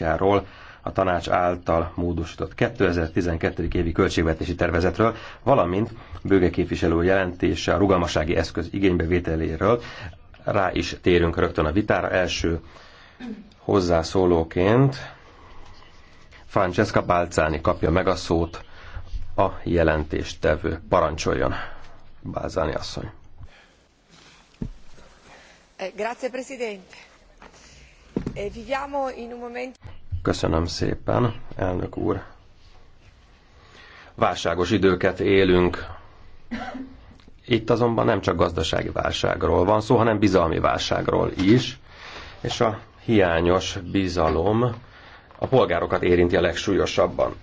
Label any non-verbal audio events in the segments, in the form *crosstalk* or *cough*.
javaslatjáról, a tanács által módosított 2012. évi költségvetési tervezetről, valamint bőge képviselő jelentése a rugalmasági eszköz igénybevételéről. Rá is térünk rögtön a vitára. Első hozzászólóként Francesca Balcáni kapja meg a szót a jelentéstevő. Parancsoljon, Balcáni asszony. Grazie, Presidente. E, Köszönöm szépen, elnök úr. Válságos időket élünk. Itt azonban nem csak gazdasági válságról van szó, hanem bizalmi válságról is, és a hiányos bizalom a polgárokat érinti a legsúlyosabban.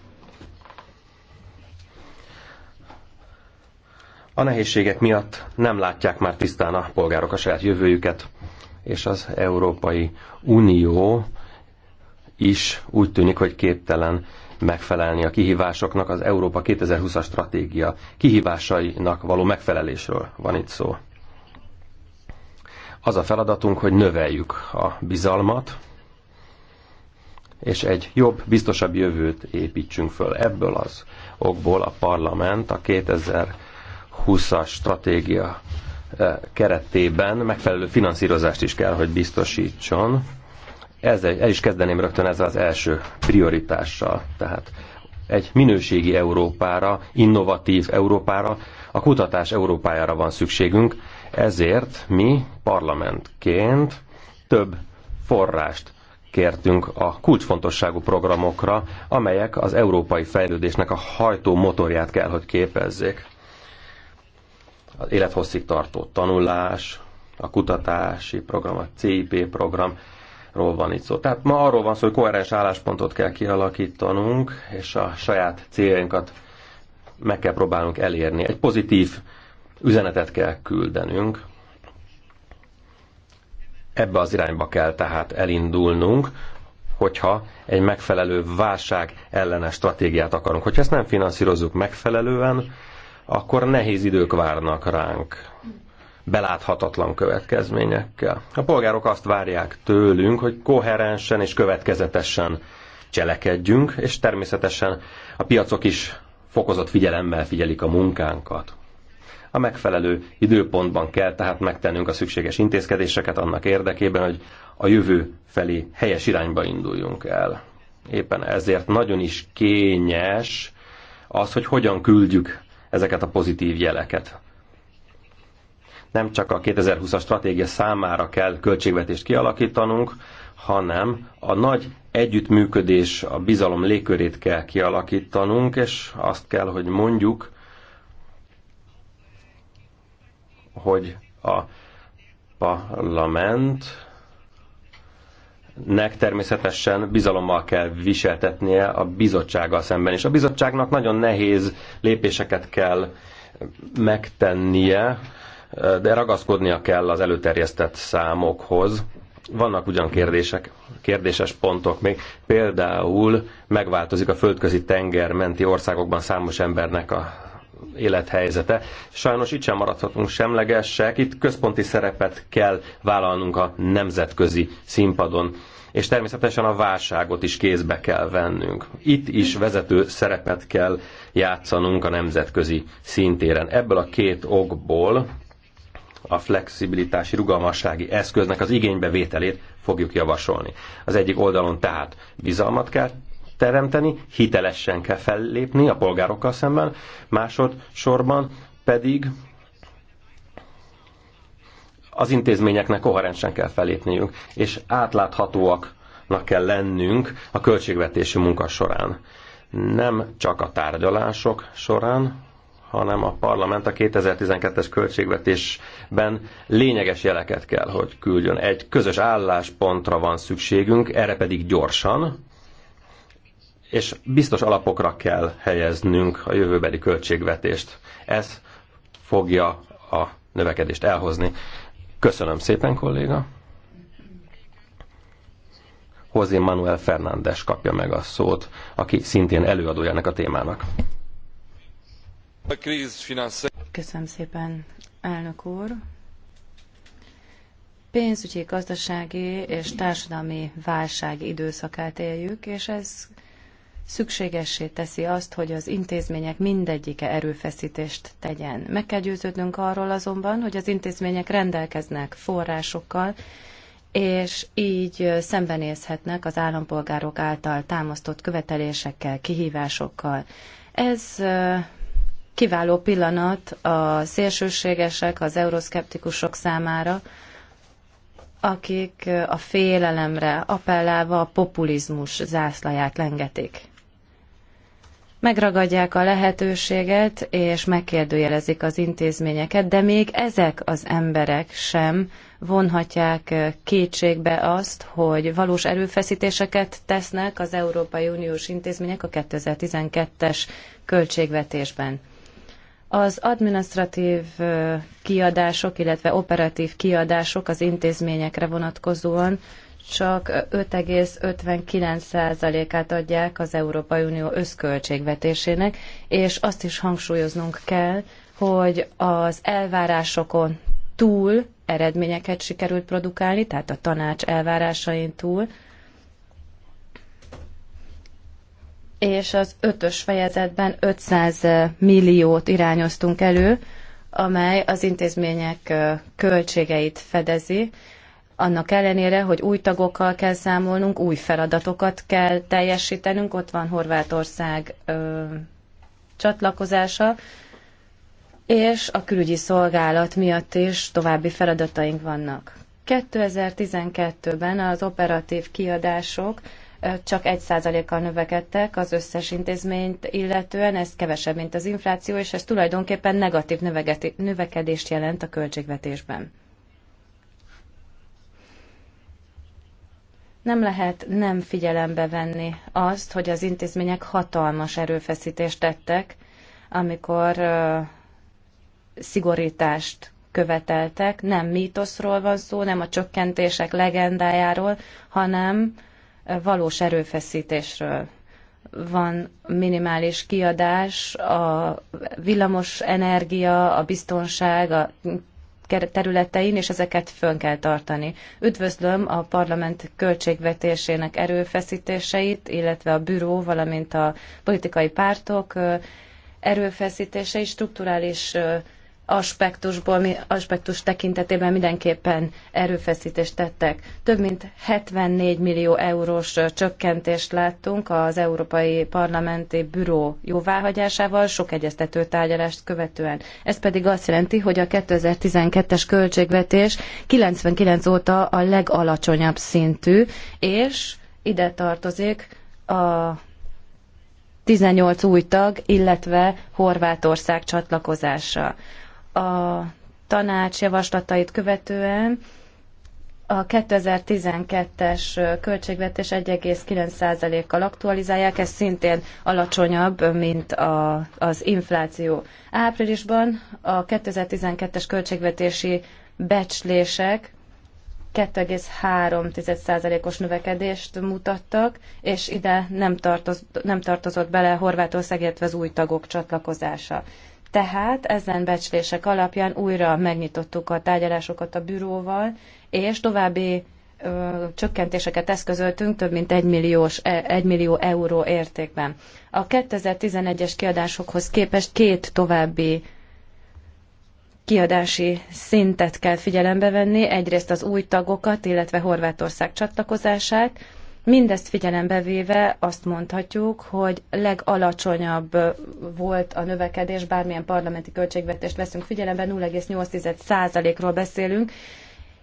A nehézségek miatt nem látják már tisztán a polgárok a saját jövőjüket, és az Európai Unió is úgy tűnik, hogy képtelen megfelelni a kihívásoknak, az Európa 2020-as stratégia kihívásainak való megfelelésről van itt szó. Az a feladatunk, hogy növeljük a bizalmat, és egy jobb, biztosabb jövőt építsünk föl. Ebből az okból a parlament a 2020-as stratégia keretében megfelelő finanszírozást is kell, hogy biztosítson. Ezzel, el is kezdeném rögtön ezzel az első prioritással. Tehát egy minőségi Európára, innovatív Európára, a kutatás Európájára van szükségünk, ezért mi parlamentként több forrást kértünk a kulcsfontosságú programokra, amelyek az európai fejlődésnek a hajtó motorját kell, hogy képezzék az élethosszig tartó tanulás, a kutatási program, a CIP program, ról van itt szó. Tehát ma arról van szó, hogy koherens álláspontot kell kialakítanunk, és a saját céljainkat meg kell próbálnunk elérni. Egy pozitív üzenetet kell küldenünk. Ebbe az irányba kell tehát elindulnunk, hogyha egy megfelelő válság ellenes stratégiát akarunk. Hogyha ezt nem finanszírozzuk megfelelően, akkor nehéz idők várnak ránk beláthatatlan következményekkel. A polgárok azt várják tőlünk, hogy koherensen és következetesen cselekedjünk, és természetesen a piacok is fokozott figyelemmel figyelik a munkánkat. A megfelelő időpontban kell tehát megtennünk a szükséges intézkedéseket annak érdekében, hogy a jövő felé helyes irányba induljunk el. Éppen ezért nagyon is kényes az, hogy hogyan küldjük ezeket a pozitív jeleket. Nem csak a 2020-as stratégia számára kell költségvetést kialakítanunk, hanem a nagy együttműködés, a bizalom légkörét kell kialakítanunk, és azt kell, hogy mondjuk, hogy a parlament nek természetesen bizalommal kell viseltetnie a bizottsággal szemben. És a bizottságnak nagyon nehéz lépéseket kell megtennie, de ragaszkodnia kell az előterjesztett számokhoz. Vannak ugyan kérdések, kérdéses pontok még. Például megváltozik a földközi tenger menti országokban számos embernek a élethelyzete. Sajnos itt sem maradhatunk semlegesek, itt központi szerepet kell vállalnunk a nemzetközi színpadon. És természetesen a válságot is kézbe kell vennünk. Itt is vezető szerepet kell játszanunk a nemzetközi szintéren. Ebből a két okból a flexibilitási rugalmassági eszköznek az igénybevételét fogjuk javasolni. Az egyik oldalon tehát bizalmat kell teremteni, hitelesen kell fellépni a polgárokkal szemben, másodszorban pedig az intézményeknek koherensen kell felépniük, és átláthatóaknak kell lennünk a költségvetési munka során. Nem csak a tárgyalások során, hanem a parlament a 2012-es költségvetésben lényeges jeleket kell, hogy küldjön. Egy közös álláspontra van szükségünk, erre pedig gyorsan, és biztos alapokra kell helyeznünk a jövőbeli költségvetést. Ez fogja a növekedést elhozni. Köszönöm szépen, kolléga. José Manuel Fernández kapja meg a szót, aki szintén előadója ennek a témának. Köszönöm szépen, elnök úr. Pénzügyi, gazdasági és társadalmi válság időszakát éljük, és ez szükségessé teszi azt, hogy az intézmények mindegyike erőfeszítést tegyen. Meg kell győződnünk arról azonban, hogy az intézmények rendelkeznek forrásokkal, és így szembenézhetnek az állampolgárok által támasztott követelésekkel, kihívásokkal. Ez kiváló pillanat a szélsőségesek, az euroszkeptikusok számára, akik a félelemre appellálva a populizmus zászlaját lengetik megragadják a lehetőséget, és megkérdőjelezik az intézményeket, de még ezek az emberek sem vonhatják kétségbe azt, hogy valós erőfeszítéseket tesznek az Európai Uniós intézmények a 2012-es költségvetésben. Az administratív kiadások, illetve operatív kiadások az intézményekre vonatkozóan csak 5,59%-át adják az Európai Unió összköltségvetésének, és azt is hangsúlyoznunk kell, hogy az elvárásokon túl eredményeket sikerült produkálni, tehát a tanács elvárásain túl, és az ötös fejezetben 500 milliót irányoztunk elő, amely az intézmények költségeit fedezi, annak ellenére, hogy új tagokkal kell számolnunk, új feladatokat kell teljesítenünk, ott van Horvátország ö, csatlakozása, és a külügyi szolgálat miatt is további feladataink vannak. 2012-ben az operatív kiadások csak 1%-kal növekedtek az összes intézményt illetően, ez kevesebb, mint az infláció, és ez tulajdonképpen negatív növekedést jelent a költségvetésben. nem lehet nem figyelembe venni azt, hogy az intézmények hatalmas erőfeszítést tettek, amikor uh, szigorítást követeltek. Nem mítoszról van szó, nem a csökkentések legendájáról, hanem valós erőfeszítésről. Van minimális kiadás, a villamos energia, a biztonság, a területein, és ezeket fönn kell tartani. Üdvözlöm a parlament költségvetésének erőfeszítéseit, illetve a büró, valamint a politikai pártok erőfeszítései, strukturális aspektusból, aspektus tekintetében mindenképpen erőfeszítést tettek. Több mint 74 millió eurós csökkentést láttunk az Európai Parlamenti Büró jóváhagyásával, sok egyeztető tárgyalást követően. Ez pedig azt jelenti, hogy a 2012-es költségvetés 99 óta a legalacsonyabb szintű, és ide tartozik a 18 új tag, illetve Horvátország csatlakozása a tanács javaslatait követően a 2012-es költségvetés 1,9%-kal aktualizálják, ez szintén alacsonyabb, mint a, az infláció. Áprilisban a 2012-es költségvetési becslések 2,3%-os növekedést mutattak, és ide nem, tartoz, nem tartozott bele Horvátország, illetve az új tagok csatlakozása. Tehát ezen becslések alapján újra megnyitottuk a tárgyalásokat a büróval, és további ö, csökkentéseket eszközöltünk több mint 1, milliós, 1 e, millió euró értékben. A 2011-es kiadásokhoz képest két további kiadási szintet kell figyelembe venni, egyrészt az új tagokat, illetve Horvátország csatlakozását, Mindezt figyelembe véve azt mondhatjuk, hogy legalacsonyabb volt a növekedés, bármilyen parlamenti költségvetést veszünk figyelembe, 0,8%-ról beszélünk,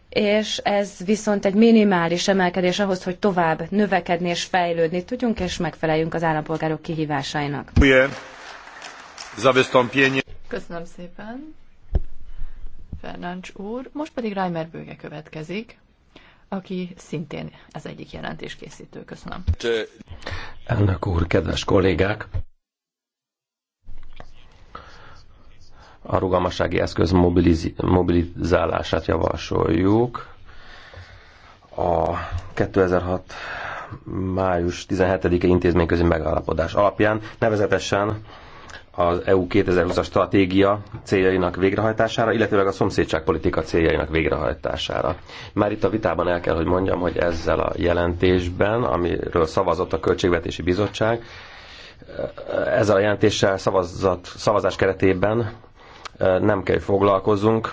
és ez viszont egy minimális emelkedés ahhoz, hogy tovább növekedni és fejlődni tudjunk, és megfeleljünk az állampolgárok kihívásainak. Köszönöm szépen, Fernáncs úr. Most pedig Reimer Bőge következik aki szintén az egyik jelentéskészítő. Köszönöm. Elnök úr, kedves kollégák! A rugalmassági eszköz mobilizálását javasoljuk. A 2006 május 17-i intézményközi megállapodás alapján, nevezetesen az EU 2020-as stratégia céljainak végrehajtására, illetőleg a szomszédságpolitika céljainak végrehajtására. Már itt a vitában el kell, hogy mondjam, hogy ezzel a jelentésben, amiről szavazott a Költségvetési Bizottság, ezzel a jelentéssel szavazat, szavazás keretében nem kell foglalkozunk,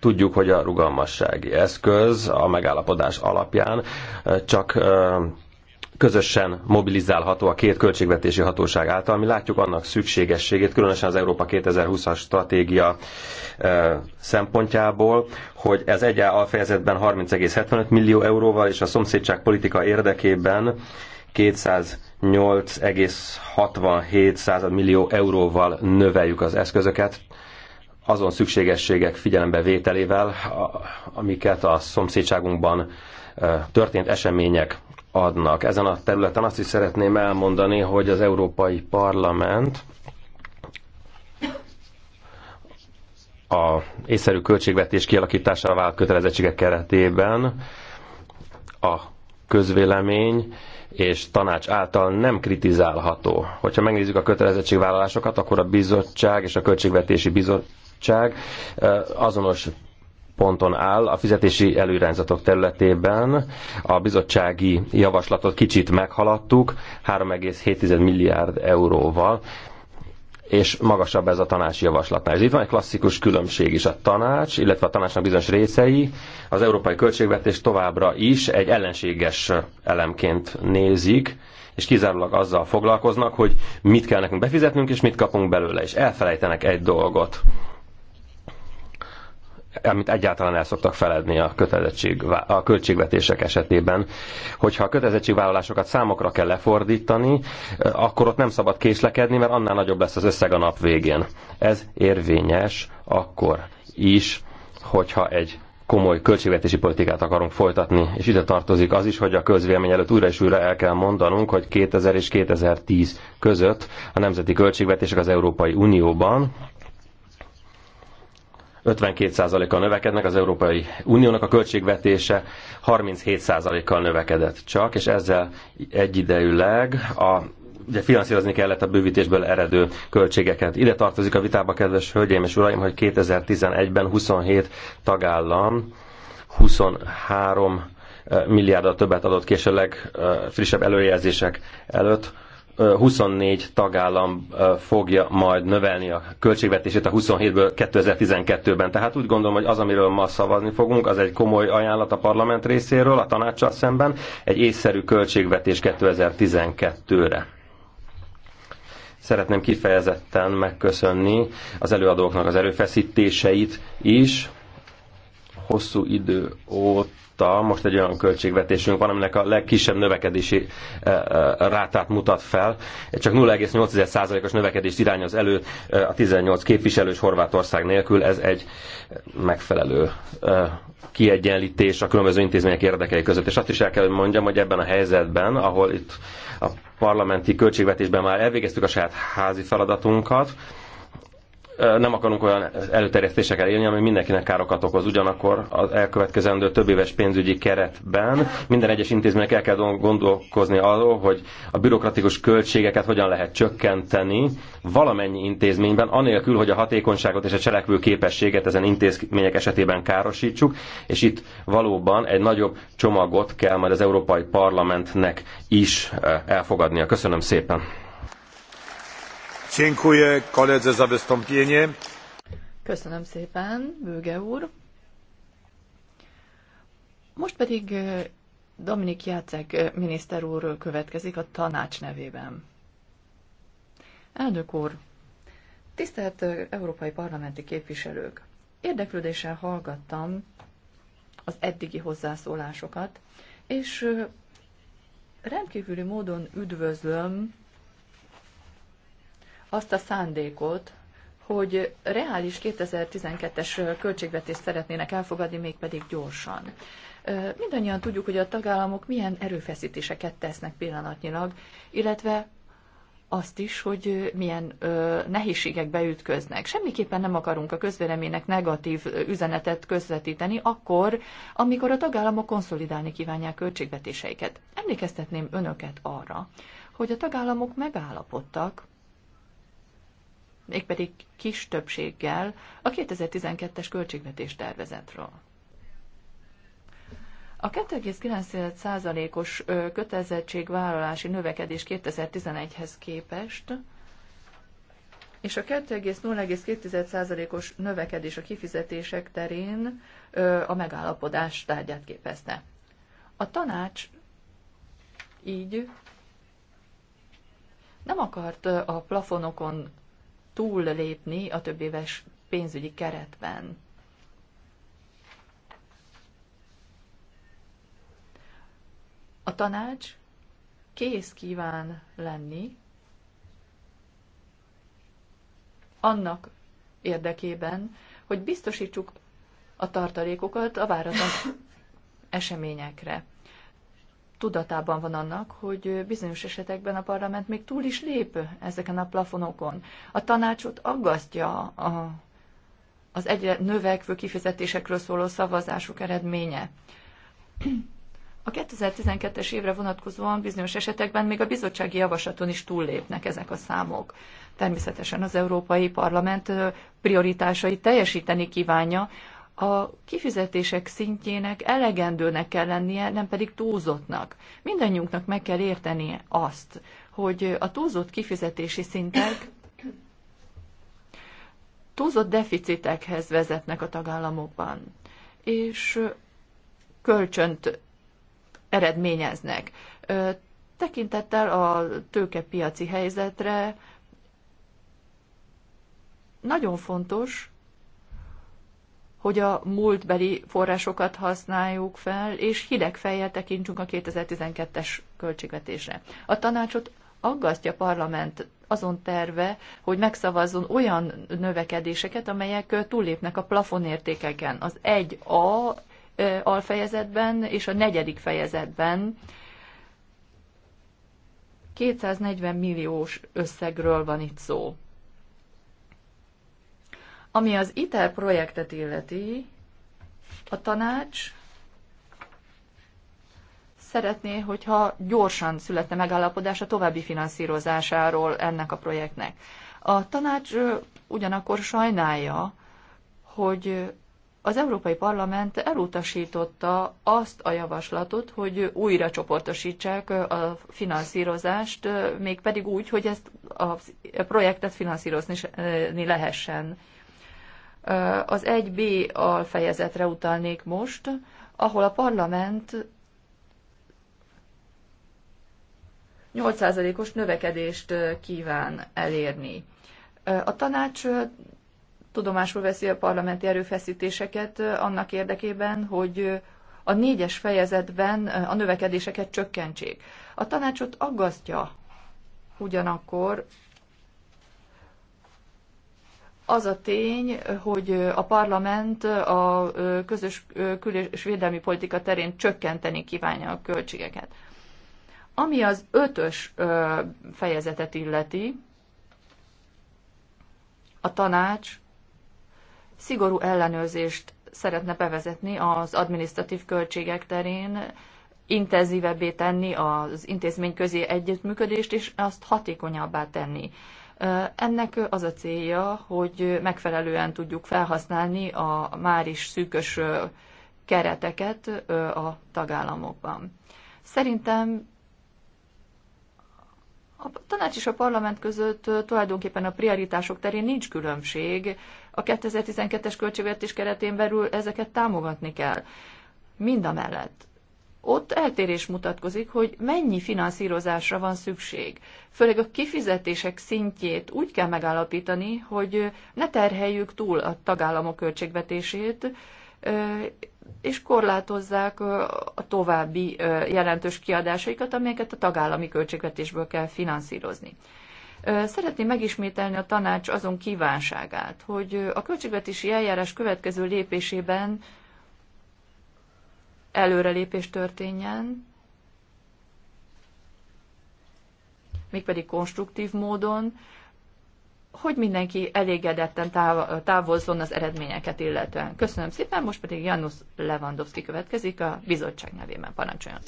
Tudjuk, hogy a rugalmassági eszköz a megállapodás alapján csak közösen mobilizálható a két költségvetési hatóság által. Mi látjuk annak szükségességét, különösen az Európa 2020-as stratégia szempontjából, hogy ez egy alfejezetben 30,75 millió euróval, és a szomszédság politika érdekében 208,67 század millió euróval növeljük az eszközöket, azon szükségességek figyelembe vételével, amiket a szomszédságunkban történt események adnak. Ezen a területen azt is szeretném elmondani, hogy az Európai Parlament a észszerű költségvetés kialakítására vált kötelezettségek keretében a közvélemény és tanács által nem kritizálható. Hogyha megnézzük a kötelezettségvállalásokat, akkor a bizottság és a költségvetési bizottság eh, azonos ponton áll a fizetési előirányzatok területében. A bizottsági javaslatot kicsit meghaladtuk, 3,7 milliárd euróval, és magasabb ez a tanács javaslatnál. És itt van egy klasszikus különbség is. A tanács, illetve a tanácsnak bizonyos részei az európai költségvetés továbbra is egy ellenséges elemként nézik, és kizárólag azzal foglalkoznak, hogy mit kell nekünk befizetnünk, és mit kapunk belőle, és elfelejtenek egy dolgot amit egyáltalán el szoktak feledni a, kötelezettség, a költségvetések esetében. Hogyha a kötelezettségvállalásokat számokra kell lefordítani, akkor ott nem szabad késlekedni, mert annál nagyobb lesz az összeg a nap végén. Ez érvényes akkor is, hogyha egy komoly költségvetési politikát akarunk folytatni, és ide tartozik az is, hogy a közvélemény előtt újra és újra el kell mondanunk, hogy 2000 és 2010 között a nemzeti költségvetések az Európai Unióban 52%-kal növekednek, az Európai Uniónak a költségvetése 37%-kal növekedett csak, és ezzel egyidejűleg a ugye finanszírozni kellett a bővítésből eredő költségeket. Ide tartozik a vitába, kedves hölgyeim és uraim, hogy 2011-ben 27 tagállam 23 eh, milliárdal többet adott ki, és a legfrissebb előjelzések előtt 24 tagállam fogja majd növelni a költségvetését a 27-ből 2012-ben. Tehát úgy gondolom, hogy az, amiről ma szavazni fogunk, az egy komoly ajánlat a parlament részéről, a tanácssal szemben, egy észszerű költségvetés 2012-re. Szeretném kifejezetten megköszönni az előadóknak az erőfeszítéseit is. Hosszú idő óta mondta, most egy olyan költségvetésünk van, aminek a legkisebb növekedési eh, eh, rátát mutat fel. Csak 0,8%-os növekedést irányoz elő eh, a 18 képviselős Horvátország nélkül. Ez egy megfelelő kiegyenlítés a különböző intézmények érdekei között. És azt is el kell, hogy mondjam, hogy ebben a helyzetben, ahol itt a parlamenti költségvetésben már elvégeztük a saját házi feladatunkat, nem akarunk olyan előterjesztésekkel élni, ami mindenkinek károkat okoz. Ugyanakkor az elkövetkezendő több éves pénzügyi keretben minden egyes intézménynek el kell gondolkozni arról, hogy a bürokratikus költségeket hogyan lehet csökkenteni valamennyi intézményben, anélkül, hogy a hatékonyságot és a cselekvő képességet ezen intézmények esetében károsítsuk, és itt valóban egy nagyobb csomagot kell majd az Európai Parlamentnek is elfogadnia. Köszönöm szépen! Köszönöm szépen, Most pedig e, Dominik Jácek e, miniszter úr következik a tanács nevében. Elnök úr, tisztelt e, európai parlamenti képviselők! Érdeklődéssel hallgattam az eddigi hozzászólásokat, és rendkívüli módon üdvözlöm azt a szándékot, hogy reális 2012-es költségvetést szeretnének elfogadni, mégpedig gyorsan. Mindannyian tudjuk, hogy a tagállamok milyen erőfeszítéseket tesznek pillanatnyilag, illetve azt is, hogy milyen nehézségekbe ütköznek. Semmiképpen nem akarunk a közvéleménynek negatív üzenetet közvetíteni akkor, amikor a tagállamok konszolidálni kívánják költségvetéseiket. Emlékeztetném önöket arra, hogy a tagállamok megállapodtak mégpedig kis többséggel a 2012-es költségvetés tervezetről. A 2,9%-os kötelezettségvállalási növekedés 2011-hez képest és a 2,0,2%-os növekedés a kifizetések terén a megállapodás tárgyát képezte. A tanács így nem akart a plafonokon túl lépni a több éves pénzügyi keretben. A tanács kész kíván lenni annak érdekében, hogy biztosítsuk a tartalékokat a váratlan eseményekre tudatában van annak, hogy bizonyos esetekben a parlament még túl is lép ezeken a plafonokon. A tanácsot aggasztja a, az egyre növekvő kifizetésekről szóló szavazások eredménye. A 2012-es évre vonatkozóan bizonyos esetekben még a bizottsági javaslaton is túllépnek ezek a számok. Természetesen az Európai Parlament prioritásait teljesíteni kívánja, a kifizetések szintjének elegendőnek kell lennie, nem pedig túlzottnak. Mindannyiunknak meg kell érteni azt, hogy a túlzott kifizetési szintek túlzott deficitekhez vezetnek a tagállamokban, és kölcsönt eredményeznek. Tekintettel a tőkepiaci helyzetre nagyon fontos, hogy a múltbeli forrásokat használjuk fel, és hideg fejjel tekintsünk a 2012-es költségvetésre. A tanácsot aggasztja a parlament azon terve, hogy megszavazzon olyan növekedéseket, amelyek túllépnek a plafonértékeken. Az 1A alfejezetben és a negyedik fejezetben 240 milliós összegről van itt szó. Ami az ITER projektet illeti, a tanács szeretné, hogyha gyorsan születne megállapodás a további finanszírozásáról ennek a projektnek. A tanács ugyanakkor sajnálja, hogy az Európai Parlament elutasította azt a javaslatot, hogy újra csoportosítsák a finanszírozást, mégpedig úgy, hogy ezt a projektet finanszírozni lehessen. Az 1B alfejezetre utalnék most, ahol a parlament 8%-os növekedést kíván elérni. A tanács tudomásul veszi a parlamenti erőfeszítéseket annak érdekében, hogy a négyes fejezetben a növekedéseket csökkentsék. A tanácsot aggasztja ugyanakkor az a tény, hogy a parlament a közös kül- és védelmi politika terén csökkenteni kívánja a költségeket. Ami az ötös fejezetet illeti, a tanács szigorú ellenőrzést szeretne bevezetni az adminisztratív költségek terén, intenzívebbé tenni az intézményközi együttműködést, és azt hatékonyabbá tenni. Ennek az a célja, hogy megfelelően tudjuk felhasználni a már is szűkös kereteket a tagállamokban. Szerintem a tanács és a parlament között tulajdonképpen a prioritások terén nincs különbség. A 2012-es költségvetés keretén belül ezeket támogatni kell. Mind a mellett ott eltérés mutatkozik, hogy mennyi finanszírozásra van szükség. Főleg a kifizetések szintjét úgy kell megállapítani, hogy ne terheljük túl a tagállamok költségvetését, és korlátozzák a további jelentős kiadásaikat, amelyeket a tagállami költségvetésből kell finanszírozni. Szeretném megismételni a tanács azon kívánságát, hogy a költségvetési eljárás következő lépésében előrelépés történjen, mégpedig konstruktív módon, hogy mindenki elégedetten távozzon az eredményeket illetően. Köszönöm szépen, most pedig Janusz Lewandowski következik a bizottság nevében. Parancsoljon!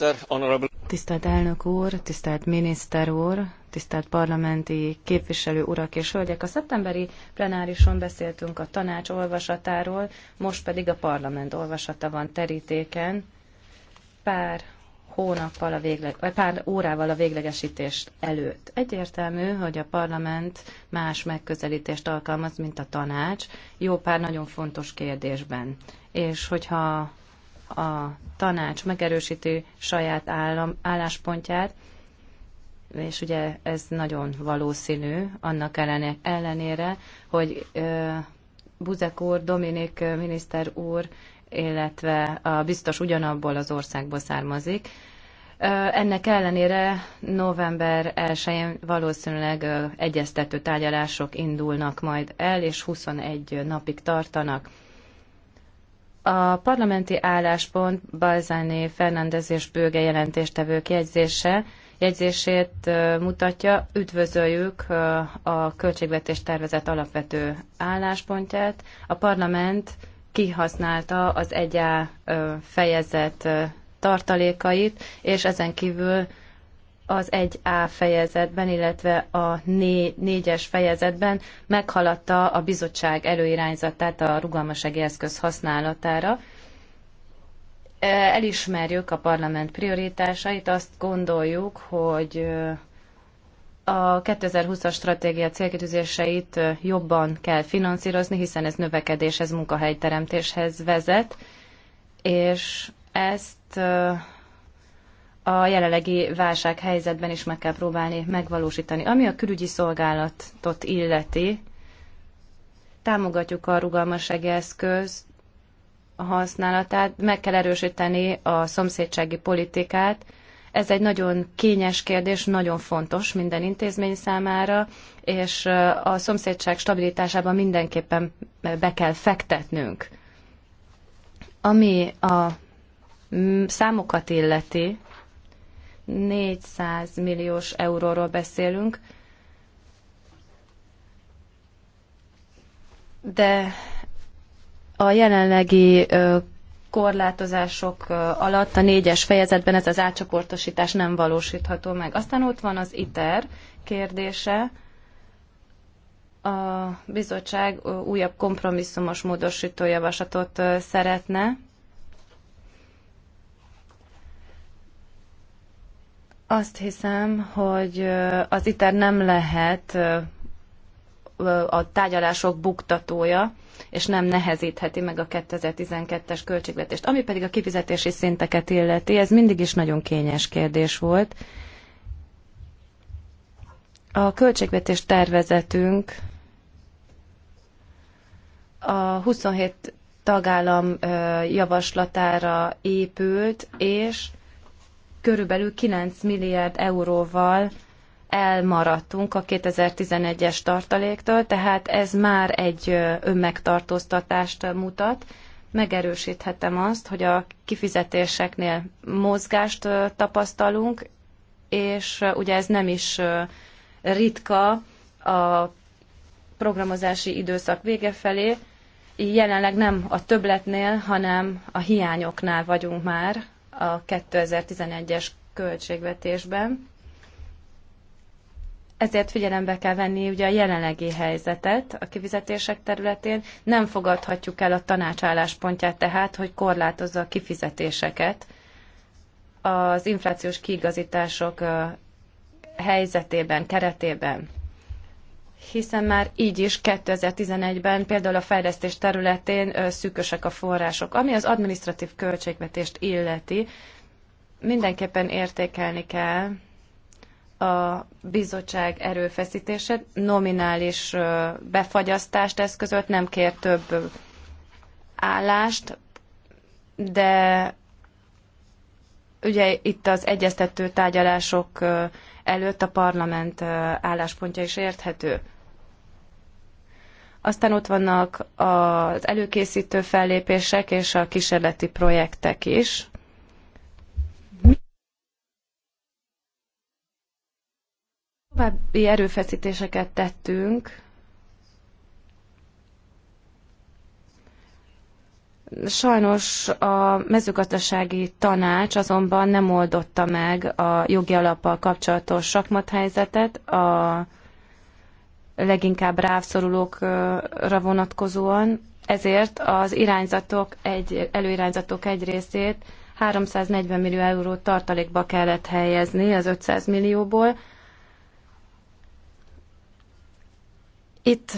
Tisztelt elnök úr, tisztelt miniszter úr, tisztelt parlamenti képviselő urak és hölgyek! A szeptemberi plenárison beszéltünk a tanács olvasatáról, most pedig a parlament olvasata van terítéken pár hónappal a végleg, vagy pár órával a véglegesítés előtt. Egyértelmű, hogy a parlament más megközelítést alkalmaz, mint a tanács, jó pár nagyon fontos kérdésben. És hogyha a tanács megerősíti saját állam, álláspontját, és ugye ez nagyon valószínű, annak ellenére, hogy Buzek úr, Dominik miniszter úr illetve a biztos ugyanabból az országból származik. Ennek ellenére november 1-én valószínűleg egyeztető tárgyalások indulnak majd el, és 21 napig tartanak. A parlamenti álláspont Balzáné Fernández és Bőge jelentéstevők jegyzése, jegyzését mutatja. Üdvözöljük a költségvetés tervezet alapvető álláspontját. A parlament kihasználta az egyá fejezet tartalékait, és ezen kívül az 1A fejezetben, illetve a 4-es fejezetben meghaladta a bizottság előirányzatát a rugalmasági eszköz használatára. E, elismerjük a parlament prioritásait, azt gondoljuk, hogy a 2020-as stratégia célkitűzéseit jobban kell finanszírozni, hiszen ez növekedéshez, munkahelyteremtéshez vezet, és ezt a jelenlegi válsághelyzetben is meg kell próbálni megvalósítani. Ami a külügyi szolgálatot illeti, támogatjuk a rugalmassági eszköz használatát, meg kell erősíteni a szomszédsági politikát, ez egy nagyon kényes kérdés, nagyon fontos minden intézmény számára, és a szomszédság stabilitásában mindenképpen be kell fektetnünk. Ami a mm, számokat illeti, 400 milliós euróról beszélünk, de a jelenlegi korlátozások alatt a négyes fejezetben ez az átcsoportosítás nem valósítható meg. Aztán ott van az ITER kérdése. A bizottság újabb kompromisszumos módosító javaslatot szeretne. Azt hiszem, hogy az ITER nem lehet a tárgyalások buktatója és nem nehezítheti meg a 2012-es költségvetést. Ami pedig a kifizetési szinteket illeti, ez mindig is nagyon kényes kérdés volt. A költségvetés tervezetünk a 27 tagállam javaslatára épült, és körülbelül 9 milliárd euróval elmaradtunk a 2011-es tartaléktól, tehát ez már egy önmegtartóztatást mutat. Megerősíthetem azt, hogy a kifizetéseknél mozgást tapasztalunk, és ugye ez nem is ritka a programozási időszak vége felé. Jelenleg nem a többletnél, hanem a hiányoknál vagyunk már a 2011-es költségvetésben ezért figyelembe kell venni ugye a jelenlegi helyzetet a kifizetések területén. Nem fogadhatjuk el a tanács álláspontját tehát, hogy korlátozza a kifizetéseket az inflációs kiigazítások helyzetében, keretében hiszen már így is 2011-ben például a fejlesztés területén szűkösek a források. Ami az administratív költségvetést illeti, mindenképpen értékelni kell a bizottság erőfeszítése nominális befagyasztást eszközölt, nem kér több állást, de ugye itt az egyeztető tárgyalások előtt a parlament álláspontja is érthető. Aztán ott vannak az előkészítő fellépések és a kísérleti projektek is. További erőfeszítéseket tettünk. Sajnos a mezőgazdasági tanács azonban nem oldotta meg a jogi alappal kapcsolatos sakmathelyzetet a leginkább rávszorulókra vonatkozóan, ezért az irányzatok egy, előirányzatok egy részét 340 millió eurót tartalékba kellett helyezni az 500 millióból, Itt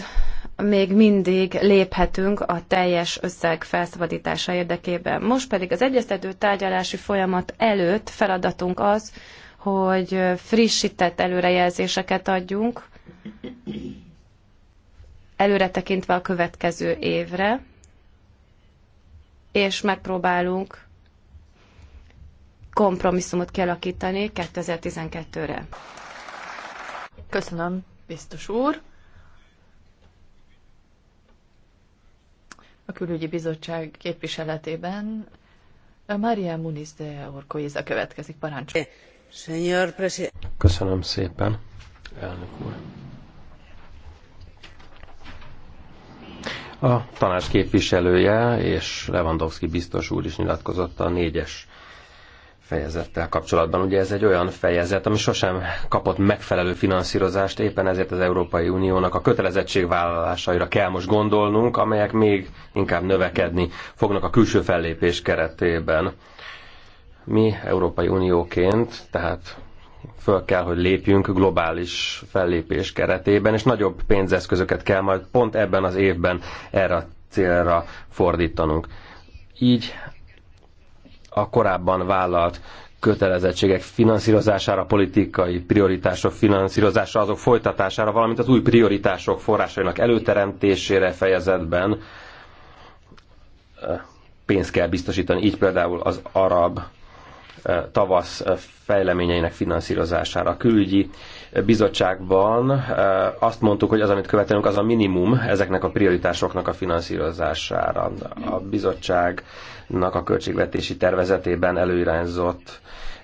még mindig léphetünk a teljes összeg felszabadítása érdekében. Most pedig az egyeztető tárgyalási folyamat előtt feladatunk az, hogy frissített előrejelzéseket adjunk, előre tekintve a következő évre, és megpróbálunk kompromisszumot kialakítani 2012-re. Köszönöm, biztos úr. a külügyi bizottság képviseletében Maria Muniz de Orkoiza következik, parancsol. Köszönöm szépen, elnök úr. A tanács képviselője és Lewandowski biztos úr is nyilatkozott a négyes fejezettel kapcsolatban. Ugye ez egy olyan fejezet, ami sosem kapott megfelelő finanszírozást, éppen ezért az Európai Uniónak a kötelezettségvállalásaira kell most gondolnunk, amelyek még inkább növekedni fognak a külső fellépés keretében. Mi Európai Unióként, tehát föl kell, hogy lépjünk globális fellépés keretében, és nagyobb pénzeszközöket kell majd pont ebben az évben erre a célra fordítanunk. Így a korábban vállalt kötelezettségek finanszírozására, politikai prioritások finanszírozására, azok folytatására, valamint az új prioritások forrásainak előteremtésére fejezetben eh, pénzt kell biztosítani, így például az arab eh, tavasz eh, fejleményeinek finanszírozására, a külügyi bizottságban eh, azt mondtuk, hogy az, amit követelünk, az a minimum ezeknek a prioritásoknak a finanszírozására. A bizottságnak a költségvetési tervezetében előirányzott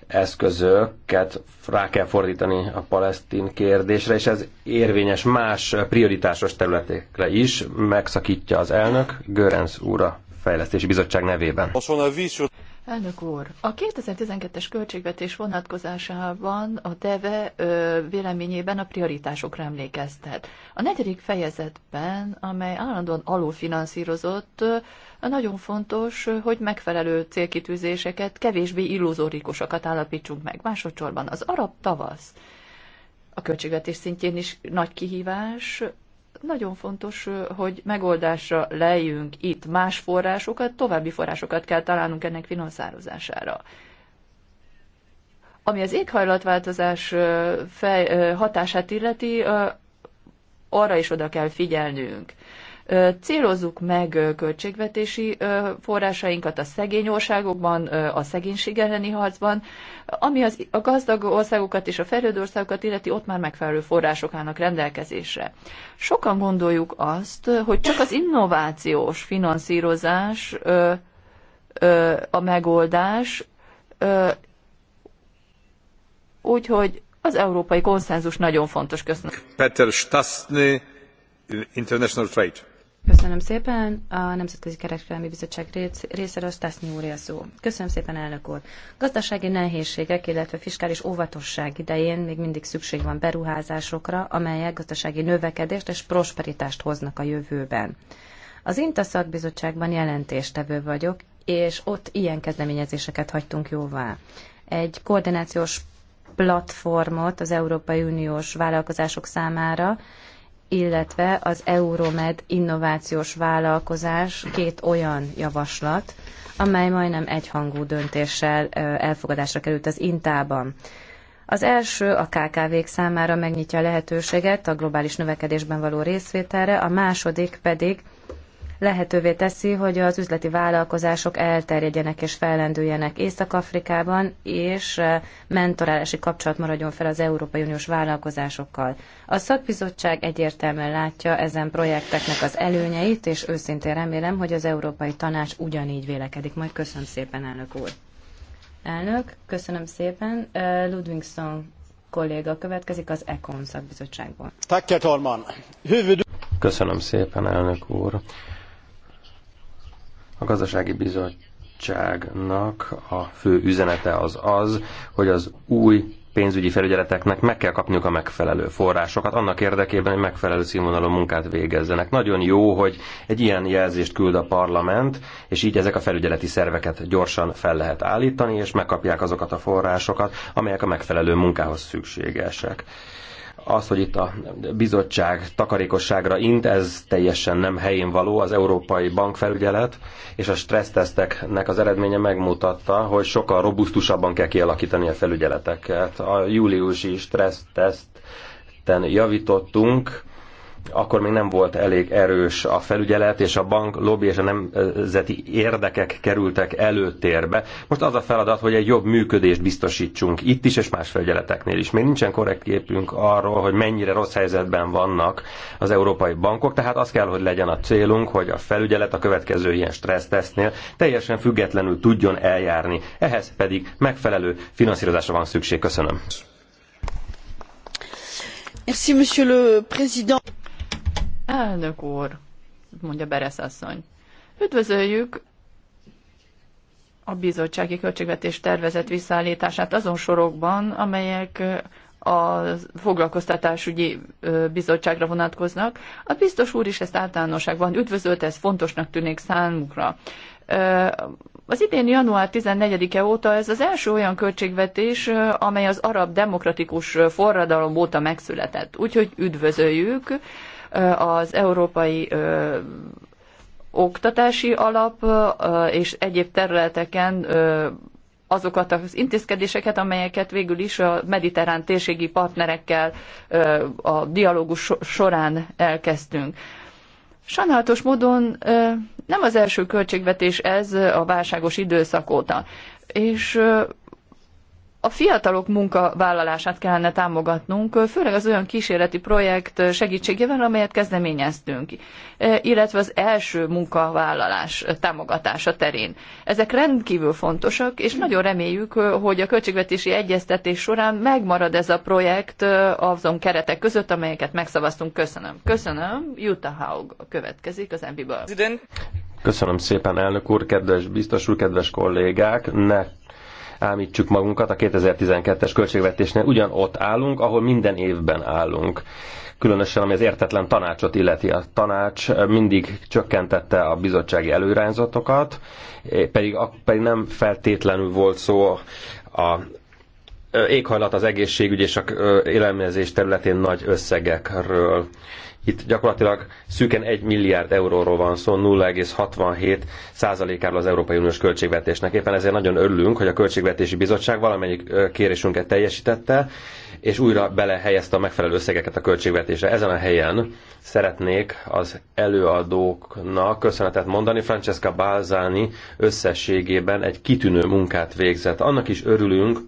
eszközöket rá kell fordítani a palesztin kérdésre, és ez érvényes más prioritásos területekre is, megszakítja az elnök Görenc úr a Fejlesztési Bizottság nevében. Elnök úr, a 2012-es költségvetés vonatkozásában a DEVE e, ö, véleményében a prioritásokra emlékeztet. A negyedik fejezetben, amely állandóan alulfinanszírozott, ö, nagyon fontos, hogy megfelelő célkitűzéseket, kevésbé illuzórikusokat állapítsunk meg. Másodszorban az arab tavasz a költségvetés szintjén is nagy kihívás, nagyon fontos, hogy megoldásra lejjünk itt. Más forrásokat, további forrásokat kell találnunk ennek finanszározására. Ami az éghajlatváltozás fej, hatását illeti, arra is oda kell figyelnünk célozzuk meg költségvetési forrásainkat a szegény országokban, a szegénység elleni harcban, ami az, a gazdag országokat és a fejlődő országokat illeti, ott már megfelelő források állnak rendelkezésre. Sokan gondoljuk azt, hogy csak az innovációs finanszírozás a megoldás, úgyhogy az európai konszenzus nagyon fontos. Köszönöm. Peter Stasny, International Trade. Köszönöm szépen. A Nemzetközi Kereskedelmi Bizottság részéről Stásznyi úr a szó. Köszönöm szépen, elnök úr. Gazdasági nehézségek, illetve fiskális óvatosság idején még mindig szükség van beruházásokra, amelyek gazdasági növekedést és prosperitást hoznak a jövőben. Az INTA szakbizottságban jelentéstevő vagyok, és ott ilyen kezdeményezéseket hagytunk jóvá. Egy koordinációs platformot az Európai Uniós vállalkozások számára, illetve az Euromed innovációs vállalkozás két olyan javaslat, amely majdnem egyhangú döntéssel elfogadásra került az Intában. Az első a KKV-k számára megnyitja a lehetőséget a globális növekedésben való részvételre, a második pedig lehetővé teszi, hogy az üzleti vállalkozások elterjedjenek és fellendüljenek Észak-Afrikában, és mentorálási kapcsolat maradjon fel az Európai Uniós vállalkozásokkal. A szakbizottság egyértelműen látja ezen projekteknek az előnyeit, és őszintén remélem, hogy az Európai Tanács ugyanígy vélekedik. Majd köszönöm szépen, elnök úr. Elnök, köszönöm szépen. Ludwigson kolléga következik az ECON szakbizottságból. Köszönöm szépen, elnök úr. A gazdasági bizottságnak a fő üzenete az az, hogy az új pénzügyi felügyeleteknek meg kell kapniuk a megfelelő forrásokat, annak érdekében, hogy megfelelő színvonalú munkát végezzenek. Nagyon jó, hogy egy ilyen jelzést küld a parlament, és így ezek a felügyeleti szerveket gyorsan fel lehet állítani, és megkapják azokat a forrásokat, amelyek a megfelelő munkához szükségesek az, hogy itt a bizottság takarékosságra int, ez teljesen nem helyén való. Az Európai Bankfelügyelet és a stresszteszteknek az eredménye megmutatta, hogy sokkal robusztusabban kell kialakítani a felügyeleteket. A júliusi stresszteszten javítottunk, akkor még nem volt elég erős a felügyelet, és a bank lobby és a nemzeti érdekek kerültek előtérbe. Most az a feladat, hogy egy jobb működést biztosítsunk itt is, és más felügyeleteknél is. Még nincsen korrekt képünk arról, hogy mennyire rossz helyzetben vannak az európai bankok, tehát az kell, hogy legyen a célunk, hogy a felügyelet a következő ilyen stressztesztnél teljesen függetlenül tudjon eljárni. Ehhez pedig megfelelő finanszírozásra van szükség. Köszönöm. Merci, monsieur le président. Elnök úr, mondja Beresz asszony. Üdvözöljük a bizottsági költségvetés tervezet visszaállítását azon sorokban, amelyek a foglalkoztatásügyi bizottságra vonatkoznak. A biztos úr is ezt általánosságban üdvözölte, ez fontosnak tűnik számukra. Az idén január 14-e óta ez az első olyan költségvetés, amely az arab demokratikus forradalom óta megszületett. Úgyhogy üdvözöljük az európai oktatási alap és egyéb területeken azokat az intézkedéseket, amelyeket végül is a mediterrán térségi partnerekkel a dialógus során elkezdtünk. Sajnálatos módon nem az első költségvetés ez a válságos időszak óta, és a fiatalok munkavállalását kellene támogatnunk, főleg az olyan kísérleti projekt segítségével, amelyet kezdeményeztünk, e, illetve az első munkavállalás támogatása terén. Ezek rendkívül fontosak, és nagyon reméljük, hogy a költségvetési egyeztetés során megmarad ez a projekt e, azon keretek között, amelyeket megszavaztunk. Köszönöm. Köszönöm. Jutta Haug következik az MB-ből. Köszönöm szépen, elnök úr, kedves biztos úr, kedves kollégák! nek ámítsuk magunkat a 2012-es költségvetésnél, ugyanott állunk, ahol minden évben állunk különösen ami az értetlen tanácsot illeti. A tanács mindig csökkentette a bizottsági előrányzatokat, pedig, pedig nem feltétlenül volt szó a éghajlat, az egészségügy és a élelmezés területén nagy összegekről. Itt gyakorlatilag szűken 1 milliárd euróról van szó, 0,67 százalékáról az Európai Uniós költségvetésnek. Éppen ezért nagyon örülünk, hogy a Költségvetési Bizottság valamelyik kérésünket teljesítette, és újra belehelyezte a megfelelő összegeket a költségvetésre. Ezen a helyen szeretnék az előadóknak köszönetet mondani. Francesca Balzani összességében egy kitűnő munkát végzett. Annak is örülünk,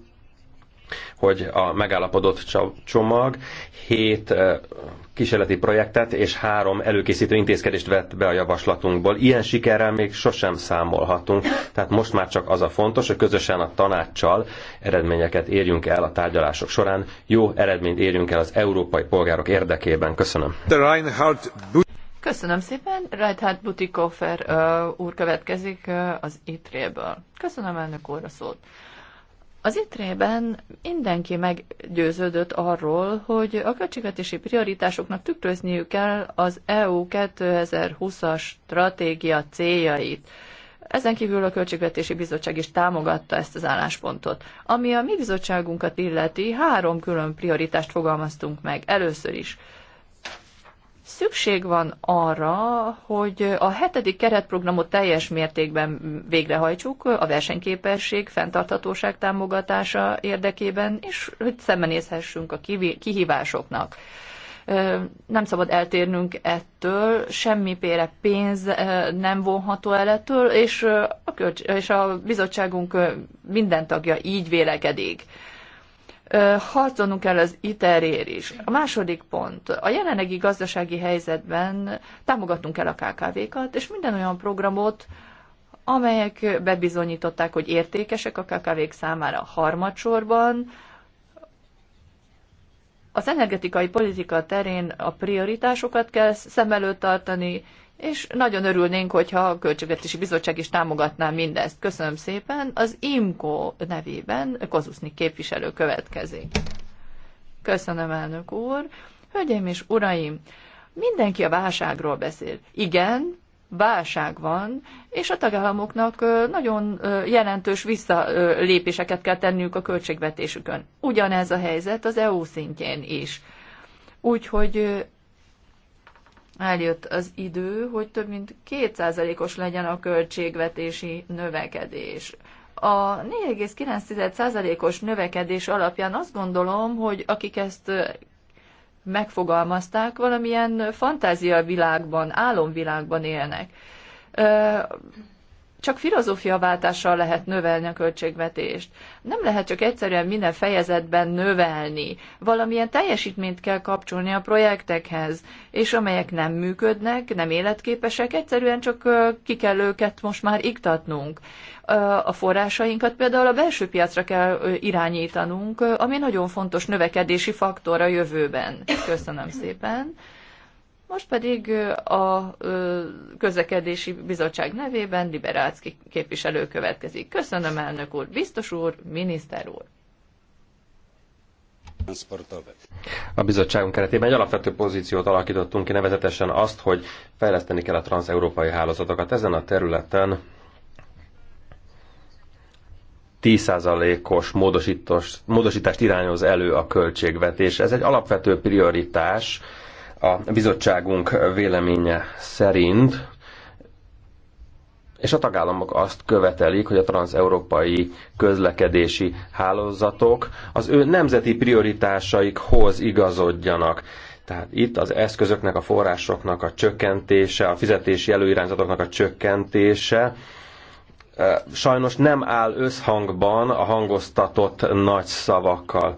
hogy a megállapodott csomag hét kísérleti projektet és három előkészítő intézkedést vett be a javaslatunkból. Ilyen sikerrel még sosem számolhatunk, tehát most már csak az a fontos, hogy közösen a tanácssal eredményeket érjünk el a tárgyalások során. Jó eredményt érjünk el az európai polgárok érdekében. Köszönöm. Köszönöm szépen. Reinhard Butikofer uh, úr következik uh, az Itréből. Köszönöm elnök úr a szót. Az étrében mindenki meggyőződött arról, hogy a költségvetési prioritásoknak tükrözniük kell az EU 2020-as stratégia céljait. Ezen kívül a Költségvetési Bizottság is támogatta ezt az álláspontot. Ami a mi bizottságunkat illeti, három külön prioritást fogalmaztunk meg. Először is szükség van arra, hogy a hetedik keretprogramot teljes mértékben végrehajtsuk a versenyképesség, fenntarthatóság támogatása érdekében, és hogy szembenézhessünk a kihívásoknak. Nem szabad eltérnünk ettől, semmi pére pénz nem vonható el ettől, és a, kölcs- és a bizottságunk minden tagja így vélekedik harcolnunk kell az iterér is. A második pont, a jelenlegi gazdasági helyzetben támogatunk kell a KKV-kat, és minden olyan programot, amelyek bebizonyították, hogy értékesek a KKV-k számára harmadsorban. Az energetikai politika terén a prioritásokat kell szem előtt tartani, és nagyon örülnénk, hogyha a Költségvetési Bizottság is támogatná mindezt. Köszönöm szépen. Az IMKO nevében Kozusznik képviselő következik. Köszönöm, elnök úr. Hölgyeim és uraim, mindenki a válságról beszél. Igen, válság van, és a tagállamoknak nagyon jelentős visszalépéseket kell tenniük a költségvetésükön. Ugyanez a helyzet az EU szintjén is. Úgyhogy eljött az idő, hogy több mint kétszázalékos legyen a költségvetési növekedés. A 4,9%-os növekedés alapján azt gondolom, hogy akik ezt megfogalmazták, valamilyen fantáziavilágban, álomvilágban élnek csak filozófia váltással lehet növelni a költségvetést. Nem lehet csak egyszerűen minden fejezetben növelni. Valamilyen teljesítményt kell kapcsolni a projektekhez, és amelyek nem működnek, nem életképesek, egyszerűen csak ki kell őket most már iktatnunk. A forrásainkat például a belső piacra kell irányítanunk, ami nagyon fontos növekedési faktor a jövőben. Köszönöm szépen. Most pedig a közlekedési bizottság nevében Liberácki képviselő következik. Köszönöm, elnök úr, biztos úr, miniszter úr. A bizottságunk keretében egy alapvető pozíciót alakítottunk ki, nevezetesen azt, hogy fejleszteni kell a transeurópai hálózatokat. Ezen a területen 10%-os módosítást irányoz elő a költségvetés. Ez egy alapvető prioritás, a bizottságunk véleménye szerint, és a tagállamok azt követelik, hogy a transeurópai közlekedési hálózatok az ő nemzeti prioritásaikhoz igazodjanak. Tehát itt az eszközöknek, a forrásoknak a csökkentése, a fizetési előirányzatoknak a csökkentése eh, sajnos nem áll összhangban a hangoztatott nagy szavakkal.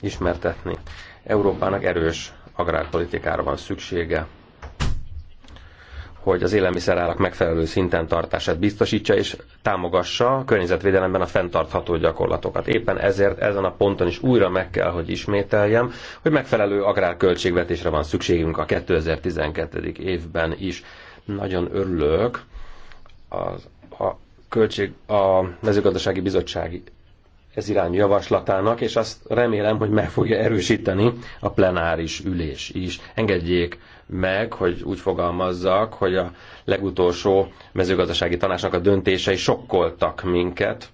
ismertetni. Európának erős agrárpolitikára van szüksége, hogy az élelmiszerárak megfelelő szinten tartását biztosítsa és támogassa a környezetvédelemben a fenntartható gyakorlatokat. Éppen ezért ezen a ponton is újra meg kell, hogy ismételjem, hogy megfelelő agrárköltségvetésre van szükségünk a 2012. évben is. Nagyon örülök az, a, költség, a mezőgazdasági bizottsági ez irányú javaslatának, és azt remélem, hogy meg fogja erősíteni a plenáris ülés is. Engedjék meg, hogy úgy fogalmazzak, hogy a legutolsó mezőgazdasági tanácsnak a döntései sokkoltak minket.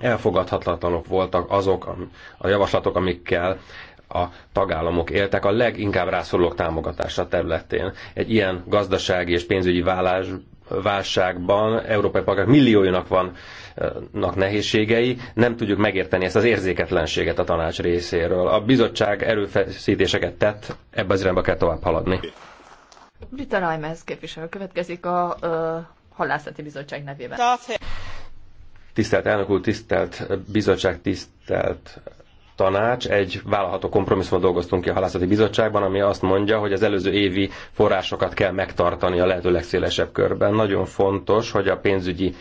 Elfogadhatatlanok voltak azok a javaslatok, amikkel a tagállamok éltek a leginkább rászorulók támogatása területén. Egy ilyen gazdasági és pénzügyi válás, válságban európai polgárok millióinak van nak nehézségei, nem tudjuk megérteni ezt az érzéketlenséget a tanács részéről. A bizottság erőfeszítéseket tett, ebbe az irányba kell tovább haladni. Brita Rajmez képviselő következik a ö, Halászati Bizottság nevében. Tisztelt elnök úr, tisztelt bizottság, tisztelt tanács, egy vállalható kompromisszumot dolgoztunk ki a halászati bizottságban, ami azt mondja, hogy az előző évi forrásokat kell megtartani a lehető legszélesebb körben. Nagyon fontos, hogy a pénzügyi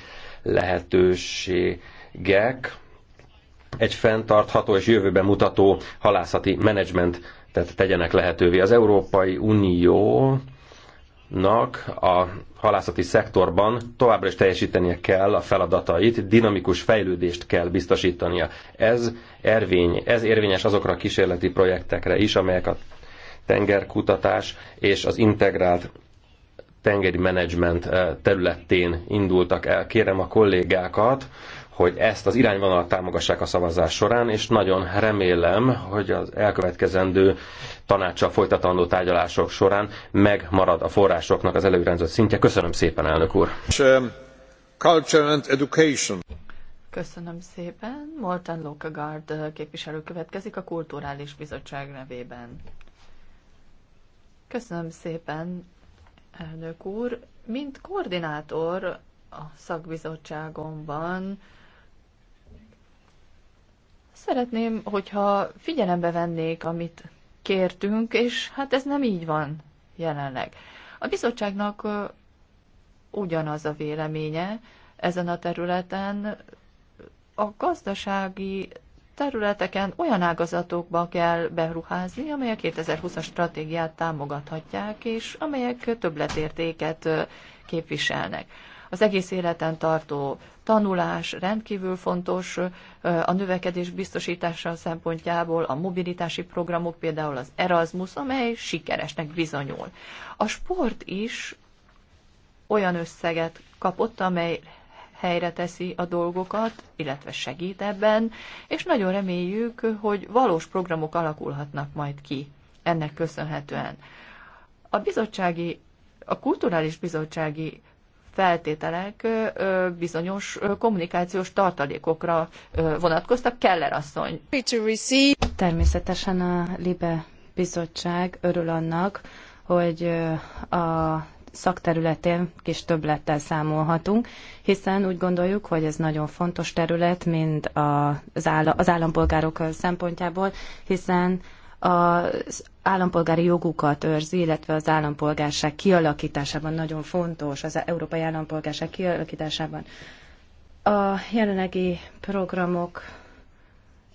lehetőségek egy fenntartható és jövőben mutató halászati menedzsmentet tegyenek lehetővé. Az Európai Unió a halászati szektorban továbbra is teljesítenie kell a feladatait, dinamikus fejlődést kell biztosítania. Ez, ervény, ez érvényes azokra a kísérleti projektekre is, amelyek a tengerkutatás és az integrált tengeri menedzsment eh, területén indultak el. Kérem a kollégákat, hogy ezt az irányvonalat támogassák a szavazás során, és nagyon remélem, hogy az elkövetkezendő tanácsa folytatandó tárgyalások során megmarad a forrásoknak az előirányzott szintje. Köszönöm szépen, elnök úr! Um, culture and Education. Köszönöm szépen. Morten Lokagard uh, képviselő következik a Kulturális Bizottság nevében. Köszönöm szépen, elnök úr. Mint koordinátor a szakbizottságomban szeretném, hogyha figyelembe vennék, amit kértünk, és hát ez nem így van jelenleg. A bizottságnak ugyanaz a véleménye ezen a területen, a gazdasági területeken olyan ágazatokba kell beruházni, amelyek 2020-as stratégiát támogathatják, és amelyek többletértéket képviselnek. Az egész életen tartó tanulás rendkívül fontos a növekedés biztosítása szempontjából, a mobilitási programok, például az Erasmus, amely sikeresnek bizonyul. A sport is olyan összeget kapott, amely helyre teszi a dolgokat, illetve segít ebben, és nagyon reméljük, hogy valós programok alakulhatnak majd ki ennek köszönhetően. A bizottsági, a kulturális bizottsági feltételek bizonyos kommunikációs tartalékokra vonatkoztak. Keller asszony. Természetesen a Libe bizottság örül annak, hogy a szakterületén kis többlettel számolhatunk, hiszen úgy gondoljuk, hogy ez nagyon fontos terület, mind az, áll- az állampolgárok szempontjából, hiszen az állampolgári jogukat őrzi, illetve az állampolgárság kialakításában nagyon fontos, az európai állampolgárság kialakításában. A jelenlegi programok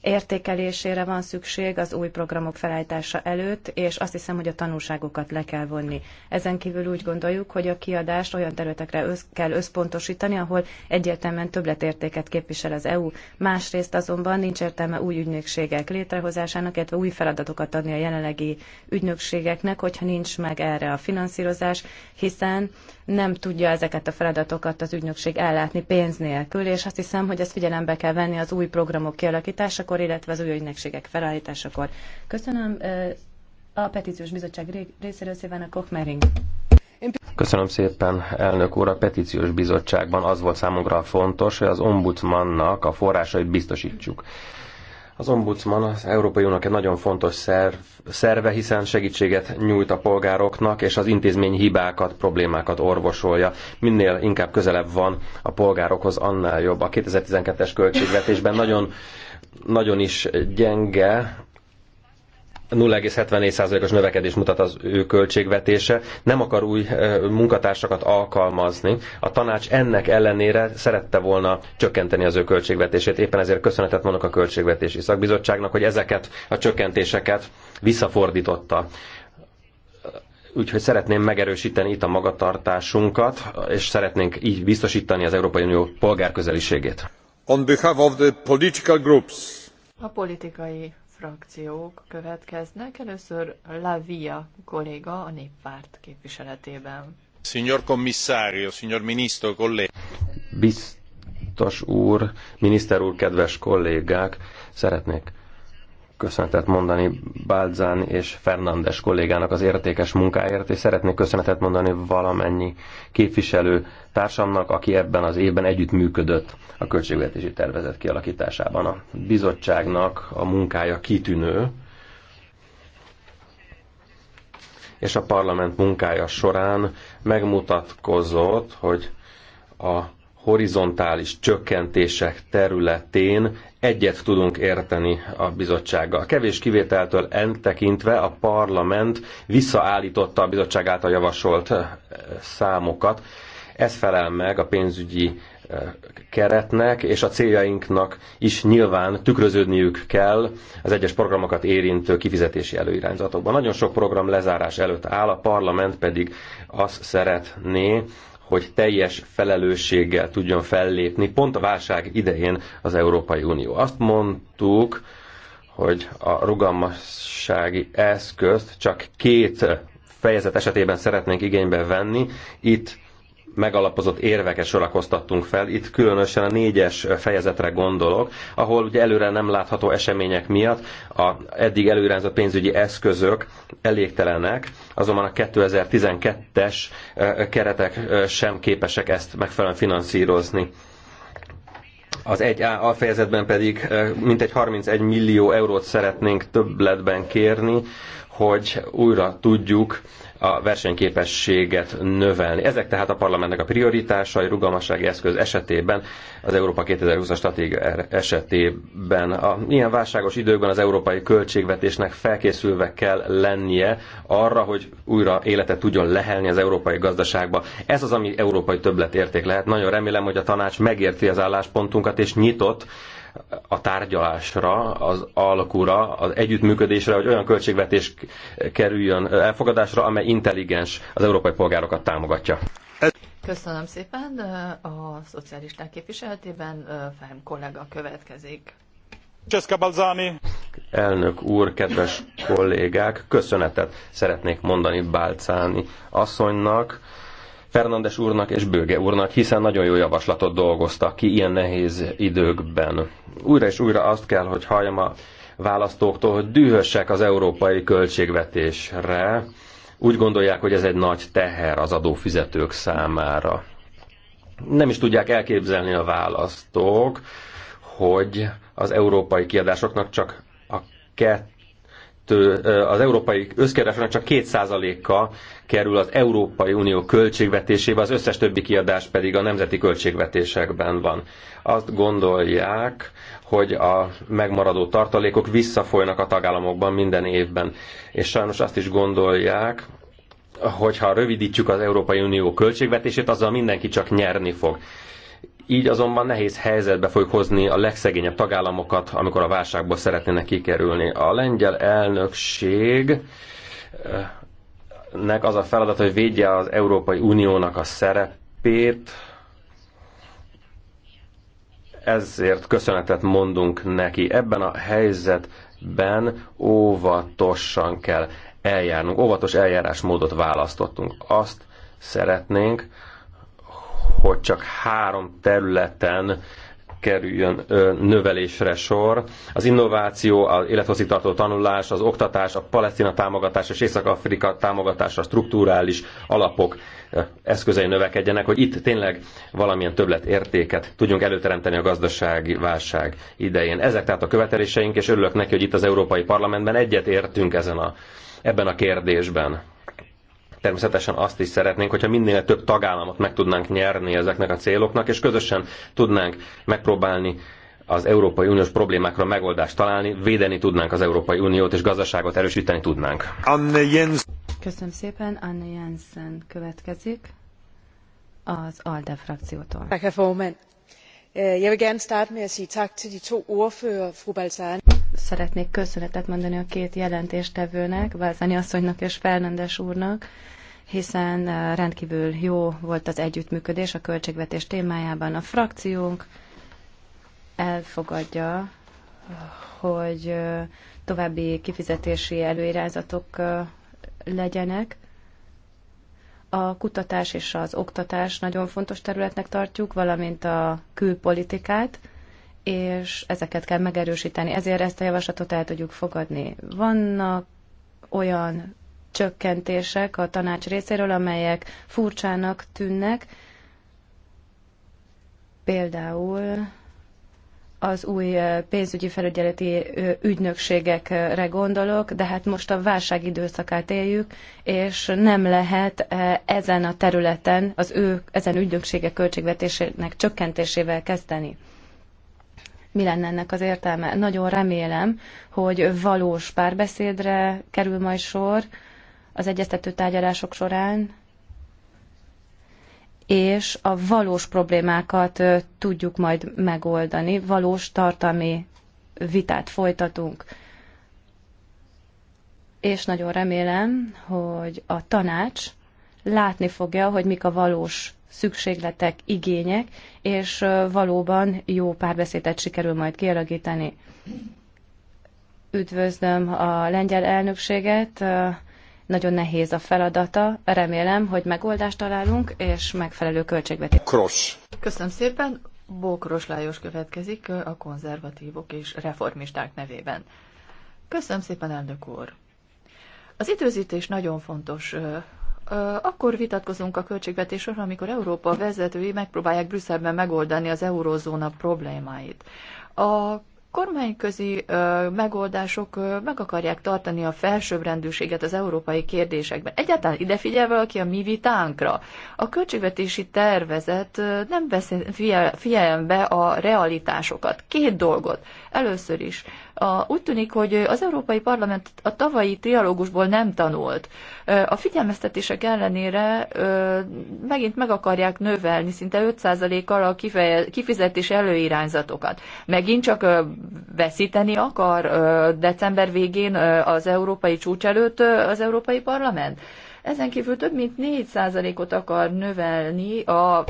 értékelésére van szükség az új programok felállítása előtt, és azt hiszem, hogy a tanulságokat le kell vonni. Ezen kívül úgy gondoljuk, hogy a kiadást olyan területekre össz, kell összpontosítani, ahol egyértelműen többletértéket képvisel az EU. Másrészt azonban nincs értelme új ügynökségek létrehozásának, illetve új feladatokat adni a jelenlegi ügynökségeknek, hogyha nincs meg erre a finanszírozás, hiszen nem tudja ezeket a feladatokat az ügynökség ellátni pénz nélkül, és azt hiszem, hogy ezt figyelembe kell venni az új programok kialakításakor, illetve az új ügynökségek felállításakor. Köszönöm a Petíciós Bizottság részéről szépen a Kochmering. Köszönöm szépen, elnök úr. A petíciós bizottságban az volt számunkra fontos, hogy az ombudsmannak a forrásait biztosítsuk. Az ombudsman az Európai Uniónak egy nagyon fontos szerv, szerve, hiszen segítséget nyújt a polgároknak, és az intézmény hibákat, problémákat orvosolja. Minél inkább közelebb van a polgárokhoz, annál jobb. A 2012-es költségvetésben nagyon, nagyon is gyenge 0,74%-os növekedés mutat az ő költségvetése, nem akar új munkatársakat alkalmazni. A tanács ennek ellenére szerette volna csökkenteni az ő költségvetését. Éppen ezért köszönetet mondok a Költségvetési Szakbizottságnak, hogy ezeket a csökkentéseket visszafordította. Úgyhogy szeretném megerősíteni itt a magatartásunkat, és szeretnénk így biztosítani az Európai Unió polgárközeliségét. On behalf of the political groups. A politikai frakciók következnek. Először Lavia kolléga a néppárt képviseletében. Signor commissario, signor ministro, kollég. Biztos úr, miniszter úr, kedves kollégák, szeretnék köszönetet mondani Balzán és Fernandes kollégának az értékes munkáért, és szeretnék köszönetet mondani valamennyi képviselő társamnak, aki ebben az évben működött a költségvetési tervezet kialakításában. A bizottságnak a munkája kitűnő, és a parlament munkája során megmutatkozott, hogy a horizontális csökkentések területén egyet tudunk érteni a bizottsággal. Kevés kivételtől tekintve a parlament visszaállította a bizottság által javasolt számokat. Ez felel meg a pénzügyi keretnek és a céljainknak is nyilván tükröződniük kell az egyes programokat érintő kifizetési előirányzatokban. Nagyon sok program lezárás előtt áll, a parlament pedig azt szeretné, hogy teljes felelősséggel tudjon fellépni pont a válság idején az Európai Unió. Azt mondtuk, hogy a rugalmassági eszközt csak két fejezet esetében szeretnénk igénybe venni. Itt megalapozott érveket sorakoztattunk fel. Itt különösen a négyes fejezetre gondolok, ahol ugye előre nem látható események miatt a eddig előirányzott pénzügyi eszközök elégtelenek, azonban a 2012-es keretek sem képesek ezt megfelelően finanszírozni. Az 1A alfejezetben pedig mintegy 31 millió eurót szeretnénk többletben kérni, hogy újra tudjuk a versenyképességet növelni. Ezek tehát a parlamentnek a prioritásai, rugalmassági eszköz esetében, az Európa 2020-as stratégia er- esetében. A ilyen válságos időkben az európai költségvetésnek felkészülve kell lennie arra, hogy újra életet tudjon lehelni az európai gazdaságba. Ez az, ami európai többletérték lehet. Nagyon remélem, hogy a tanács megérti az álláspontunkat, és nyitott a tárgyalásra, az alkura, az együttműködésre, hogy olyan költségvetés kerüljön elfogadásra, amely intelligens, az európai polgárokat támogatja. Köszönöm szépen. A szocialisták képviseletében Fárim kollega következik. Cseszka Balzani. Elnök úr, kedves kollégák, köszönetet szeretnék mondani Balzani asszonynak Fernandes úrnak és Bőge úrnak, hiszen nagyon jó javaslatot dolgoztak ki ilyen nehéz időkben. Újra és újra azt kell, hogy halljam a választóktól, hogy dühösek az európai költségvetésre. Úgy gondolják, hogy ez egy nagy teher az adófizetők számára. Nem is tudják elképzelni a választók, hogy az európai kiadásoknak csak a kettő az európai összkiadásoknak csak 2%-a kerül az Európai Unió költségvetésébe, az összes többi kiadás pedig a nemzeti költségvetésekben van. Azt gondolják, hogy a megmaradó tartalékok visszafolynak a tagállamokban minden évben. És sajnos azt is gondolják, hogyha rövidítjük az Európai Unió költségvetését, azzal mindenki csak nyerni fog. Így azonban nehéz helyzetbe fogjuk hozni a legszegényebb tagállamokat, amikor a válságból szeretnének kikerülni. A lengyel elnökség eh, nek az a feladat, hogy védje az Európai Uniónak a szerepét, ezért köszönetet mondunk neki. Ebben a helyzetben óvatosan kell eljárnunk, óvatos eljárásmódot választottunk. Azt szeretnénk, hogy csak három területen kerüljön növelésre sor. Az innováció, az tartó tanulás, az oktatás, a palesztina támogatás és Észak-Afrika támogatása, a strukturális alapok eszközei növekedjenek, hogy itt tényleg valamilyen többlet értéket tudjunk előteremteni a gazdasági válság idején. Ezek tehát a követeléseink, és örülök neki, hogy itt az Európai Parlamentben egyet értünk ezen a, ebben a kérdésben Természetesen azt is szeretnénk, hogyha minél több tagállamot meg tudnánk nyerni ezeknek a céloknak, és közösen tudnánk megpróbálni az Európai Uniós problémákra megoldást találni, védeni tudnánk az Európai Uniót, és gazdaságot erősíteni tudnánk. Anne Jens. Köszönöm szépen, Anne Jensen következik az ALDE frakciótól. Tak, herr formand. Øh, jeg vil gerne starte med at sige tak til de to ordfører, fru Balzani szeretnék köszönetet mondani a két jelentéstevőnek, Vázani asszonynak és Fernandes úrnak, hiszen eh, rendkívül jó volt az együttműködés a költségvetés témájában. A frakciónk elfogadja, hogy eh, további kifizetési előirányzatok eh, legyenek. A kutatás és az oktatás nagyon fontos területnek tartjuk, valamint a külpolitikát – és ezeket kell megerősíteni. Ezért ezt a javaslatot el tudjuk fogadni. Vannak olyan csökkentések a tanács részéről, amelyek furcsának tűnnek, például az új pénzügyi felügyeleti ügynökségekre gondolok, de hát most a válság időszakát éljük, és nem lehet ezen a területen az ő ezen ügynökségek költségvetésének csökkentésével kezdeni mi lenne ennek az értelme. Nagyon remélem, hogy valós párbeszédre kerül majd sor az egyeztető tárgyalások során, és a valós problémákat tudjuk majd megoldani, valós tartalmi vitát folytatunk. És nagyon remélem, hogy a tanács látni fogja, hogy mik a valós szükségletek, igények, és valóban jó párbeszédet sikerül majd kialakítani. Üdvözlöm a lengyel elnökséget, nagyon nehéz a feladata, remélem, hogy megoldást találunk, és megfelelő költségvetés. Cross. Köszönöm szépen, Bókros Lájos következik a konzervatívok és reformisták nevében. Köszönöm szépen, elnök úr! Az időzítés nagyon fontos akkor vitatkozunk a költségvetésről, amikor Európa vezetői megpróbálják Brüsszelben megoldani az eurózóna problémáit. A kormányközi ö, megoldások ö, meg akarják tartani a felsőbbrendűséget az európai kérdésekben. Egyáltalán ide figyel valaki a mi vitánkra. A költségvetési tervezet ö, nem vesz figyelembe a realitásokat. Két dolgot. Először is a, úgy tűnik, hogy az Európai Parlament a tavalyi trialógusból nem tanult. A figyelmeztetések ellenére megint meg akarják növelni szinte 5%-kal a kifizetés előirányzatokat. Megint csak veszíteni akar december végén az európai csúcs előtt az Európai Parlament. Ezen kívül több mint 4%-ot akar növelni a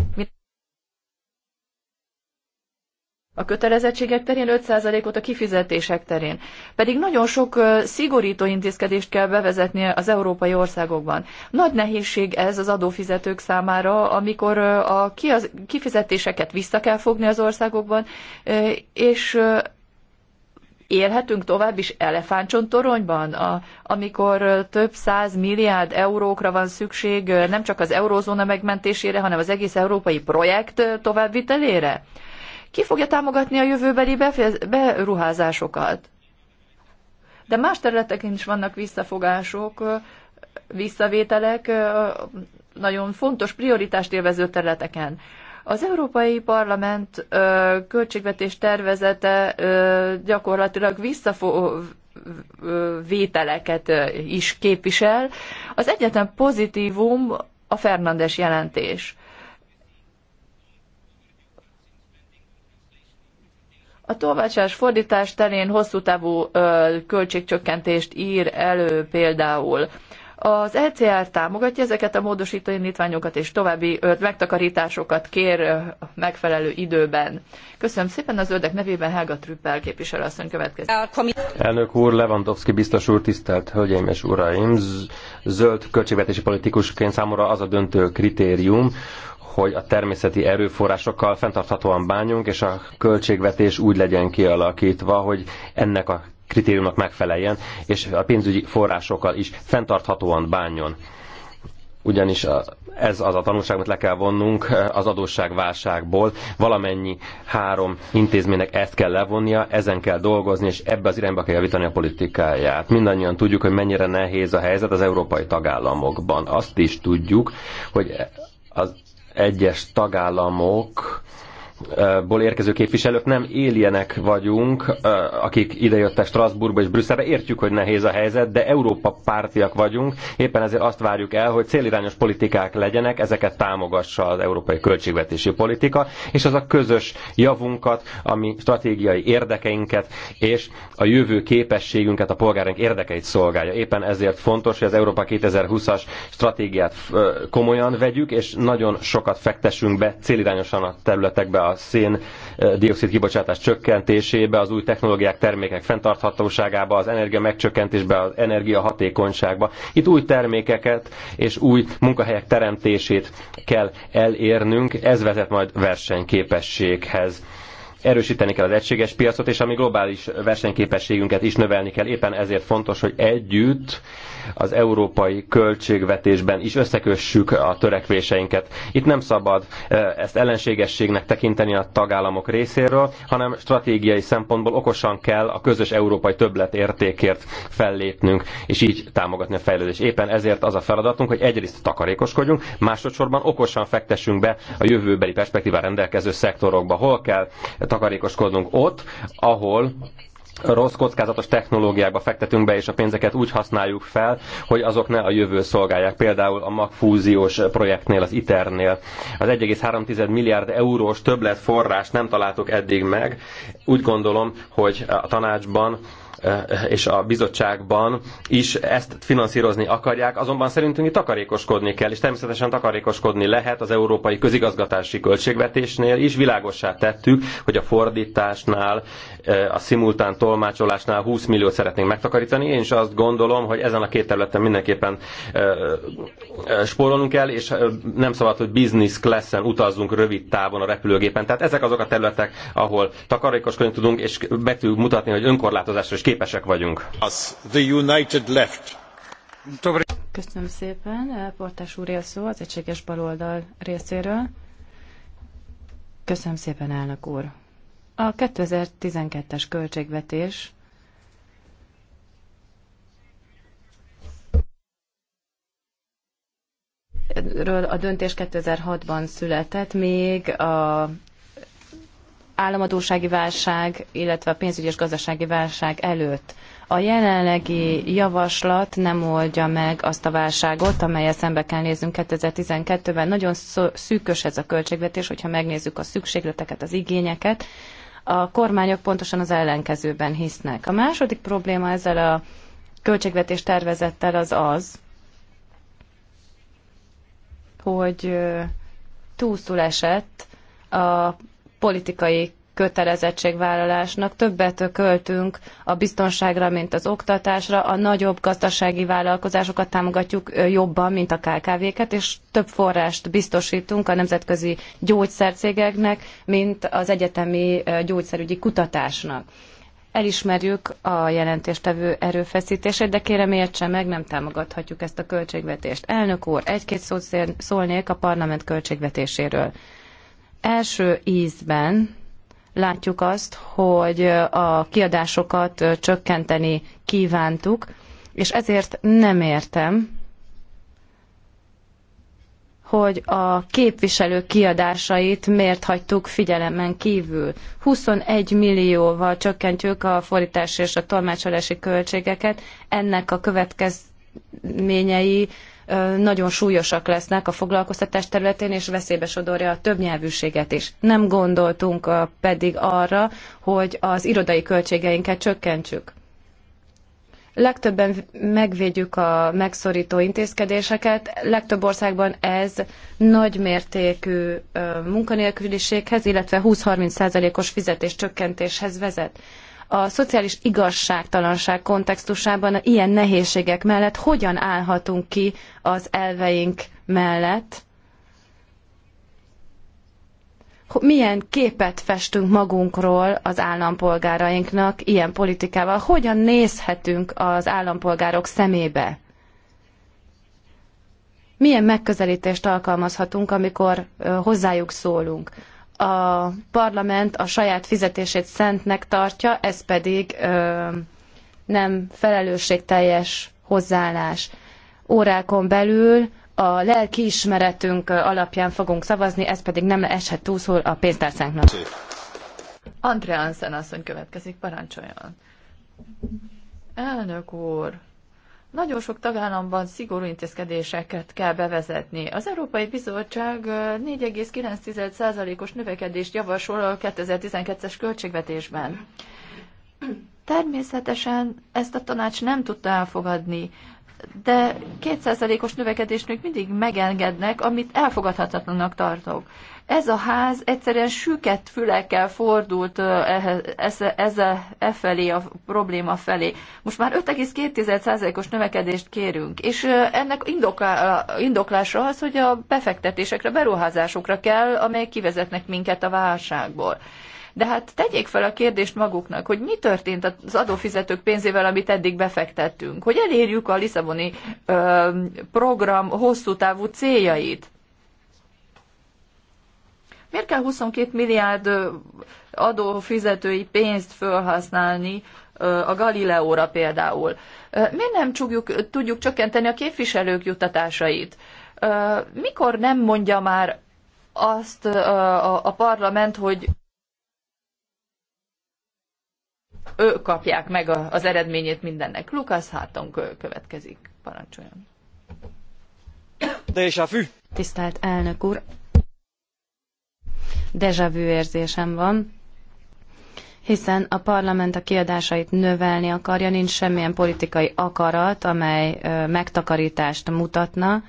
a kötelezettségek terén, 5%-ot a kifizetések terén. Pedig nagyon sok szigorító intézkedést kell bevezetni az európai országokban. Nagy nehézség ez az adófizetők számára, amikor a kifizetéseket vissza kell fogni az országokban, és élhetünk tovább is elefántcsontoronyban, amikor több száz milliárd eurókra van szükség nem csak az eurózóna megmentésére, hanem az egész európai projekt továbbvitelére? Ki fogja támogatni a jövőbeli beruházásokat? De más területeken is vannak visszafogások, visszavételek nagyon fontos prioritást élvező területeken. Az Európai Parlament ö, költségvetés tervezete ö, gyakorlatilag visszavételeket is képvisel. Az egyetlen pozitívum a Fernandes jelentés. A tolmácsás fordítás terén hosszú távú ö, költségcsökkentést ír elő például. Az ECR támogatja ezeket a módosító indítványokat, és további ö, megtakarításokat kér ö, megfelelő időben. Köszönöm szépen az ördek nevében Helga Trüppel képviselőasszony következik. Elnök úr, Lewandowski biztos úr, tisztelt hölgyeim és uraim, zöld költségvetési politikusként számomra az a döntő kritérium, hogy a természeti erőforrásokkal fenntarthatóan bánjunk, és a költségvetés úgy legyen kialakítva, hogy ennek a kritériumnak megfeleljen, és a pénzügyi forrásokkal is fenntarthatóan bánjon. Ugyanis ez az a tanulság, amit le kell vonnunk eh, az adósságválságból. Valamennyi három intézménynek ezt kell levonnia, ezen kell dolgozni, és ebbe az irányba kell javítani a politikáját. Mindannyian tudjuk, hogy mennyire nehéz a helyzet az európai tagállamokban. Azt is tudjuk, hogy az egyes tagállamok ból érkező képviselők nem éljenek vagyunk, akik idejöttek Strasbourgba és Brüsszelbe. Értjük, hogy nehéz a helyzet, de Európa pártiak vagyunk. Éppen ezért azt várjuk el, hogy célirányos politikák legyenek, ezeket támogassa az európai költségvetési politika, és az a közös javunkat, ami stratégiai érdekeinket és a jövő képességünket, a polgárunk érdekeit szolgálja. Éppen ezért fontos, hogy az Európa 2020-as stratégiát komolyan vegyük, és nagyon sokat fektessünk be célirányosan a területekbe a szén-dioxid kibocsátás csökkentésébe, az új technológiák, termékek fenntarthatóságába, az energia megcsökkentésbe, az energia hatékonyságba. Itt új termékeket és új munkahelyek teremtését kell elérnünk, ez vezet majd versenyképességhez erősíteni kell az egységes piacot, és a mi globális versenyképességünket is növelni kell. Éppen ezért fontos, hogy együtt az európai költségvetésben is összekössük a törekvéseinket. Itt nem szabad ezt ellenségességnek tekinteni a tagállamok részéről, hanem stratégiai szempontból okosan kell a közös európai többlet értékért fellépnünk, és így támogatni a fejlődést. Éppen ezért az a feladatunk, hogy egyrészt takarékoskodjunk, másodszorban okosan fektessünk be a jövőbeli perspektívá rendelkező szektorokba. Hol kell takarékoskodnunk ott, ahol rossz kockázatos technológiákba fektetünk be, és a pénzeket úgy használjuk fel, hogy azok ne a jövő szolgálják. Például a magfúziós projektnél, az ITER-nél. Az 1,3 milliárd eurós többlet forrás nem találtuk eddig meg. Úgy gondolom, hogy a tanácsban és a bizottságban is ezt finanszírozni akarják, azonban szerintünk itt takarékoskodni kell, és természetesen takarékoskodni lehet az európai közigazgatási költségvetésnél is. Világossá tettük, hogy a fordításnál, eh, a szimultán tolmácsolásnál 20 milliót szeretnénk megtakarítani. Én is azt gondolom, hogy ezen a két területen mindenképpen eh, eh, spórolnunk kell, és nem szabad, hogy business classen utazzunk rövid távon a repülőgépen. Tehát ezek azok a területek, ahol takarékoskodni tudunk, és be tudjuk mutatni, hogy önkorlátozásra is képesek vagyunk. Köszönöm szépen. Portás úr szó az egységes baloldal részéről. Köszönöm szépen, elnök úr. A 2012-es költségvetés a döntés 2006-ban született, még a államadósági válság, illetve a pénzügyi és gazdasági válság előtt. A jelenlegi javaslat nem oldja meg azt a válságot, amelyet szembe kell néznünk 2012-ben. Nagyon szűkös ez a költségvetés, hogyha megnézzük a szükségleteket, az igényeket. A kormányok pontosan az ellenkezőben hisznek. A második probléma ezzel a költségvetés tervezettel az az, hogy túlszul esett a politikai kötelezettségvállalásnak. Többet költünk a biztonságra, mint az oktatásra, a nagyobb gazdasági vállalkozásokat támogatjuk jobban, mint a KKV-ket, és több forrást biztosítunk a nemzetközi gyógyszercégeknek, mint az egyetemi gyógyszerügyi kutatásnak. Elismerjük a jelentéstevő erőfeszítését, de kérem értse meg, nem támogathatjuk ezt a költségvetést. Elnök úr, egy-két szót szólnék a parlament költségvetéséről első ízben látjuk azt, hogy a kiadásokat csökkenteni kívántuk, és ezért nem értem, hogy a képviselők kiadásait miért hagytuk figyelemen kívül. 21 millióval csökkentjük a fordítási és a tolmácsolási költségeket, ennek a következményei nagyon súlyosak lesznek a foglalkoztatás területén, és veszélybe sodorja a többnyelvűséget is. Nem gondoltunk pedig arra, hogy az irodai költségeinket csökkentsük. Legtöbben megvédjük a megszorító intézkedéseket, legtöbb országban ez nagymértékű munkanélküliséghez, illetve 20-30 százalékos fizetés csökkentéshez vezet a szociális igazságtalanság kontextusában ilyen nehézségek mellett hogyan állhatunk ki az elveink mellett? Milyen képet festünk magunkról az állampolgárainknak ilyen politikával? Hogyan nézhetünk az állampolgárok szemébe? Milyen megközelítést alkalmazhatunk, amikor hozzájuk szólunk? a parlament a saját fizetését szentnek tartja, ez pedig ö, nem felelősségteljes hozzáállás. Órákon belül a lelkiismeretünk alapján fogunk szavazni, ez pedig nem eshet túlszól a pénztárcánknak. Andrea Ansen asszony következik, parancsoljon. Elnök úr, nagyon sok tagállamban szigorú intézkedéseket kell bevezetni. Az Európai Bizottság 4,9%-os növekedést javasol a 2012-es költségvetésben. Természetesen ezt a tanács nem tudta elfogadni, de 2%-os növekedést még mindig megengednek, amit elfogadhatatlanak tartok. Ez a ház egyszerűen süket fülekkel fordult e felé, a probléma felé. Most már 5,2%-os növekedést kérünk, és ennek indoklása az, hogy a befektetésekre, beruházásokra kell, amelyek kivezetnek minket a válságból. De hát tegyék fel a kérdést maguknak, hogy mi történt az adófizetők pénzével, amit eddig befektettünk, hogy elérjük a Lisszaboni ö, program hosszú távú céljait. Miért kell 22 milliárd adófizetői pénzt felhasználni a Galileóra például? Miért nem csukjuk, tudjuk csökkenteni a képviselők juttatásait? Mikor nem mondja már azt a parlament, hogy ők kapják meg az eredményét mindennek. Lukasz Háton következik. Parancsoljon. a vu. Tisztelt elnök úr, dejavű érzésem van, hiszen a parlament a kiadásait növelni akarja, nincs semmilyen politikai akarat, amely megtakarítást mutatna.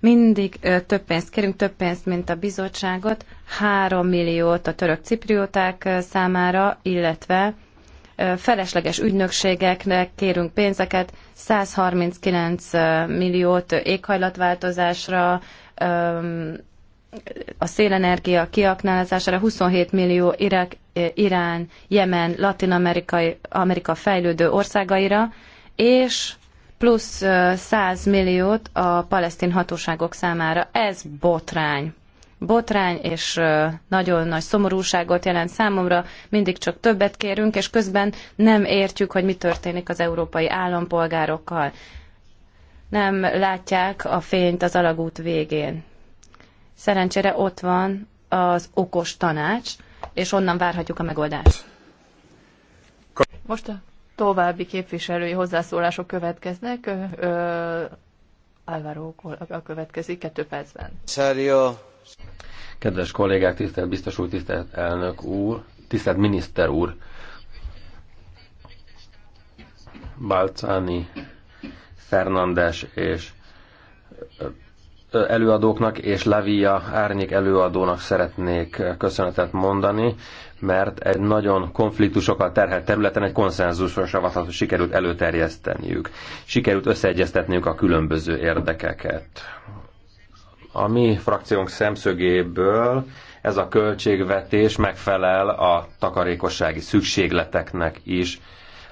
Mindig több pénzt kérünk, több pénzt, mint a bizottságot, 3 milliót a török ciprióták számára, illetve felesleges ügynökségeknek kérünk pénzeket, 139 milliót éghajlatváltozásra, a szélenergia kiaknázására 27 millió Irak, eh, Irán, Jemen, Latin Amerika fejlődő országaira, és plusz 100 eh, milliót a palesztin hatóságok számára. Ez botrány. Botrány és eh, nagyon nagy szomorúságot jelent számomra, mindig csak többet kérünk, és közben nem értjük, hogy mi történik az európai állampolgárokkal. Nem látják a fényt az alagút végén. Szerencsére ott van az okos tanács, és onnan várhatjuk a megoldást. Most a további képviselői hozzászólások következnek. Ö, Álvaro a következik kettő percben. Szerio. Kedves kollégák, tisztelt biztos úr, tisztelt elnök úr, tisztelt miniszter úr. Balcani, Fernandes és előadóknak és Lavia árnyék előadónak szeretnék köszönetet mondani, mert egy nagyon konfliktusokkal terhelt területen egy konszenzusos javaslatot sikerült előterjeszteniük. Sikerült összeegyeztetniük a különböző érdekeket. A mi frakciónk szemszögéből ez a költségvetés megfelel a takarékossági szükségleteknek is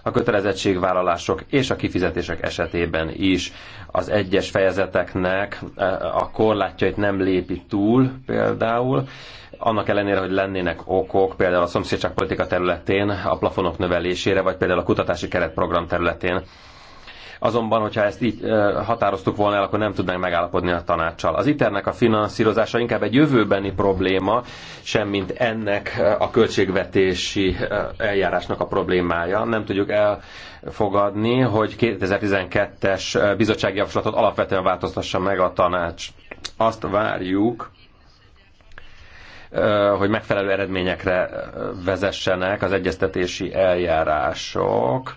a kötelezettségvállalások és a kifizetések esetében is. Az egyes fejezeteknek e, a korlátjait nem lépi túl például, annak ellenére, hogy lennének okok például a szomszédságpolitika területén a plafonok növelésére, vagy például a kutatási keretprogram területén Azonban, hogyha ezt így határoztuk volna el, akkor nem tudnánk megállapodni a tanácssal. Az iternek a finanszírozása inkább egy jövőbeni probléma, semmint ennek a költségvetési eljárásnak a problémája. Nem tudjuk elfogadni, hogy 2012-es bizottsági javaslatot alapvetően változtassa meg a tanács. Azt várjuk, hogy megfelelő eredményekre vezessenek az egyeztetési eljárások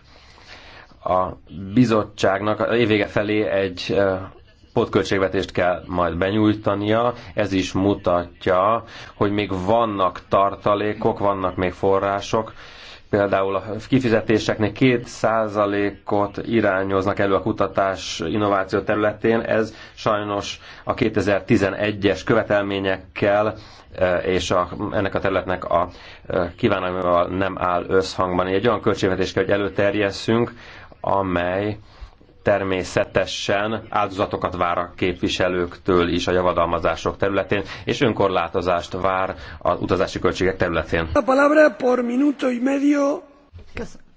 a bizottságnak a évvége felé egy pótköltségvetést kell majd benyújtania. Ez is mutatja, hogy még vannak tartalékok, vannak még források. Például a kifizetéseknek két ot irányoznak elő a kutatás innováció területén. Ez sajnos a 2011-es követelményekkel és a, ennek a területnek a kívánalmával nem áll összhangban. Egy olyan költségvetés kell, hogy előterjesszünk, amely természetesen áldozatokat vár a képviselőktől is a javadalmazások területén, és önkorlátozást vár az utazási költségek területén. A palabra por minuto y medio. Köszönöm.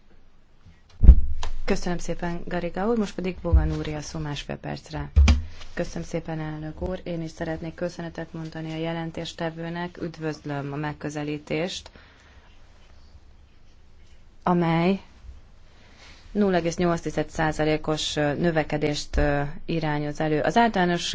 Köszönöm szépen, Gariga úr, most pedig Bogan úr a szó másfél percre. Köszönöm szépen, elnök úr. Én is szeretnék köszönetet mondani a jelentéstevőnek. Üdvözlöm a megközelítést, amely 0,8%-os növekedést irányoz elő. Az általános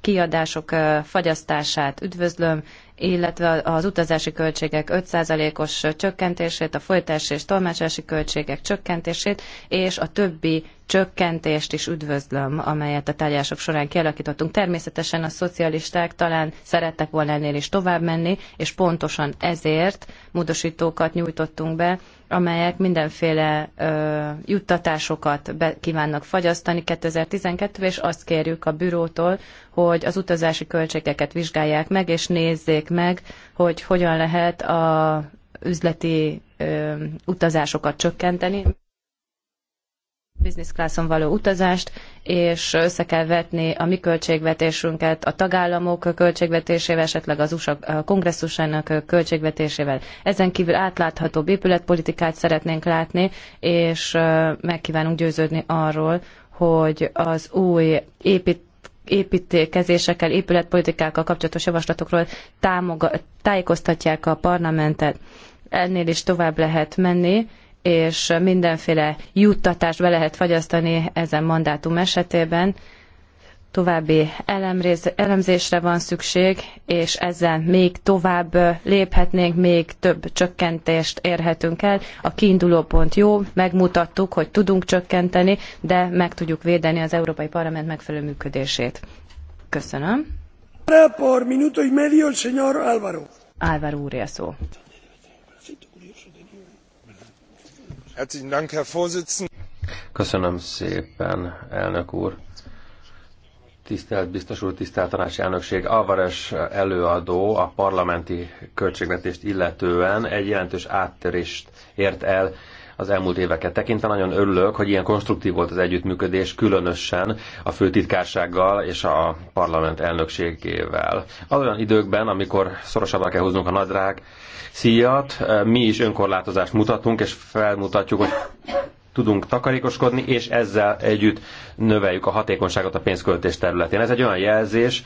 kiadások fagyasztását üdvözlöm, illetve az utazási költségek 5%-os csökkentését, a folytás és tolmácsási költségek csökkentését, és a többi csökkentést is üdvözlöm, amelyet a tárgyások során kialakítottunk. Természetesen a szocialisták talán szerettek volna ennél is tovább menni, és pontosan ezért módosítókat nyújtottunk be, amelyek mindenféle ö, juttatásokat be kívánnak fagyasztani 2012 és azt kérjük a bürótól, hogy az utazási költségeket vizsgálják meg, és nézzék meg, hogy hogyan lehet a üzleti ö, utazásokat csökkenteni business classon való utazást, és össze kell vetni a mi költségvetésünket a tagállamok költségvetésével, esetleg az USA kongresszusának költségvetésével. Ezen kívül átláthatóbb épületpolitikát szeretnénk látni, és megkívánunk győződni arról, hogy az új épít építkezésekkel, épületpolitikákkal kapcsolatos javaslatokról támogat, tájékoztatják a parlamentet. Ennél is tovább lehet menni és mindenféle juttatást be lehet fagyasztani ezen mandátum esetében. További elemzésre van szükség, és ezzel még tovább léphetnénk, még több csökkentést érhetünk el. A kiinduló pont jó, megmutattuk, hogy tudunk csökkenteni, de meg tudjuk védeni az Európai Parlament megfelelő működését. Köszönöm. minuto y medio el señor Álvaro. Álvaro úr szó. Köszönöm szépen, elnök úr. Tisztelt biztos úr, tisztelt elnökség. Alvares előadó a parlamenti költségvetést illetően egy jelentős áttörést ért el az elmúlt éveket tekintve. Nagyon örülök, hogy ilyen konstruktív volt az együttműködés, különösen a főtitkársággal és a parlament elnökségével. Az olyan időkben, amikor szorosabbá kell húznunk a nadrág szíjat, mi is önkorlátozást mutatunk, és felmutatjuk, hogy tudunk takarékoskodni, és ezzel együtt növeljük a hatékonyságot a pénzköltés területén. Ez egy olyan jelzés,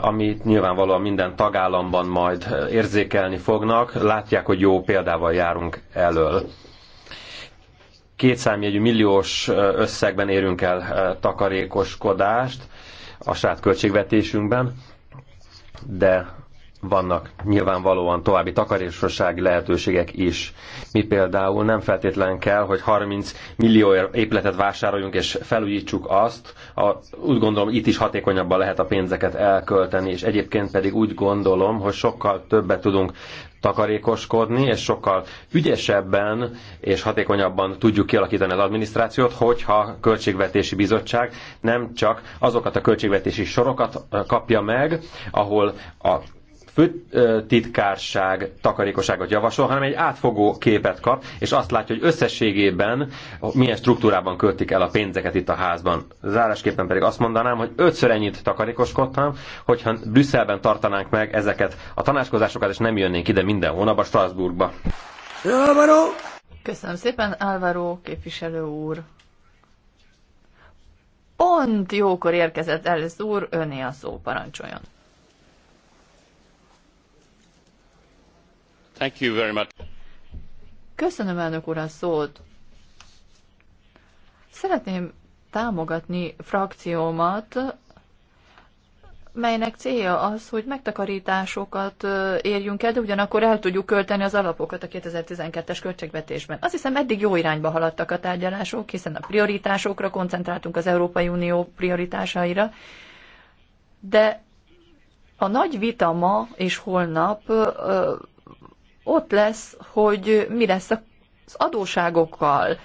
amit nyilvánvalóan minden tagállamban majd érzékelni fognak, látják, hogy jó példával járunk elől. Két számjegyű milliós összegben érünk el takarékoskodást a saját költségvetésünkben, de vannak nyilvánvalóan további takarékossági lehetőségek is. Mi például nem feltétlen kell, hogy 30 millió épületet vásároljunk és felújítsuk azt. A, úgy gondolom, itt is hatékonyabban lehet a pénzeket elkölteni, és egyébként pedig úgy gondolom, hogy sokkal többet tudunk takarékoskodni, és sokkal ügyesebben és hatékonyabban tudjuk kialakítani az adminisztrációt, hogyha a Költségvetési Bizottság nem csak azokat a költségvetési sorokat kapja meg, ahol a főtitkárság takarékosságot javasol, hanem egy átfogó képet kap, és azt látja, hogy összességében milyen struktúrában költik el a pénzeket itt a házban. Zárásképpen pedig azt mondanám, hogy ötször ennyit takarékoskodtam, hogyha Brüsszelben tartanánk meg ezeket a tanácskozásokat, és nem jönnénk ide minden hónapban Strasbourgba. Álvaro! Köszönöm szépen, Álvaro képviselő úr. Pont jókor érkezett először úr, öné a szó, parancsoljon. Thank you very much. Köszönöm elnök úr a szót. Szeretném támogatni frakciómat, melynek célja az, hogy megtakarításokat érjünk el, de ugyanakkor el tudjuk költeni az alapokat a 2012-es költségvetésben. Azt hiszem, eddig jó irányba haladtak a tárgyalások, hiszen a prioritásokra koncentráltunk az Európai Unió prioritásaira, de a nagy vita ma és holnap ott lesz, hogy mi lesz az adóságokkal.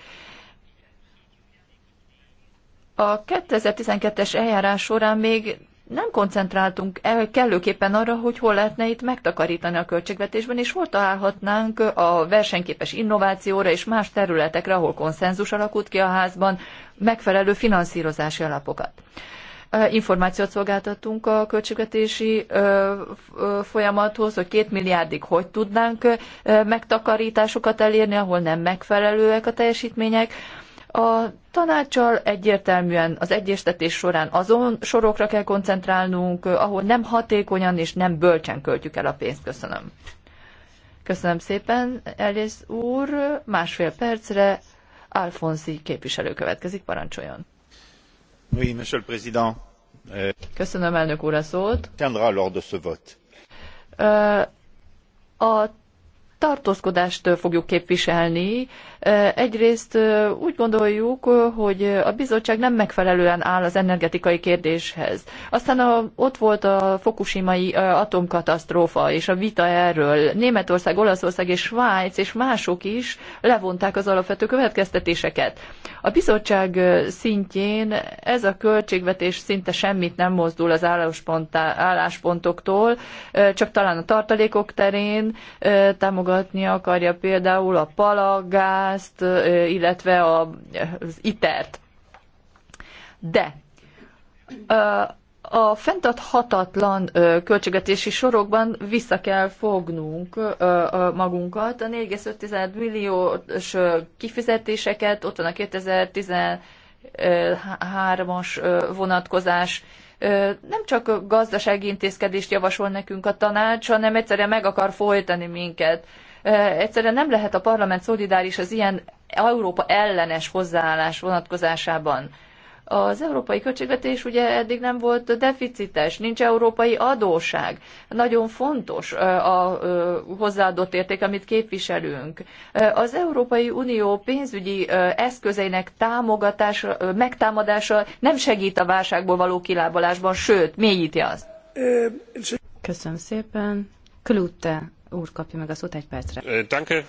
A 2012-es eljárás során még nem koncentráltunk el kellőképpen arra, hogy hol lehetne itt megtakarítani a költségvetésben, és hol találhatnánk a versenyképes innovációra és más területekre, ahol konszenzus alakult ki a házban, megfelelő finanszírozási alapokat információt szolgáltatunk a költségvetési folyamathoz, hogy két milliárdig hogy tudnánk megtakarításokat elérni, ahol nem megfelelőek a teljesítmények. A tanácssal egyértelműen az egyeztetés során azon sorokra kell koncentrálnunk, ahol nem hatékonyan és nem bölcsen költjük el a pénzt. Köszönöm. Köszönöm szépen, Elész úr. Másfél percre Alfonsi képviselő következik, parancsoljon monsieur le président. Euh, Köszönöm, elnök úr, a szót. Tiendra a de ce A tartózkodást fogjuk képviselni. Egyrészt úgy gondoljuk, hogy a bizottság nem megfelelően áll az energetikai kérdéshez. Aztán a, ott volt a fokusimai atomkatasztrófa és a vita erről. Németország, Olaszország és Svájc és mások is levonták az alapvető következtetéseket. A bizottság szintjén ez a költségvetés szinte semmit nem mozdul az álláspontoktól, csak talán a tartalékok terén támogat támogatni akarja például a palagázt, illetve az itert. De a fenntarthatatlan költségvetési sorokban vissza kell fognunk magunkat. A 4,5 milliós kifizetéseket, ott van a 2013-as vonatkozás, nem csak gazdasági intézkedést javasol nekünk a tanács, hanem egyszerűen meg akar folytani minket. Egyszerűen nem lehet a parlament szolidáris az ilyen Európa ellenes hozzáállás vonatkozásában. Az európai költségvetés ugye eddig nem volt deficites, nincs európai adóság. Nagyon fontos a hozzáadott érték, amit képviselünk. Az Európai Unió pénzügyi eszközeinek támogatása, megtámadása nem segít a válságból való kilábalásban, sőt, mélyíti azt. Köszönöm szépen. Klute úr kapja meg a szót egy percre. Danke.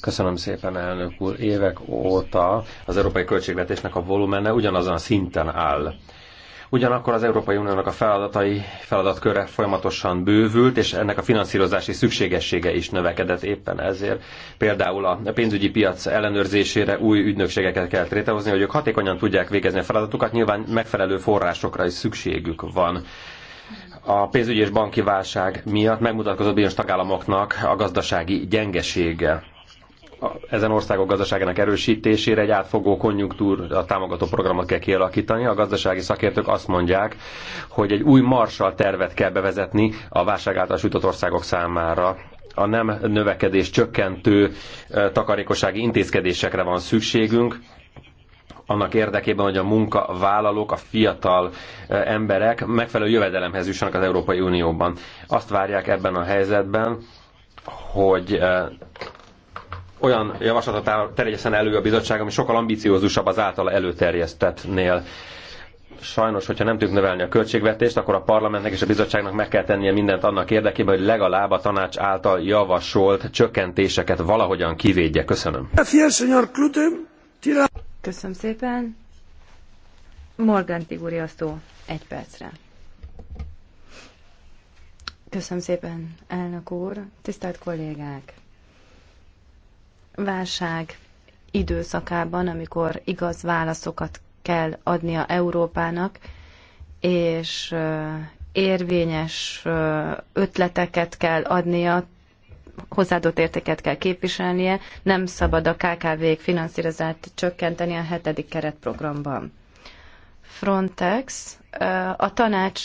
Köszönöm szépen, elnök úr. Évek óta az európai költségvetésnek a volumene ugyanazon a szinten áll. Ugyanakkor az Európai Uniónak a feladatai feladatköre folyamatosan bővült, és ennek a finanszírozási szükségessége is növekedett éppen ezért. Például a pénzügyi piac ellenőrzésére új ügynökségeket kell létrehozni, hogy ők hatékonyan tudják végezni a feladatukat, nyilván megfelelő forrásokra is szükségük van a pénzügyi és banki válság miatt megmutatkozott bizonyos tagállamoknak a gazdasági gyengesége. Ezen országok gazdaságának erősítésére egy átfogó konjunktúra támogató programot kell kialakítani. A gazdasági szakértők azt mondják, hogy egy új marsal tervet kell bevezetni a válság által sújtott országok számára a nem növekedés csökkentő takarékossági intézkedésekre van szükségünk, annak érdekében, hogy a munkavállalók, a fiatal e, emberek megfelelő jövedelemhez jussanak az Európai Unióban. Azt várják ebben a helyzetben, hogy e, olyan javaslatot terjeszen elő a bizottság, ami sokkal ambiciózusabb az általa előterjesztettnél. Sajnos, hogyha nem tudjuk növelni a költségvetést, akkor a parlamentnek és a bizottságnak meg kell tennie mindent annak érdekében, hogy legalább a tanács által javasolt csökkentéseket valahogyan kivédje. Köszönöm. Köszönöm szépen. Morgan Tiguri a szó egy percre. Köszönöm szépen, elnök úr, tisztelt kollégák! Válság időszakában, amikor igaz válaszokat kell adnia Európának, és érvényes ötleteket kell adnia hozzáadott értéket kell képviselnie, nem szabad a KKV-k finanszírozását csökkenteni a hetedik keretprogramban. Frontex, a tanács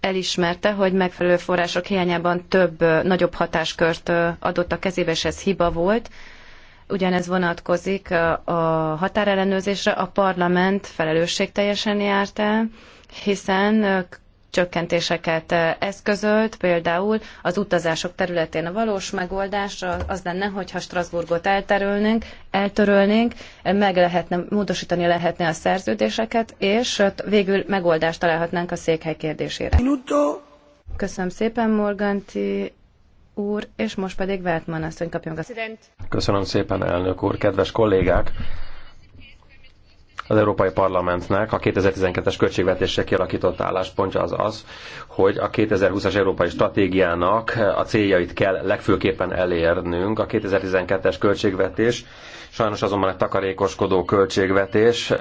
elismerte, hogy megfelelő források hiányában több nagyobb hatáskört adott a kezébe, és ez hiba volt. Ugyanez vonatkozik a határellenőrzésre. A parlament felelősségteljesen járt el, hiszen csökkentéseket eh, eszközölt, például az utazások területén a valós megoldás az lenne, hogyha Strasbourgot elterülnénk, eltörölnénk, eh, meg lehetne, módosítani lehetne a szerződéseket, és eh, végül megoldást találhatnánk a székhely kérdésére. Minuto. Köszönöm szépen, Morganti úr, és most pedig Veltman asszony kapjon. Köszönöm szépen, elnök úr, kedves kollégák! Az Európai Parlamentnek a 2012-es költségvetésre kialakított álláspontja az az, hogy a 2020-as Európai Stratégiának a céljait kell legfőképpen elérnünk. A 2012-es költségvetés sajnos azonban egy takarékoskodó költségvetés,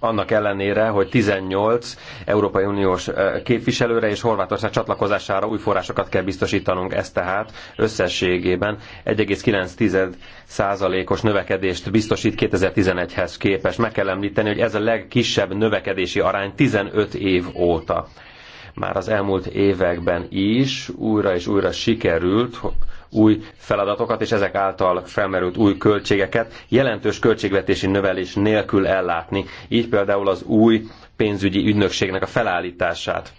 annak ellenére, hogy 18 Európai Uniós képviselőre és Horvátország csatlakozására új forrásokat kell biztosítanunk. Ez tehát összességében 1,9%-os növekedést biztosít 2011-hez képest. Meg kell említeni, elismerni, hogy ez a legkisebb növekedési arány 15 év óta. Már az elmúlt években is újra és újra sikerült új feladatokat és ezek által felmerült új költségeket jelentős költségvetési növelés nélkül ellátni. Így például az új pénzügyi ügynökségnek a felállítását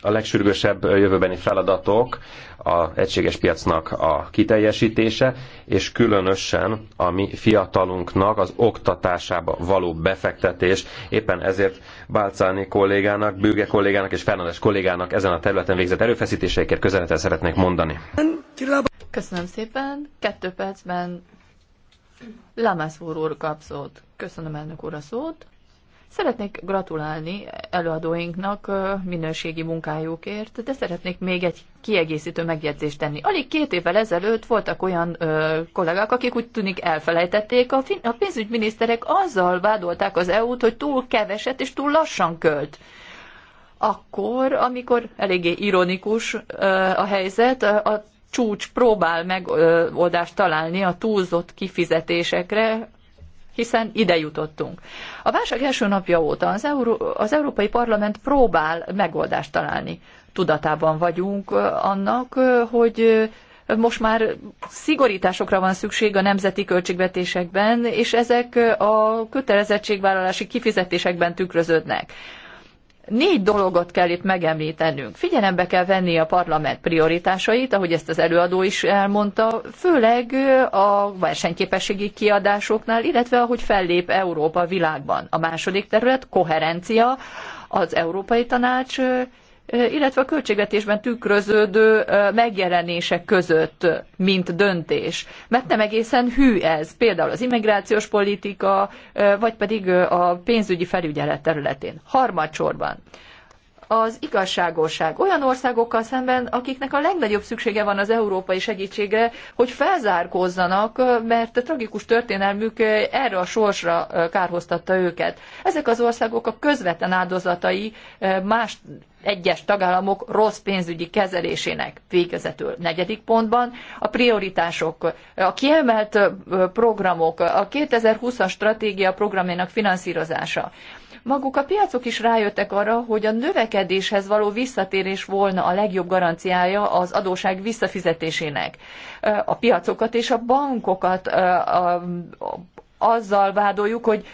a legsürgősebb jövőbeni feladatok a egységes piacnak a kiteljesítése, és különösen a mi fiatalunknak az oktatásába való befektetés. Éppen ezért Bálcáni kollégának, Bőge kollégának és Fernandes kollégának ezen a területen végzett erőfeszítéseikért köszönetet szeretnék mondani. Köszönöm szépen. Kettő percben Lamász úr úr Köszönöm elnök úr a szót. Szeretnék gratulálni előadóinknak minőségi munkájukért, de szeretnék még egy kiegészítő megjegyzést tenni. Alig két évvel ezelőtt voltak olyan ö, kollégák, akik úgy tűnik elfelejtették, a, fin- a pénzügyminiszterek azzal vádolták az EU-t, hogy túl keveset és túl lassan költ akkor, amikor eléggé ironikus a helyzet, a csúcs próbál megoldást találni a túlzott kifizetésekre, hiszen ide jutottunk. A válság első napja óta az, Euró- az Európai Parlament próbál megoldást találni. Tudatában vagyunk annak, hogy most már szigorításokra van szükség a nemzeti költségvetésekben, és ezek a kötelezettségvállalási kifizetésekben tükröződnek. Négy dologot kell itt megemlítenünk. Figyelembe kell venni a parlament prioritásait, ahogy ezt az előadó is elmondta, főleg a versenyképességi kiadásoknál, illetve ahogy fellép Európa világban. A második terület koherencia, az Európai Tanács illetve a költségvetésben tükröződő megjelenések között, mint döntés. Mert nem egészen hű ez, például az immigrációs politika, vagy pedig a pénzügyi felügyelet területén. Harmadsorban az igazságosság olyan országokkal szemben, akiknek a legnagyobb szüksége van az európai segítségre, hogy felzárkózzanak, mert a tragikus történelmük erre a sorsra kárhoztatta őket. Ezek az országok a közvetlen áldozatai más egyes tagállamok rossz pénzügyi kezelésének végezetül. Negyedik pontban a prioritások, a kiemelt programok, a 2020-as stratégia programjának finanszírozása. Maguk a piacok is rájöttek arra, hogy a növekedéshez való visszatérés volna a legjobb garanciája az adóság visszafizetésének. A piacokat és a bankokat a, a, azzal vádoljuk, hogy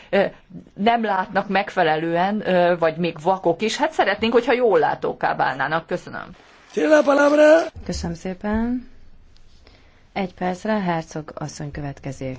nem látnak megfelelően, vagy még vakok is. Hát szeretnénk, hogyha jól látóká válnának. Köszönöm. Köszönöm szépen. Egy percre Hercog asszony következik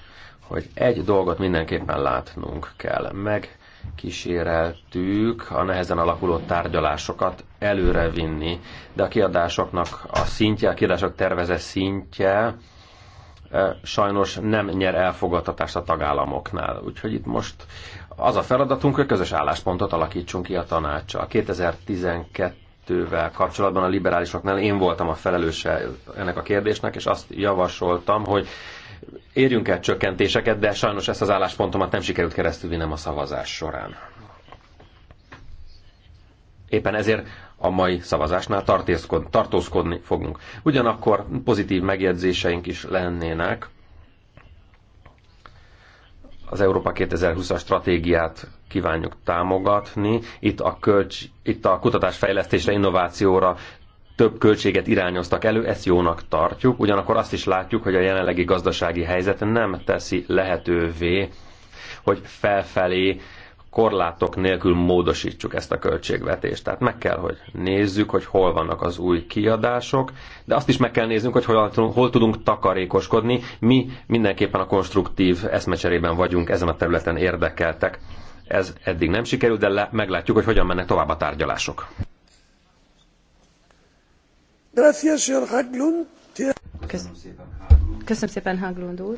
hogy egy dolgot mindenképpen látnunk kell. Megkíséreltük a nehezen alakuló tárgyalásokat előrevinni, de a kiadásoknak a szintje, a kiadások terveze szintje eh, sajnos nem nyer elfogadtatást a tagállamoknál. Úgyhogy itt most az a feladatunk, hogy közös álláspontot alakítsunk ki a tanácsa. 2012 kettővel kapcsolatban a liberálisoknál én voltam a felelőse ennek a kérdésnek, és azt javasoltam, hogy érjünk el csökkentéseket, de sajnos ezt az álláspontomat nem sikerült keresztülvinnem a szavazás során. Éppen ezért a mai szavazásnál tartózkodni fogunk. Ugyanakkor pozitív megjegyzéseink is lennének az Európa 2020-as stratégiát kívánjuk támogatni. Itt a, kölcs, itt a kutatásfejlesztésre, innovációra több költséget irányoztak elő, ezt jónak tartjuk, ugyanakkor azt is látjuk, hogy a jelenlegi gazdasági helyzet nem teszi lehetővé, hogy felfelé korlátok nélkül módosítsuk ezt a költségvetést. Tehát meg kell, hogy nézzük, hogy hol vannak az új kiadások, de azt is meg kell néznünk, hogy hol, hol tudunk takarékoskodni. Mi mindenképpen a konstruktív eszmecserében vagyunk, ezen a területen érdekeltek. Ez eddig nem sikerült, de le, meglátjuk, hogy hogyan mennek tovább a tárgyalások. Köszönöm szépen, Köszönöm szépen Haglund úr.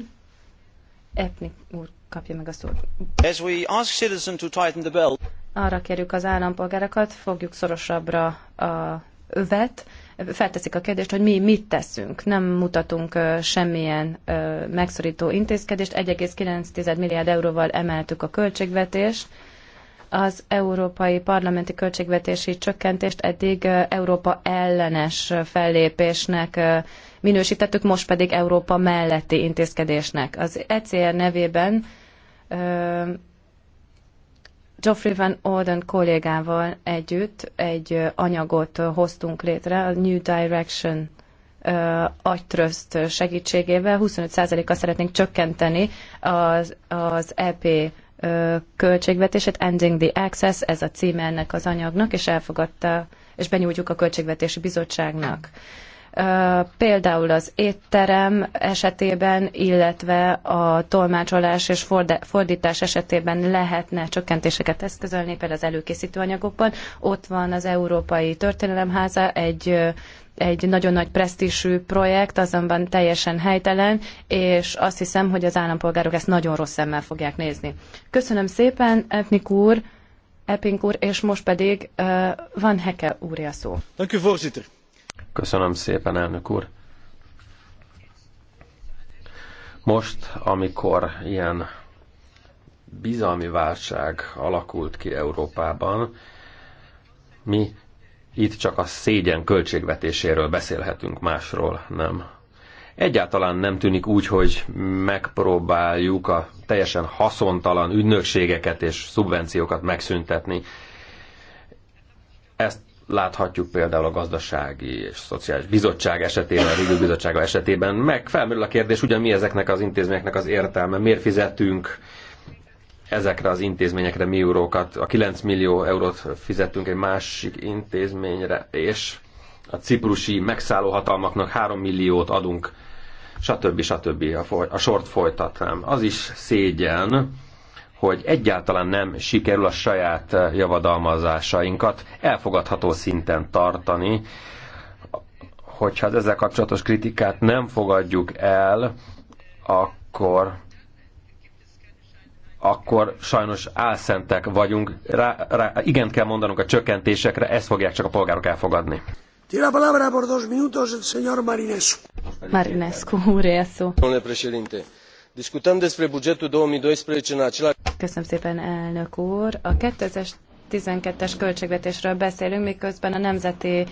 Epnik úr kapja meg a szót. As we ask citizen to tighten the belt. Arra kérjük az állampolgárakat, fogjuk szorosabbra a övet, felteszik a kérdést, hogy mi mit teszünk. Nem mutatunk semmilyen megszorító intézkedést, 1,9 milliárd euróval emeltük a költségvetést, az európai parlamenti költségvetési csökkentést eddig Európa ellenes fellépésnek minősítettük, most pedig Európa melletti intézkedésnek. Az ECR nevében Geoffrey Van Orden kollégával együtt egy anyagot hoztunk létre, a New Direction agytrözt segítségével 25%-kal szeretnénk csökkenteni az, az EP költségvetését, Ending the Access, ez a címe ennek az anyagnak, és elfogadta, és benyújtjuk a Költségvetési Bizottságnak. Például az étterem esetében, illetve a tolmácsolás és fordítás esetében lehetne csökkentéseket eszközölni, például az előkészítő anyagokban. Ott van az Európai Történelemháza, egy egy nagyon nagy presztízsű projekt, azonban teljesen helytelen, és azt hiszem, hogy az állampolgárok ezt nagyon rossz szemmel fogják nézni. Köszönöm szépen, Etnik úr, Epping úr, és most pedig uh, Van Heke úrja szó. Köszönöm szépen, elnök úr. Most, amikor ilyen bizalmi válság alakult ki Európában, mi itt csak a szégyen költségvetéséről beszélhetünk, másról nem. Egyáltalán nem tűnik úgy, hogy megpróbáljuk a teljesen haszontalan ügynökségeket és szubvenciókat megszüntetni. Ezt láthatjuk például a gazdasági és szociális bizottság esetében, a Rügő bizottsága esetében. Meg felmerül a kérdés, ugyan mi ezeknek az intézményeknek az értelme, miért fizetünk ezekre az intézményekre mi eurókat, a 9 millió eurót fizettünk egy másik intézményre, és a ciprusi megszálló hatalmaknak 3 milliót adunk, stb. stb. A, foly, a sort folytatnám. Az is szégyen, hogy egyáltalán nem sikerül a saját eh, javadalmazásainkat elfogadható szinten tartani, hogyha az ezzel kapcsolatos kritikát nem fogadjuk el, akkor akkor sajnos álszentek vagyunk. Rá, rá, igen kell mondanunk a csökkentésekre, ezt fogják csak a polgárok elfogadni. Tiene la palabra por dos minutos el señor Marinescu. Marinescu, úr, szó. Domnule președinte, discutăm despre bugetul 2012 în același... Köszönöm szépen, elnök úr. A 2012-es költségvetésről beszélünk, miközben a nemzeti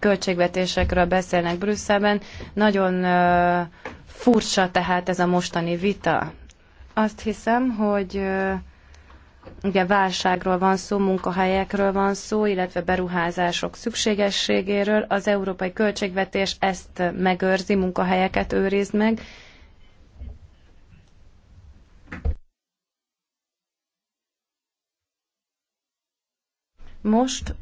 költségvetésekről beszélnek Brüsszelben. Nagyon uh, furcsa tehát ez a mostani vita. Azt hiszem, hogy ugye válságról van szó, munkahelyekről van szó, illetve beruházások szükségességéről. Az európai költségvetés ezt megőrzi, munkahelyeket őriz meg. Most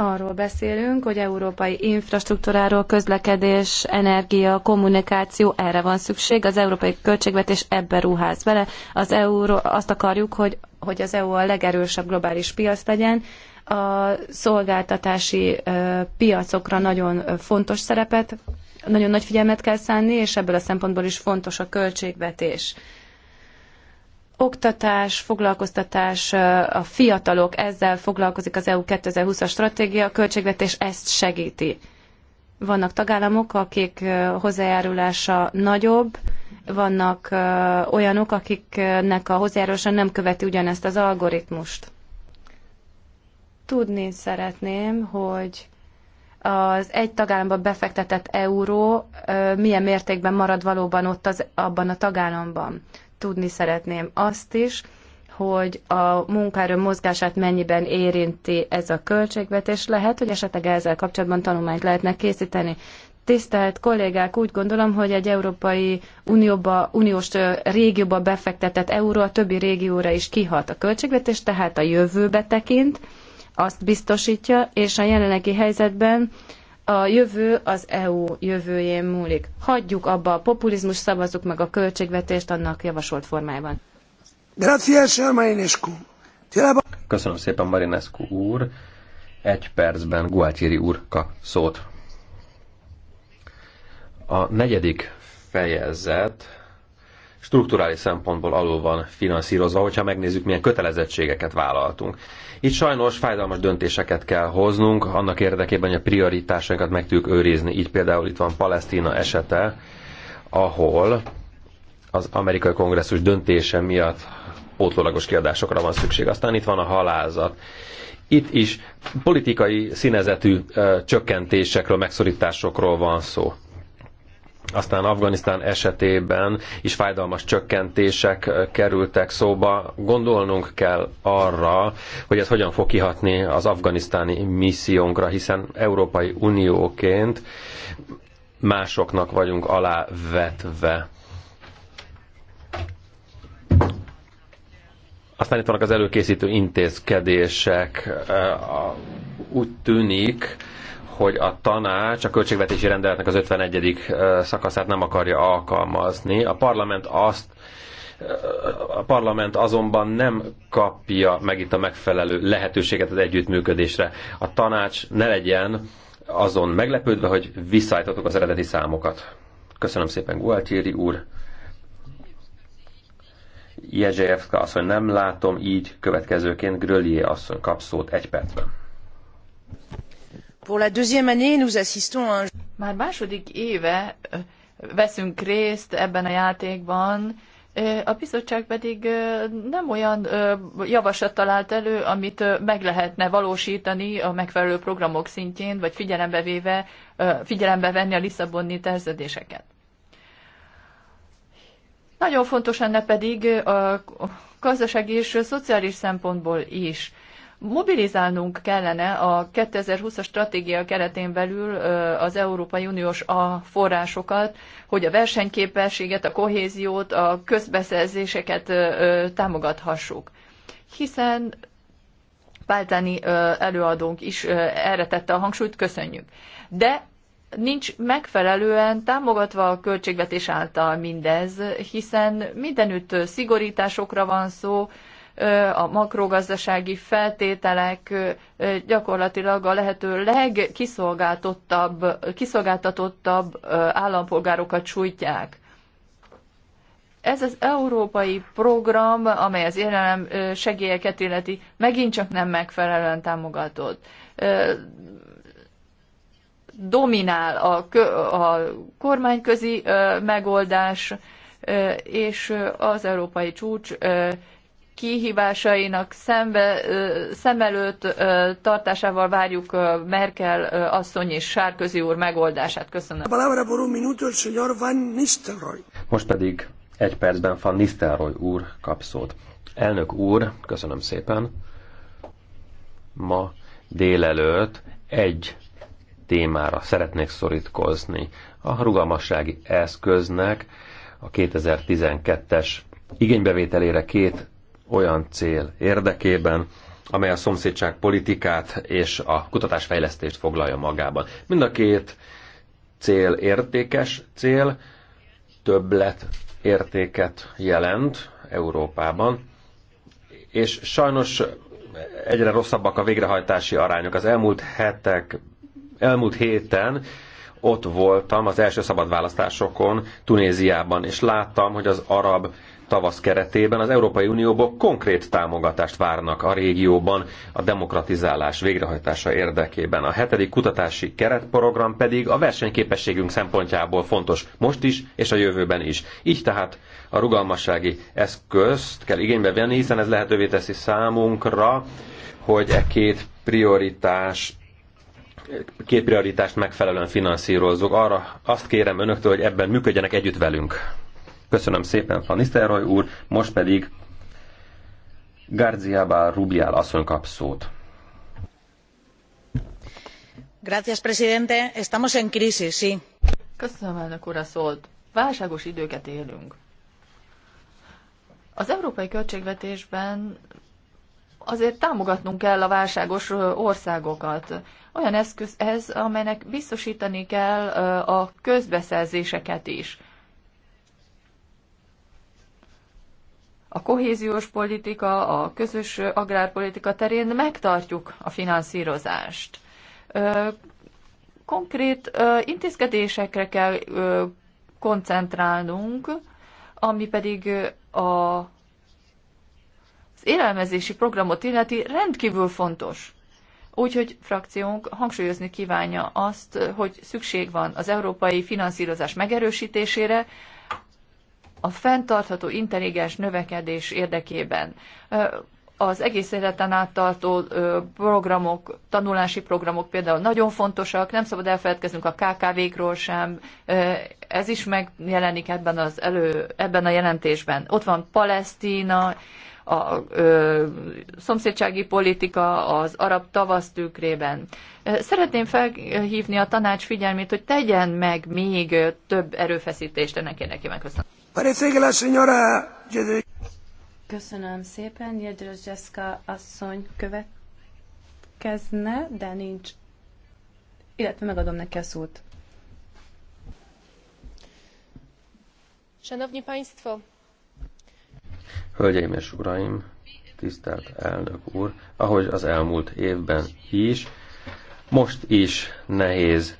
Arról beszélünk, hogy európai infrastruktúráról, közlekedés, energia, kommunikáció, erre van szükség. Az európai költségvetés ebbe ruház bele. Az EU, azt akarjuk, hogy, hogy az EU a legerősebb globális piac legyen. A szolgáltatási piacokra nagyon fontos szerepet, nagyon nagy figyelmet kell szánni, és ebből a szempontból is fontos a költségvetés oktatás, foglalkoztatás, a fiatalok, ezzel foglalkozik az EU 2020-as stratégia, a költségvetés ezt segíti. Vannak tagállamok, akik hozzájárulása nagyobb, vannak olyanok, akiknek a hozzájárulása nem követi ugyanezt az algoritmust. Tudni szeretném, hogy az egy tagállamba befektetett euró milyen mértékben marad valóban ott az, abban a tagállamban tudni szeretném azt is, hogy a munkáról mozgását mennyiben érinti ez a költségvetés. Lehet, hogy esetleg ezzel kapcsolatban tanulmányt lehetne készíteni. Tisztelt kollégák, úgy gondolom, hogy egy Európai Unióba, uniós régióba befektetett euró a többi régióra is kihat a költségvetés, tehát a jövőbe tekint, azt biztosítja, és a jelenlegi helyzetben a jövő az EU jövőjén múlik. Hagyjuk abba a populizmus, szavazzuk meg a költségvetést annak javasolt formájában. Köszönöm szépen, Marinescu úr. Egy percben Gualtieri úr kap szót. A negyedik fejezet strukturális szempontból alul van finanszírozva, hogyha megnézzük, milyen kötelezettségeket vállaltunk. Itt sajnos fájdalmas döntéseket kell hoznunk, annak érdekében, hogy a prioritásainkat meg tudjuk őrizni. Így például itt van Palesztina esete, ahol az amerikai kongresszus döntése miatt pótlólagos kiadásokra van szükség. Aztán itt van a halázat. Itt is politikai színezetű ö, csökkentésekről, megszorításokról van szó. Aztán Afganisztán esetében is fájdalmas csökkentések kerültek szóba. Gondolnunk kell arra, hogy ez hogyan fog kihatni az afganisztáni missziónkra, hiszen Európai Unióként másoknak vagyunk alávetve. Aztán itt vannak az előkészítő intézkedések. Úgy tűnik, hogy a tanács a költségvetési rendeletnek az 51. szakaszát nem akarja alkalmazni. A parlament azt a parlament azonban nem kapja meg itt a megfelelő lehetőséget az együttműködésre. A tanács ne legyen azon meglepődve, hogy visszaállítottuk az eredeti számokat. Köszönöm szépen, Gualtieri úr. Jezsejevka asszony nem látom, így következőként Grölié asszony kap szót egy percben. Már második éve veszünk részt ebben a játékban, a bizottság pedig nem olyan javaslat talált elő, amit meg lehetne valósítani a megfelelő programok szintjén, vagy figyelembe, véve, figyelembe venni a Lisszaboni terződéseket. Nagyon fontos lenne pedig a gazdasági és szociális szempontból is Mobilizálnunk kellene a 2020-as stratégia keretén belül az Európai Uniós a forrásokat, hogy a versenyképességet, a kohéziót, a közbeszerzéseket támogathassuk. Hiszen Páltáni előadónk is erre tette a hangsúlyt, köszönjük. De nincs megfelelően támogatva a költségvetés által mindez, hiszen mindenütt szigorításokra van szó, a makrogazdasági feltételek gyakorlatilag a lehető legkiszolgáltatottabb kiszolgáltatottabb állampolgárokat sújtják. Ez az európai program, amely az élelem segélyeket illeti, megint csak nem megfelelően támogatott. Dominál a, a kormányközi megoldás, és az európai csúcs kihívásainak szembe, szem előtt tartásával várjuk Merkel asszony és Sárközi úr megoldását. Köszönöm. Most pedig egy percben Van Nistelrooy úr kap szót. Elnök úr, köszönöm szépen. Ma délelőtt egy témára szeretnék szorítkozni. A rugalmassági eszköznek a 2012-es igénybevételére két olyan cél érdekében, amely a szomszédság politikát és a kutatásfejlesztést foglalja magában. Mind a két cél értékes cél, többlet értéket jelent Európában, és sajnos egyre rosszabbak a végrehajtási arányok. Az elmúlt hetek, elmúlt héten ott voltam az első szabad választásokon Tunéziában, és láttam, hogy az arab tavasz keretében az Európai Unióból konkrét támogatást várnak a régióban a demokratizálás végrehajtása érdekében. A hetedik kutatási keretprogram pedig a versenyképességünk szempontjából fontos most is és a jövőben is. Így tehát a rugalmassági eszközt kell igénybe venni, hiszen ez lehetővé teszi számunkra, hogy e két prioritás két prioritást megfelelően finanszírozzuk. Arra azt kérem önöktől, hogy ebben működjenek együtt velünk. Köszönöm szépen, Van Nisztelrooy úr, most pedig Garciaba Rubial asszony kap szót. Gracias, presidente. Estamos en crisis, sí. Köszönöm, elnök úr, a szót. Válságos időket élünk. Az európai költségvetésben azért támogatnunk kell a válságos országokat. Olyan eszköz ez, amelynek biztosítani kell a közbeszerzéseket is. a kohéziós politika, a közös agrárpolitika terén megtartjuk a finanszírozást. Konkrét intézkedésekre kell koncentrálnunk, ami pedig a az élelmezési programot illeti rendkívül fontos. Úgyhogy frakciónk hangsúlyozni kívánja azt, hogy szükség van az európai finanszírozás megerősítésére, a fenntartható intelligens növekedés érdekében az egész életen át tartó programok, tanulási programok például nagyon fontosak, nem szabad elfeledkeznünk a KKV-król sem, ez is megjelenik ebben, az elő, ebben a jelentésben. Ott van Palesztina, a ö, szomszédsági politika az arab tavasz tükrében. Szeretném felhívni a tanács figyelmét, hogy tegyen meg még több erőfeszítést ennek érdekében. Köszönöm. Köszönöm szépen, Jedrzejewska asszony következne, de nincs, illetve megadom neki a szót. Szanowni Państwo! Hölgyeim és Uraim, tisztelt elnök úr, ahogy az elmúlt évben is, most is nehéz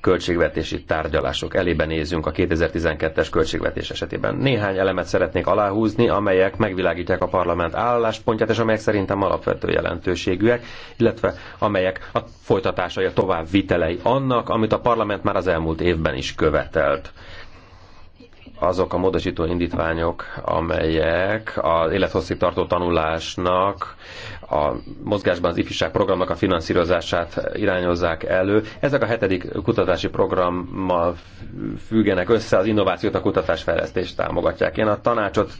költségvetési tárgyalások elébe nézzünk a 2012-es költségvetés esetében. Néhány elemet szeretnék aláhúzni, amelyek megvilágítják a parlament álláspontját, és amelyek szerintem alapvető jelentőségűek, illetve amelyek a folytatásai, a vitelei annak, amit a parlament már az elmúlt évben is követelt azok a módosító indítványok, amelyek az élethosszig tartó tanulásnak, a mozgásban az ifjúság programnak a finanszírozását irányozzák elő. Ezek a hetedik kutatási programmal függenek össze, az innovációt, a kutatásfejlesztést támogatják. Én a tanácsot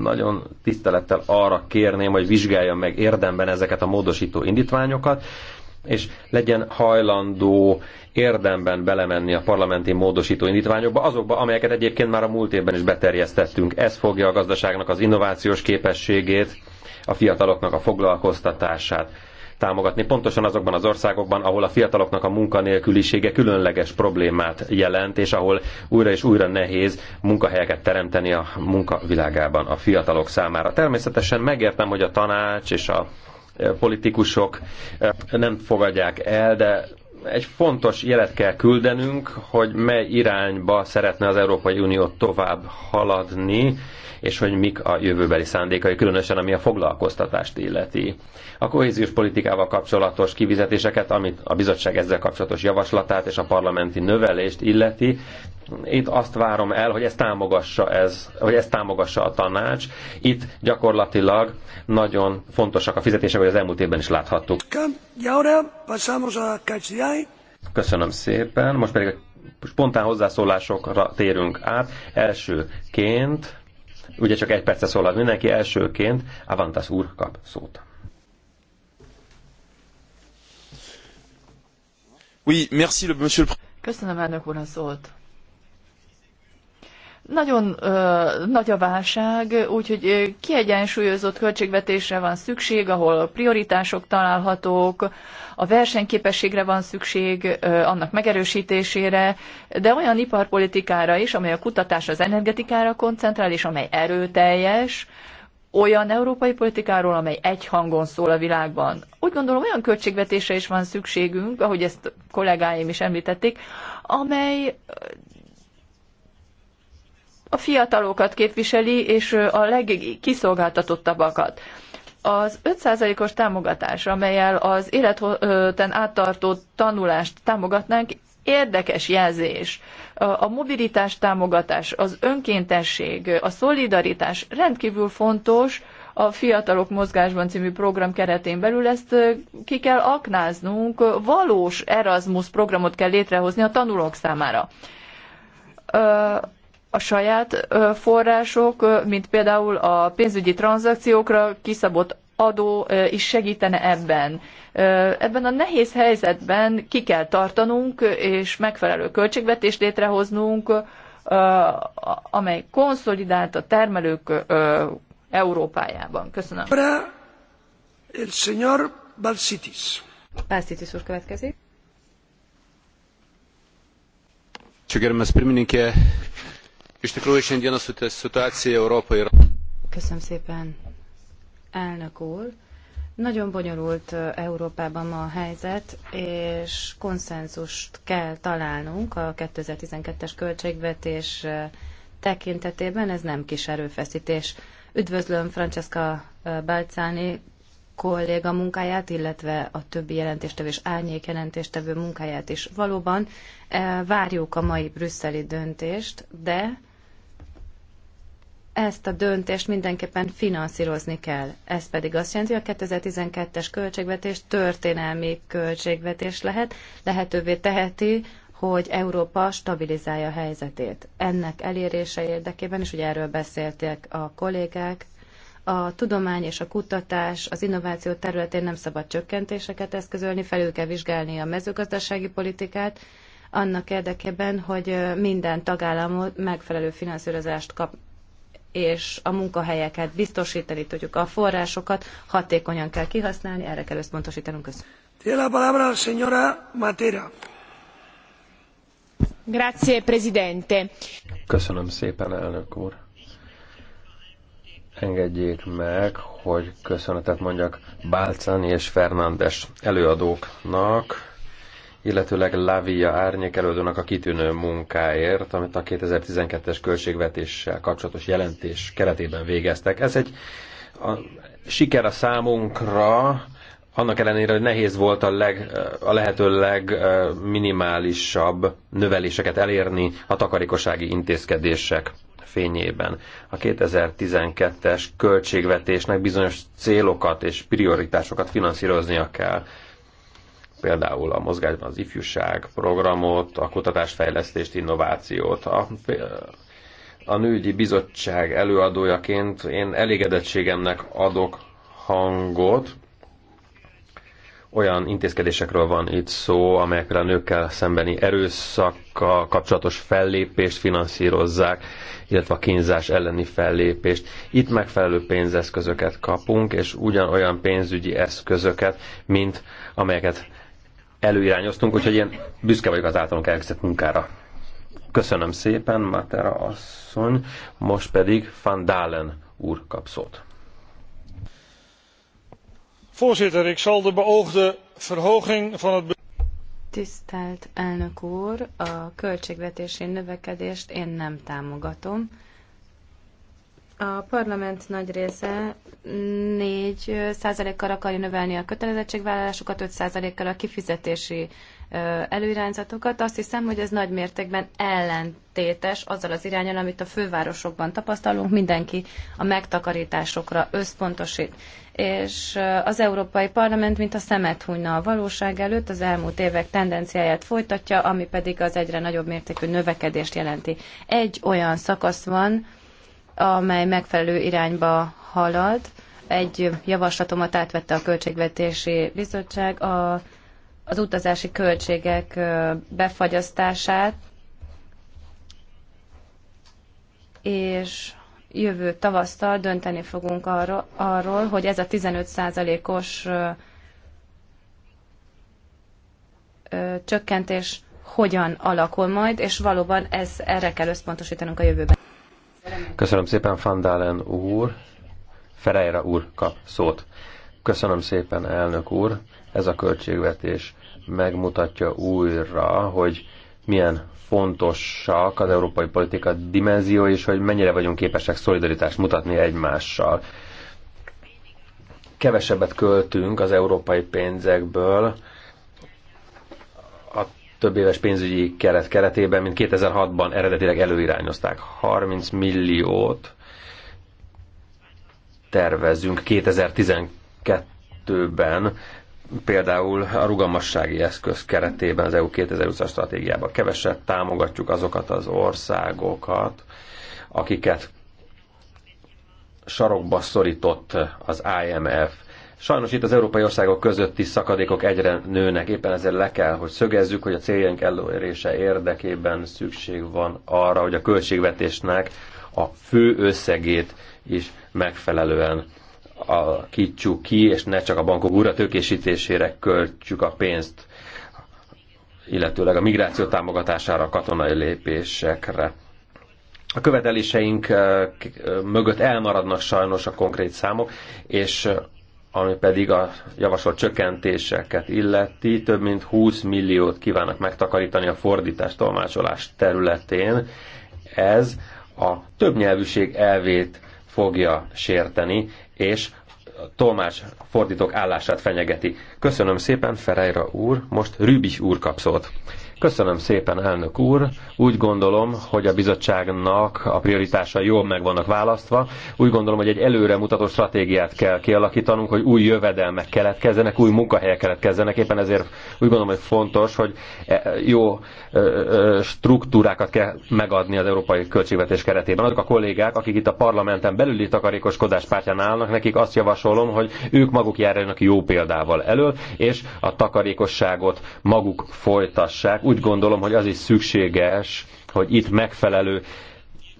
nagyon tisztelettel arra kérném, hogy vizsgálja meg érdemben ezeket a módosító indítványokat, és legyen hajlandó érdemben belemenni a parlamenti módosító indítványokba, azokba, amelyeket egyébként már a múlt évben is beterjesztettünk. Ez fogja a gazdaságnak az innovációs képességét, a fiataloknak a foglalkoztatását támogatni. Pontosan azokban az országokban, ahol a fiataloknak a munkanélkülisége különleges problémát jelent, és ahol újra és újra nehéz munkahelyeket teremteni a munkavilágában a fiatalok számára. Természetesen megértem, hogy a tanács és a politikusok nem fogadják el, de egy fontos jelet kell küldenünk, hogy mely irányba szeretne az Európai Unió tovább haladni, és hogy mik a jövőbeli szándékai, különösen ami a foglalkoztatást illeti. A kohéziós politikával kapcsolatos kivizetéseket, amit a bizottság ezzel kapcsolatos javaslatát és a parlamenti növelést illeti, itt azt várom el, hogy ezt támogassa, ez, hogy ezt támogassa a tanács. Itt gyakorlatilag nagyon fontosak a fizetések, hogy az elmúlt évben is láthattuk. Köszönöm szépen. Most pedig a spontán hozzászólásokra térünk át. Elsőként Ugye csak egy percre szólal mindenki, elsőként Avantas úr kap szót. Oui, merci, le monsieur le Köszönöm elnök úr a szót. Nagyon ö, nagy a válság, úgyhogy kiegyensúlyozott költségvetésre van szükség, ahol prioritások találhatók, a versenyképességre van szükség, ö, annak megerősítésére, de olyan iparpolitikára is, amely a kutatás az energetikára koncentrál, és amely erőteljes, olyan európai politikáról, amely egy hangon szól a világban. Úgy gondolom, olyan költségvetésre is van szükségünk, ahogy ezt kollégáim is említették, amely a fiatalokat képviseli, és a legkiszolgáltatottabbakat. Az 5%-os támogatás, amelyel az életen áttartó tanulást támogatnánk, érdekes jelzés. A mobilitás támogatás, az önkéntesség, a szolidaritás rendkívül fontos, a Fiatalok Mozgásban című program keretén belül ezt ki kell aknáznunk, valós Erasmus programot kell létrehozni a tanulók számára a saját források, mint például a pénzügyi tranzakciókra kiszabott adó is segítene ebben. Ebben a nehéz helyzetben ki kell tartanunk, és megfelelő költségvetést létrehoznunk, amely konszolidált a termelők Európájában. Köszönöm. El señor Balsitis. Balsitis úr következik. Čia Köszönöm szépen, elnök úr. Nagyon bonyolult Európában ma a helyzet, és konszenzust kell találnunk a 2012-es költségvetés tekintetében, ez nem kis erőfeszítés. Üdvözlöm Francesca Balcáni kolléga munkáját, illetve a többi jelentéstevő és árnyék jelentéstevő munkáját is. Valóban eh, várjuk a mai brüsszeli döntést, de ezt a döntést mindenképpen finanszírozni kell. Ez pedig azt jelenti, hogy a 2012-es költségvetés történelmi költségvetés lehet, lehetővé teheti, hogy Európa stabilizálja a helyzetét. Ennek elérése érdekében, és ugye erről beszéltek a kollégák, a tudomány és a kutatás, az innováció területén nem szabad csökkentéseket eszközölni, felül kell vizsgálni a mezőgazdasági politikát, annak érdekében, hogy minden tagállamot megfelelő finanszírozást kap, és a munkahelyeket biztosítani tudjuk, a forrásokat hatékonyan kell kihasználni, erre kell összpontosítanunk. Köszönöm. Tiene la palabra señora Matera. Grazie, Presidente. Köszönöm szépen, elnök úr engedjék meg, hogy köszönetet mondjak Bálcani és Fernandes előadóknak, illetőleg Lavia Árnyék előadónak a kitűnő munkáért, amit a 2012-es költségvetéssel kapcsolatos jelentés keretében végeztek. Ez egy a, siker a számunkra, annak ellenére, hogy nehéz volt a, leg, a lehető legminimálisabb növeléseket elérni a takarékossági intézkedések fényében. A 2012-es költségvetésnek bizonyos célokat és prioritásokat finanszíroznia kell. Például a mozgásban az ifjúság programot, a kutatásfejlesztést, innovációt. A, a nőgyi bizottság előadójaként én elégedettségemnek adok hangot, olyan intézkedésekről van itt szó, amelyekre a nőkkel szembeni erőszakkal kapcsolatos fellépést finanszírozzák, illetve a kínzás elleni fellépést. Itt megfelelő pénzeszközöket kapunk, és ugyanolyan pénzügyi eszközöket, mint amelyeket előirányoztunk, úgyhogy én büszke vagyok az általunk elkezdett munkára. Köszönöm szépen, Matera asszony, most pedig Van Dalen úr kap szót voorzitter ik zal de beoogde verhoging van het. tisztelt elnök úr a költségvetési növekedést én nem támogatom. A parlament nagy része 4 kal akarja növelni a kötelezettségvállalásokat, 5 százalékkal a kifizetési előirányzatokat. Azt hiszem, hogy ez nagy mértékben ellentétes azzal az irányon, amit a fővárosokban tapasztalunk, mindenki a megtakarításokra összpontosít és az Európai Parlament, mint a szemet hunyna a valóság előtt, az elmúlt évek tendenciáját folytatja, ami pedig az egyre nagyobb mértékű növekedést jelenti. Egy olyan szakasz van, amely megfelelő irányba halad. Egy javaslatomat átvette a Költségvetési Bizottság a, az utazási költségek befagyasztását, és jövő tavasztal dönteni fogunk arról, arról hogy ez a 15%-os csökkentés hogyan alakul majd, és valóban ez, erre kell összpontosítanunk a jövőben. Köszönöm szépen, Fandálen úr. Ferejra úr kap szót. Köszönöm szépen, elnök úr. Ez a költségvetés megmutatja újra, hogy milyen fontosak az európai politika dimenzió, és hogy mennyire vagyunk képesek szolidaritást mutatni egymással. Kevesebbet költünk az európai pénzekből a több éves pénzügyi keret keretében, mint 2006-ban eredetileg előirányozták. 30 milliót tervezünk 2012-ben például a rugalmassági eszköz keretében az EU 2020-as stratégiában keveset támogatjuk azokat az országokat, akiket sarokba szorított az IMF. Sajnos itt az európai országok közötti szakadékok egyre nőnek, éppen ezért le kell, hogy szögezzük, hogy a céljaink elérése érdekében szükség van arra, hogy a költségvetésnek a fő összegét is megfelelően alakítsuk ki, és ne csak a bankok újratőkésítésére költsük a pénzt, illetőleg a migráció támogatására, a katonai lépésekre. A követeléseink eh, eh, mögött elmaradnak sajnos a konkrét számok, és eh, ami pedig a javasolt csökkentéseket illeti, több mint 20 milliót kívánnak megtakarítani a fordítás tolmácsolás területén. Ez a többnyelvűség elvét fogja sérteni, és tolmás fordítók állását fenyegeti. Köszönöm szépen, Ferejra úr, most Rübi úr kap szót. Köszönöm szépen, elnök úr. Úgy gondolom, hogy a bizottságnak a prioritása jól meg vannak választva. Úgy gondolom, hogy egy előremutató stratégiát kell kialakítanunk, hogy új jövedelmek keletkezzenek, új munkahelyek keletkezzenek. Éppen ezért úgy gondolom, hogy fontos, hogy e, e, jó e, struktúrákat kell megadni az európai költségvetés keretében. Azok a kollégák, akik itt a parlamenten belüli takarékoskodás pártján állnak, nekik azt javasolom, hogy ők maguk járjanak jó példával elől, és a takarékosságot maguk folytassák úgy gondolom, hogy az is szükséges, hogy itt megfelelő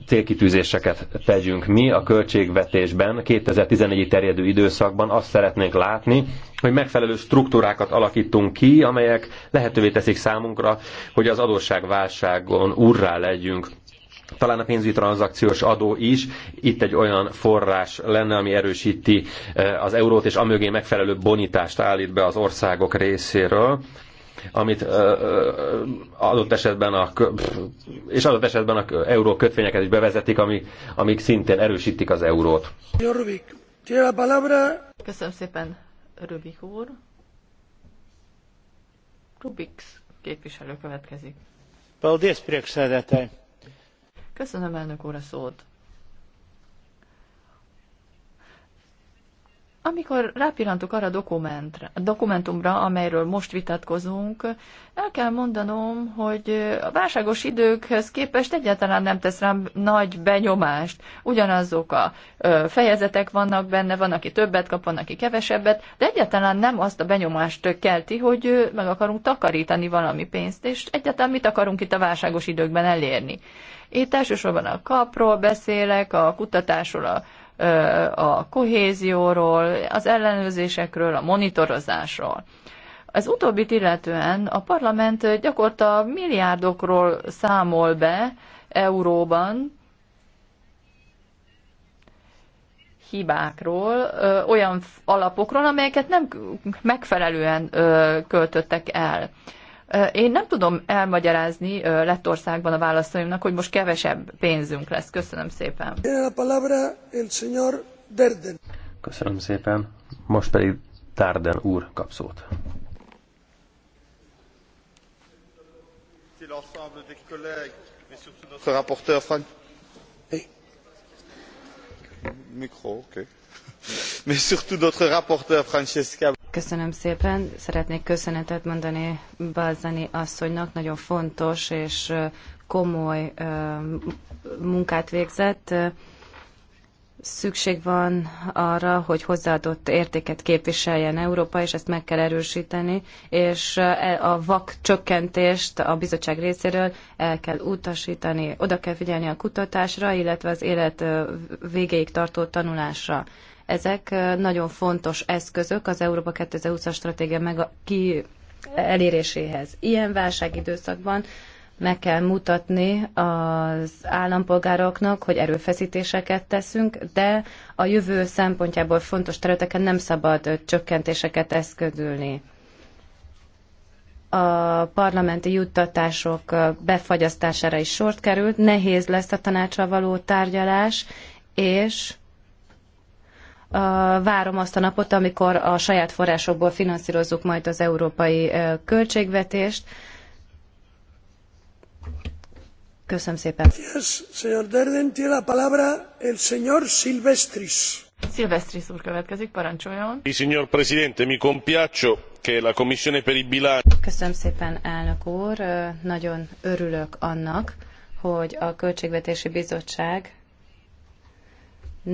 célkitűzéseket tegyünk mi a költségvetésben, 2014 terjedő időszakban azt szeretnénk látni, hogy megfelelő struktúrákat alakítunk ki, amelyek lehetővé teszik számunkra, hogy az adósságválságon urrá legyünk. Talán a pénzügyi tranzakciós adó is itt egy olyan forrás lenne, ami erősíti eh, az eurót, és amögé megfelelő bonitást állít be az országok részéről amit adott esetben a, és adott esetben a euró kötvényeket is bevezetik, ami amik szintén erősítik az eurót. Köszönöm szépen, Rubik úr. Rubik képviselő következik. Köszönöm elnök úr a szót. amikor rápillantok arra a dokumentumra, amelyről most vitatkozunk, el kell mondanom, hogy a válságos időkhez képest egyáltalán nem tesz rám nagy benyomást. Ugyanazok a fejezetek vannak benne, van, aki többet kap, van, aki kevesebbet, de egyáltalán nem azt a benyomást kelti, hogy meg akarunk takarítani valami pénzt, és egyáltalán mit akarunk itt a válságos időkben elérni. Itt elsősorban a kapról beszélek, a kutatásról, a a kohézióról, az ellenőrzésekről, a monitorozásról. Az utóbbit illetően a parlament gyakorta milliárdokról számol be euróban, hibákról, ö, olyan alapokról, amelyeket nem megfelelően ö, költöttek el. Én nem tudom elmagyarázni Lettországban a választóimnak, hogy most kevesebb pénzünk lesz. Köszönöm szépen. Köszönöm szépen. Most pedig Tárden úr kap szót. Köszönöm szépen. *laughs* Mais surtout notre rapporteur Francesca Köszönöm szépen. Szeretnék köszönetet mondani Balzani asszonynak. Nagyon fontos és komoly munkát végzett. Szükség van arra, hogy hozzáadott értéket képviseljen Európa, és ezt meg kell erősíteni, és e, a vak csökkentést a bizottság részéről el kell utasítani. Oda kell figyelni a kutatásra, illetve az élet végéig tartó tanulásra. Ezek nagyon fontos eszközök az Európa 2020-as stratégia meg a ki eléréséhez. Ilyen válságidőszakban meg kell mutatni az állampolgároknak, hogy erőfeszítéseket teszünk, de a jövő szempontjából fontos területeken nem szabad csökkentéseket eszközülni. A parlamenti juttatások befagyasztására is sort került, nehéz lesz a tanácsra való tárgyalás, és várom azt a napot, amikor a saját forrásokból finanszírozzuk majd az európai költségvetést. Köszönöm szépen. Yes, señor el señor Silvestris. Silvestris úr következik, parancsoljon. Signor Presidente, mi compiaccio che la Commissione per i bilanci. Köszönöm szépen, elnök úr. Nagyon örülök annak, hogy a Költségvetési Bizottság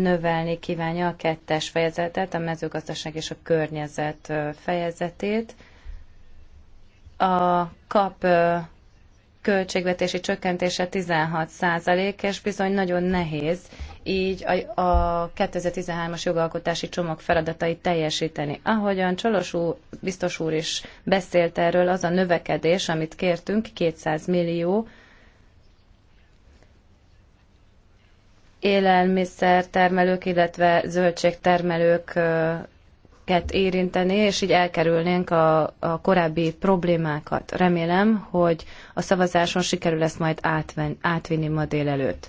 növelni kívánja a kettes fejezetet, a mezőgazdaság és a környezet fejezetét. A kap költségvetési csökkentése 16 százalék, és bizony nagyon nehéz így a, a 2013-as jogalkotási csomag feladatait teljesíteni. Ahogyan Csolos úr, biztos úr is beszélt erről, az a növekedés, amit kértünk, 200 millió, élelmiszertermelők, illetve zöldségtermelőket érinteni, és így elkerülnénk a, a korábbi problémákat. Remélem, hogy a szavazáson sikerül ezt majd átven, átvinni ma délelőtt.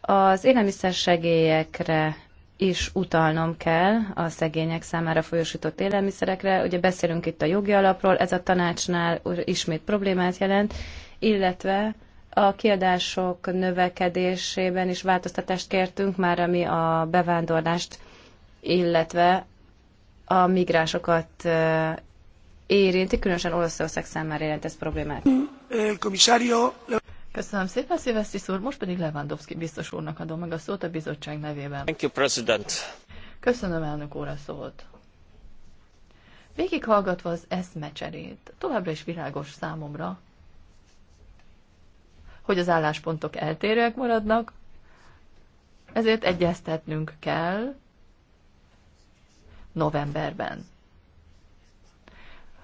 Az élelmiszersegélyekre is utalnom kell a szegények számára folyosított élelmiszerekre. Ugye beszélünk itt a jogi alapról, ez a tanácsnál ismét problémát jelent, illetve a kiadások növekedésében is változtatást kértünk már, ami a bevándorlást, illetve a migránsokat érinti, különösen Olaszország számára jelent ez problémát. Köszönöm szépen, Szilveszti úr, most pedig Lewandowski biztos úrnak adom meg a szót a bizottság nevében. Thank you, President. Köszönöm, elnök úr, a szót. Végighallgatva az eszmecserét, továbbra is világos számomra, hogy az álláspontok eltérőek maradnak, ezért egyeztetnünk kell novemberben.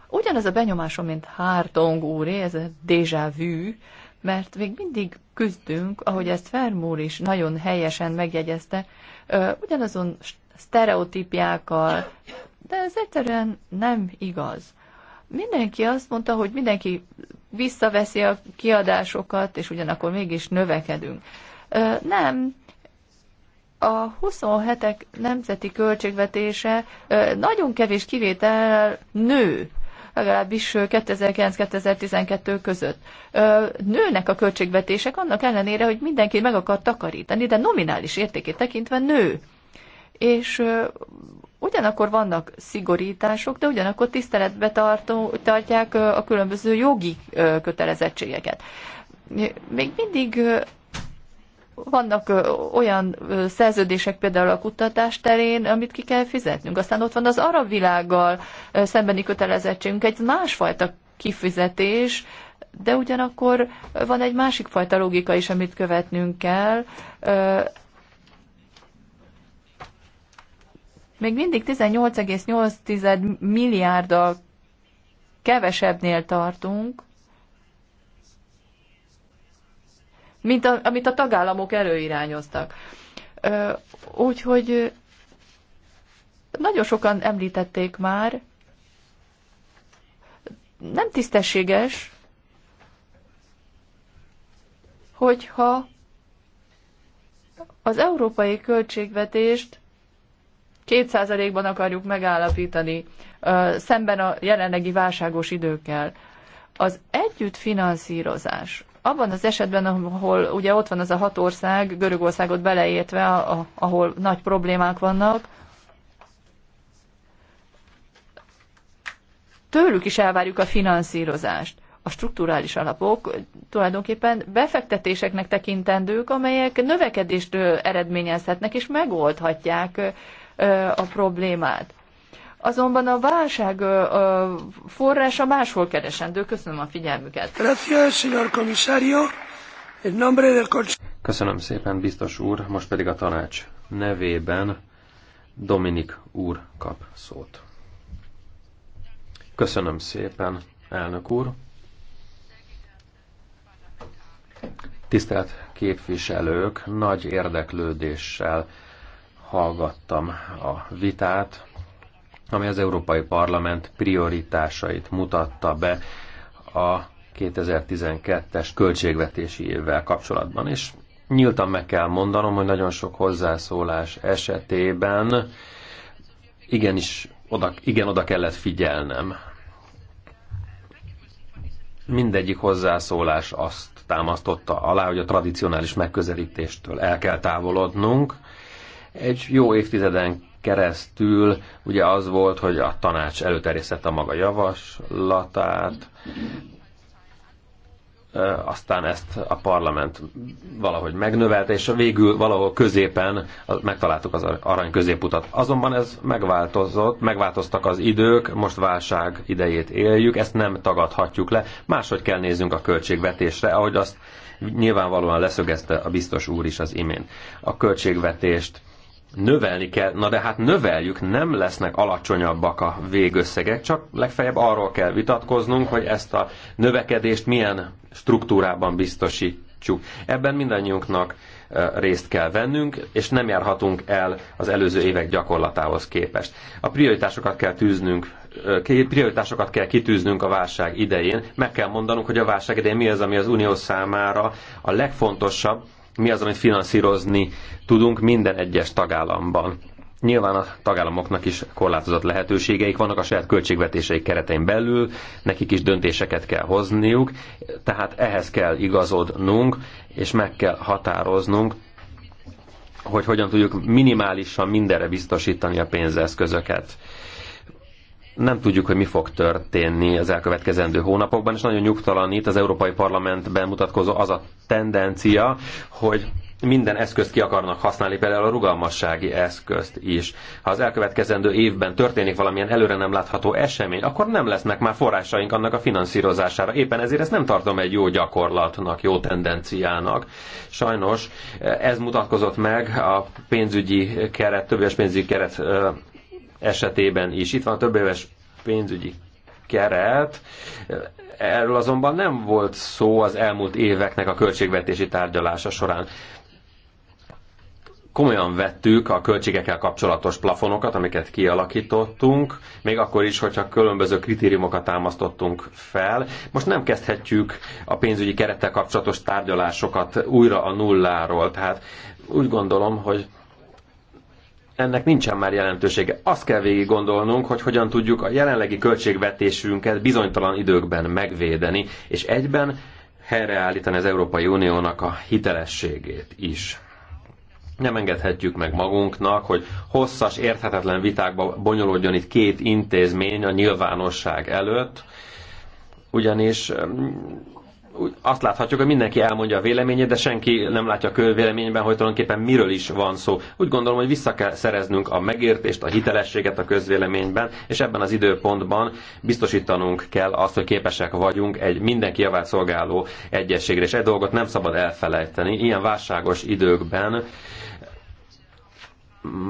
Ugyanez a benyomásom, mint Hartong úré, ez a déjà vu, mert még mindig küzdünk, ahogy ezt Fermúr is nagyon helyesen megjegyezte, ugyanazon sztereotípiákkal, de ez egyszerűen nem igaz mindenki azt mondta, hogy mindenki visszaveszi a kiadásokat, és ugyanakkor mégis növekedünk. Nem, a 27-ek nemzeti költségvetése nagyon kevés kivétel nő legalábbis 2009-2012 között. Nőnek a költségvetések annak ellenére, hogy mindenki meg akar takarítani, de nominális értékét tekintve nő. És Ugyanakkor vannak szigorítások, de ugyanakkor tiszteletbe tartó, tartják a különböző jogi kötelezettségeket. Még mindig vannak olyan szerződések például a kutatás terén, amit ki kell fizetnünk. Aztán ott van az arab világgal szembeni kötelezettségünk, egy másfajta kifizetés, de ugyanakkor van egy másik fajta logika is, amit követnünk kell. még mindig 18,8 milliárddal kevesebbnél tartunk, mint a, amit a tagállamok előirányoztak. Úgyhogy nagyon sokan említették már, nem tisztességes, hogyha az európai költségvetést 2%-ban akarjuk megállapítani szemben a jelenlegi válságos időkkel. Az együttfinanszírozás abban az esetben, ahol ugye ott van az a hat ország, Görögországot beleértve, ahol nagy problémák vannak, tőlük is elvárjuk a finanszírozást. A strukturális alapok tulajdonképpen befektetéseknek tekintendők, amelyek növekedést eredményezhetnek és megoldhatják a problémát. Azonban a válság forrása máshol keresendő. Köszönöm a figyelmüket. Köszönöm szépen, biztos úr. Most pedig a tanács nevében Dominik úr kap szót. Köszönöm szépen, elnök úr. Tisztelt képviselők, nagy érdeklődéssel hallgattam a vitát, ami az Európai Parlament prioritásait mutatta be a 2012-es költségvetési évvel kapcsolatban, és nyíltan meg kell mondanom, hogy nagyon sok hozzászólás esetében igenis oda, igen oda kellett figyelnem. Mindegyik hozzászólás azt támasztotta alá, hogy a tradicionális megközelítéstől el kell távolodnunk, egy jó évtizeden keresztül ugye az volt, hogy a tanács előterjesztette a maga javaslatát, aztán ezt a parlament valahogy megnövelte, és végül valahol középen megtaláltuk az arany középutat. Azonban ez megváltozott, megváltoztak az idők, most válság idejét éljük, ezt nem tagadhatjuk le, máshogy kell néznünk a költségvetésre, ahogy azt nyilvánvalóan leszögezte a biztos úr is az imént. A költségvetést növelni kell. Na de hát növeljük, nem lesznek alacsonyabbak a végösszegek, csak legfeljebb arról kell vitatkoznunk, hogy ezt a növekedést milyen struktúrában biztosítsuk. Ebben mindannyiunknak e, részt kell vennünk, és nem járhatunk el az előző évek gyakorlatához képest. A prioritásokat kell tűznünk e, prioritásokat kell kitűznünk a válság idején. Meg kell mondanunk, hogy a válság idején mi az, ami az Unió számára a legfontosabb, mi az, amit finanszírozni tudunk minden egyes tagállamban. Nyilván a tagállamoknak is korlátozott lehetőségeik vannak a saját költségvetéseik keretein belül, nekik is döntéseket kell hozniuk, tehát ehhez kell igazodnunk, és meg kell határoznunk, hogy hogyan tudjuk minimálisan mindenre biztosítani a pénzeszközöket nem tudjuk, hogy mi fog történni az elkövetkezendő hónapokban, és nagyon nyugtalanít az Európai Parlamentben mutatkozó az a tendencia, hogy minden eszközt ki akarnak használni, például a rugalmassági eszközt is. Ha az elkövetkezendő évben történik valamilyen előre nem látható esemény, akkor nem lesznek már forrásaink annak a finanszírozására. Éppen ezért ezt nem tartom egy jó gyakorlatnak, jó tendenciának. Sajnos eh, ez mutatkozott meg a pénzügyi keret, többes pénzügyi keret eh, esetében is. Itt van a több éves pénzügyi keret, erről azonban nem volt szó az elmúlt éveknek a költségvetési tárgyalása során. Komolyan vettük a költségekkel kapcsolatos plafonokat, amiket kialakítottunk, még akkor is, hogyha különböző kritériumokat támasztottunk fel. Most nem kezdhetjük a pénzügyi kerettel kapcsolatos tárgyalásokat újra a nulláról, tehát úgy gondolom, hogy ennek nincsen már jelentősége. Azt kell végig gondolnunk, hogy hogyan tudjuk a jelenlegi költségvetésünket bizonytalan időkben megvédeni, és egyben helyreállítani az Európai Uniónak a hitelességét is. Nem engedhetjük meg magunknak, hogy hosszas, érthetetlen vitákba bonyolódjon itt két intézmény a nyilvánosság előtt, ugyanis úgy azt láthatjuk, hogy mindenki elmondja a véleményét, de senki nem látja a közvéleményben, hogy tulajdonképpen miről is van szó. Úgy gondolom, hogy vissza kell szereznünk a megértést, a hitelességet a közvéleményben, és ebben az időpontban biztosítanunk kell azt, hogy képesek vagyunk egy mindenki javát szolgáló egyességre, és egy dolgot nem szabad elfelejteni. Ilyen válságos időkben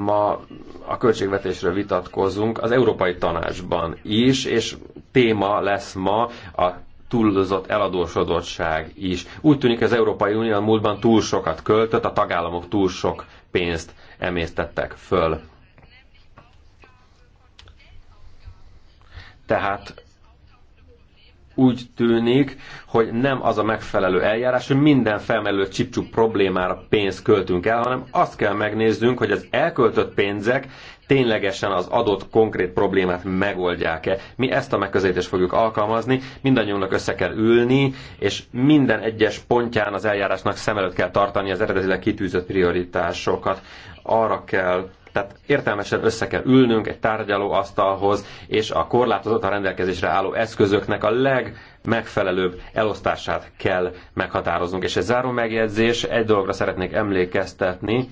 ma a költségvetésről vitatkozunk az Európai Tanácsban is, és téma lesz ma a túlzott eladósodottság is. Úgy tűnik, az Európai Unió múltban túl sokat költött, a tagállamok túl sok pénzt emésztettek föl. Tehát úgy tűnik, hogy nem az a megfelelő eljárás, hogy minden felmerülő csipcsuk problémára pénzt költünk el, hanem azt kell megnéznünk, hogy az elköltött pénzek ténylegesen az adott konkrét problémát megoldják-e. Mi ezt a megközelítést fogjuk alkalmazni, mindannyiunknak össze kell ülni, és minden egyes pontján az eljárásnak szem előtt kell tartani az eredetileg kitűzött prioritásokat. Arra kell tehát értelmesen össze kell ülnünk egy tárgyalóasztalhoz, és a korlátozott a rendelkezésre álló eszközöknek a legmegfelelőbb elosztását kell meghatároznunk. És egy záró megjegyzés, egy dologra szeretnék emlékeztetni,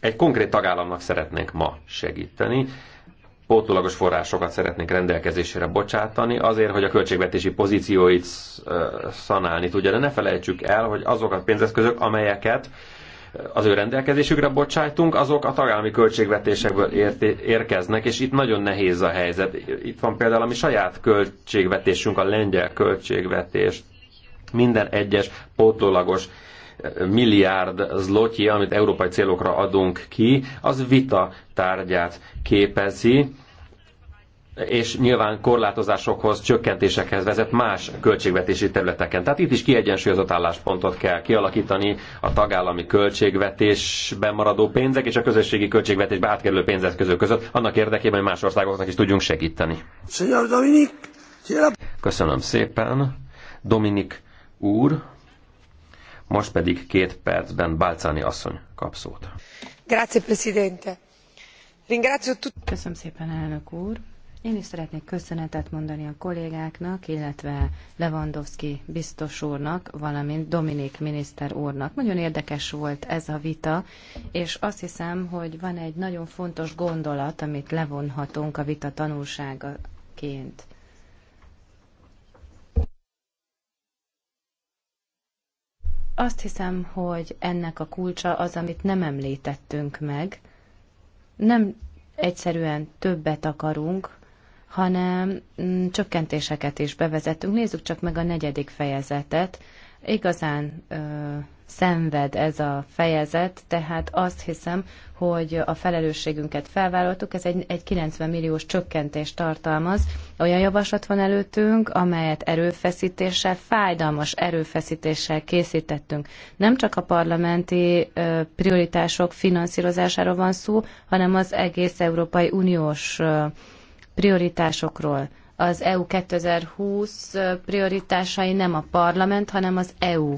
egy konkrét tagállamnak szeretnénk ma segíteni, pótolagos forrásokat szeretnénk rendelkezésére bocsátani, azért, hogy a költségvetési pozícióit szanálni tudja. De ne felejtsük el, hogy azok a pénzeszközök, amelyeket az ő rendelkezésükre bocsájtunk, azok a tagállami költségvetésekből érkeznek, és itt nagyon nehéz a helyzet. Itt van például a mi saját költségvetésünk, a lengyel költségvetés, minden egyes pótlólagos eh, milliárd zlotyi, amit európai célokra adunk ki, az vita tárgyát képezi, és nyilván korlátozásokhoz, csökkentésekhez vezet más költségvetési területeken. Tehát itt is kiegyensúlyozott álláspontot kell kialakítani a tagállami költségvetésben maradó pénzek és a közösségi költségvetésbe átkerülő pénzek között, annak érdekében, hogy más országoknak is tudjunk segíteni. Köszönöm szépen. Dominik úr, most pedig két percben Balcáni asszony kap szót. Grazie, Presidente. Ringrazio tut- Köszönöm szépen, elnök úr. Én is szeretnék köszönetet mondani a kollégáknak, illetve Lewandowski biztos úrnak, valamint Dominik miniszter úrnak. Nagyon érdekes volt ez a vita, és azt hiszem, hogy van egy nagyon fontos gondolat, amit levonhatunk a vita tanulságaként. Azt hiszem, hogy ennek a kulcsa az, amit nem említettünk meg. Nem egyszerűen többet akarunk, hanem mm, csökkentéseket is bevezettünk. Nézzük csak meg a negyedik fejezetet. Igazán ö, szenved ez a fejezet, tehát azt hiszem, hogy a felelősségünket felvállaltuk, ez egy, egy 90 milliós csökkentést tartalmaz. Olyan javaslat van előttünk, amelyet erőfeszítéssel, fájdalmas erőfeszítéssel készítettünk. Nem csak a parlamenti ö, prioritások finanszírozására van szó, hanem az egész Európai Uniós ö, prioritásokról. Az EU 2020 prioritásai nem a parlament, hanem az EU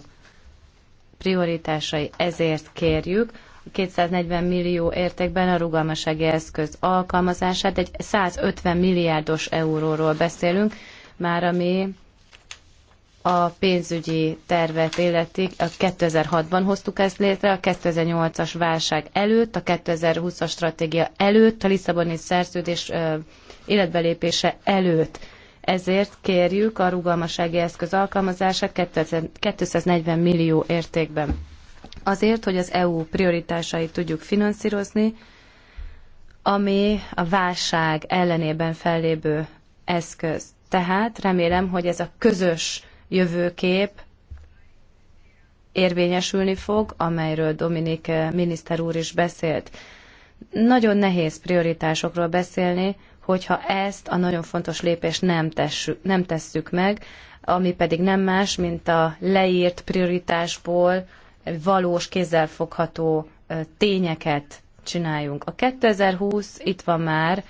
prioritásai. Ezért kérjük, 240 millió értékben a rugalmasági eszköz alkalmazását, egy 150 milliárdos euróról beszélünk, már ami a pénzügyi tervet illeti, a 2006-ban hoztuk ezt létre, a 2008-as válság előtt, a 2020-as stratégia előtt, a Lisszaboni szerződés életbelépése előtt. Ezért kérjük a rugalmasági eszköz alkalmazását 240 millió értékben. Azért, hogy az EU prioritásait tudjuk finanszírozni, ami a válság ellenében fellépő eszköz. Tehát remélem, hogy ez a közös jövőkép érvényesülni fog, amelyről Dominik eh, miniszter úr is beszélt. Nagyon nehéz prioritásokról beszélni, hogyha ezt a nagyon fontos lépést nem, tessük, nem tesszük meg, ami pedig nem más, mint a leírt prioritásból valós, kézzelfogható eh, tényeket csináljunk. A 2020 itt van már,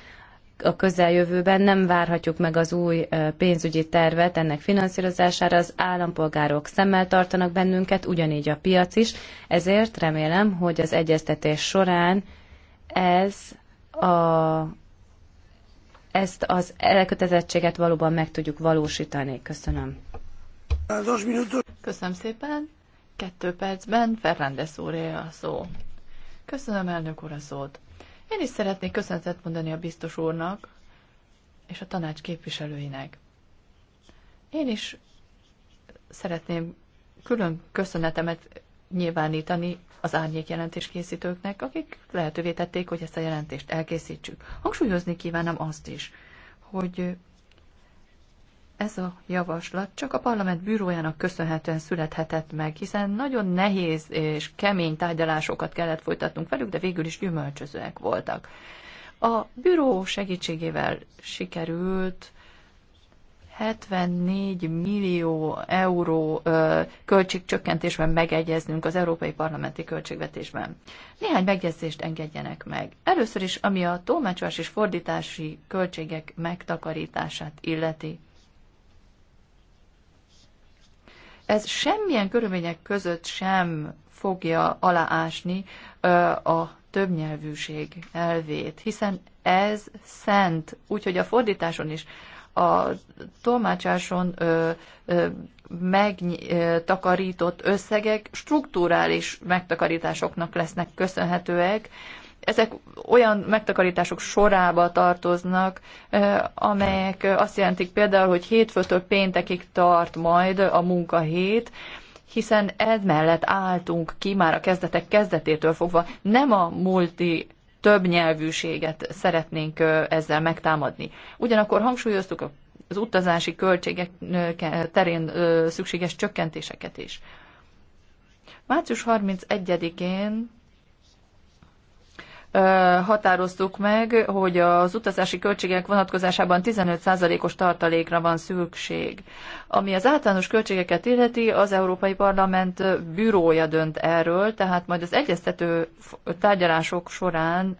a közeljövőben nem várhatjuk meg az új pénzügyi tervet ennek finanszírozására, az állampolgárok szemmel tartanak bennünket, ugyanígy a piac is, ezért remélem, hogy az egyeztetés során ez a, ezt az elkötelezettséget valóban meg tudjuk valósítani. Köszönöm. Köszönöm szépen. Kettő percben Fernández úré a szó. Köszönöm elnök úr a szót. Én is szeretnék köszönetet mondani a biztos úrnak és a tanács képviselőinek. Én is szeretném külön köszönetemet nyilvánítani az árnyék jelentés készítőknek, akik lehetővé tették, hogy ezt a jelentést elkészítsük. Hangsúlyozni kívánom azt is, hogy ez a javaslat csak a parlament bűrójának köszönhetően születhetett meg, hiszen nagyon nehéz és kemény tárgyalásokat kellett folytatnunk velük, de végül is gyümölcsözőek voltak. A bűró segítségével sikerült 74 millió euró költségcsökkentésben megegyeznünk az európai parlamenti költségvetésben. Néhány megjegyzést engedjenek meg. Először is, ami a tolmácsolás és fordítási költségek megtakarítását illeti. ez semmilyen körülmények között sem fogja aláásni a többnyelvűség elvét, hiszen ez szent, úgyhogy a fordításon is, a tolmácsáson ö, ö, megtakarított összegek strukturális megtakarításoknak lesznek köszönhetőek, ezek olyan megtakarítások sorába tartoznak, amelyek azt jelentik például, hogy hétfőtől péntekig tart majd a munkahét, hiszen ez mellett álltunk ki már a kezdetek kezdetétől fogva. Nem a multi több nyelvűséget szeretnénk ezzel megtámadni. Ugyanakkor hangsúlyoztuk az utazási költségek terén szükséges csökkentéseket is. Március 31-én határoztuk meg, hogy az utazási költségek vonatkozásában 15%-os tartalékra van szükség. Ami az általános költségeket illeti, az Európai Parlament bürója dönt erről, tehát majd az egyeztető tárgyalások során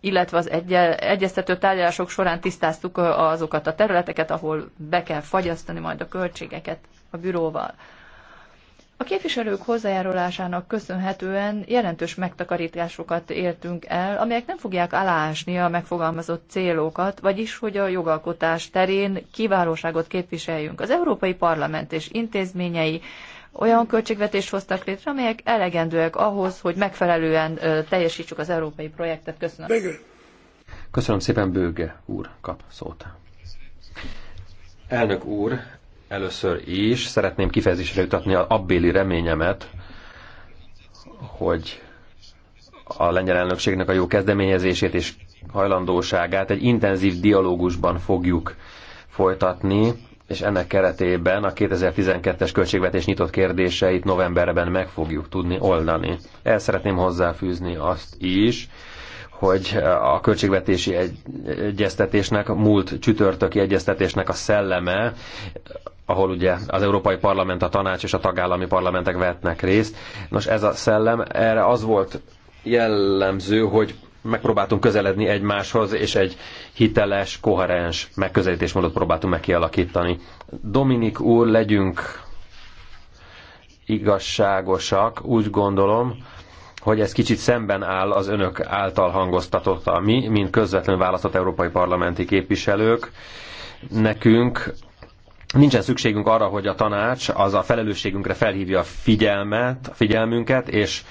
illetve az egy- egyeztető tárgyalások során tisztáztuk azokat a területeket, ahol be kell fagyasztani majd a költségeket a büróval. A képviselők hozzájárulásának köszönhetően jelentős megtakarításokat értünk el, amelyek nem fogják aláásni a megfogalmazott célokat, vagyis hogy a jogalkotás terén kiválóságot képviseljünk. Az Európai Parlament és intézményei olyan költségvetést hoztak létre, amelyek elegendőek ahhoz, hogy megfelelően teljesítsük az európai projektet. Köszönöm. Köszönöm szépen, Bőge úr kap szót. Elnök úr, Először is szeretném kifejezésre jutatni a abbéli reményemet, hogy a lengyel elnökségnek a jó kezdeményezését és hajlandóságát egy intenzív dialógusban fogjuk folytatni, és ennek keretében a 2012-es költségvetés nyitott kérdéseit novemberben meg fogjuk tudni oldani. El szeretném hozzáfűzni azt is, hogy a költségvetési egyeztetésnek, múlt csütörtöki egyeztetésnek a szelleme ahol ugye az Európai Parlament, a tanács és a tagállami parlamentek vetnek részt. Nos, ez a szellem, erre az volt jellemző, hogy megpróbáltunk közeledni egymáshoz, és egy hiteles, koherens megközelítésmódot próbáltunk meg kialakítani. Dominik úr, legyünk igazságosak, úgy gondolom, hogy ez kicsit szemben áll az önök által hangoztatott, mi, mint közvetlenül választott európai parlamenti képviselők, nekünk Nincsen szükségünk arra, hogy a tanács az a felelősségünkre felhívja a figyelmet, a figyelmünket, és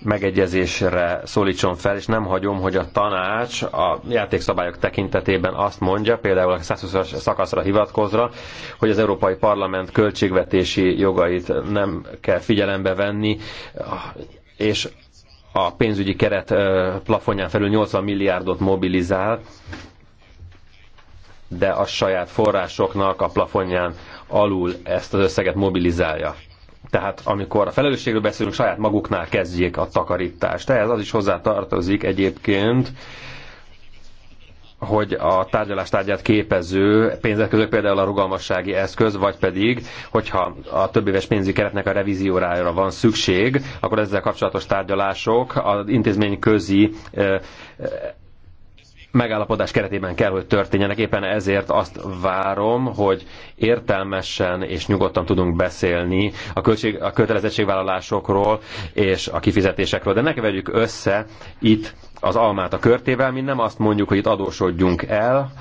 megegyezésre szólítson fel, és nem hagyom, hogy a tanács a játékszabályok tekintetében azt mondja, például a 120-as szakaszra hivatkozva, hogy az Európai Parlament költségvetési jogait nem kell figyelembe venni, és a pénzügyi keret plafonján felül 80 milliárdot mobilizál, de a saját forrásoknak a plafonján alul ezt az összeget mobilizálja. Tehát amikor a felelősségről beszélünk, saját maguknál kezdjék a takarítást. Ehhez az is hozzá tartozik egyébként, hogy a tárgyalás tárgyát képező pénzeszközök, például a rugalmassági eszköz, vagy pedig, hogyha a több éves pénzügyi keretnek a revíziórájára van szükség, akkor ezzel kapcsolatos tárgyalások az intézmény közi megállapodás keretében kell, hogy történjenek. Éppen ezért azt várom, hogy értelmesen és nyugodtan tudunk beszélni a, költség, a kötelezettségvállalásokról és a kifizetésekről. De ne keverjük össze itt az almát a körtével, mi nem azt mondjuk, hogy itt adósodjunk el,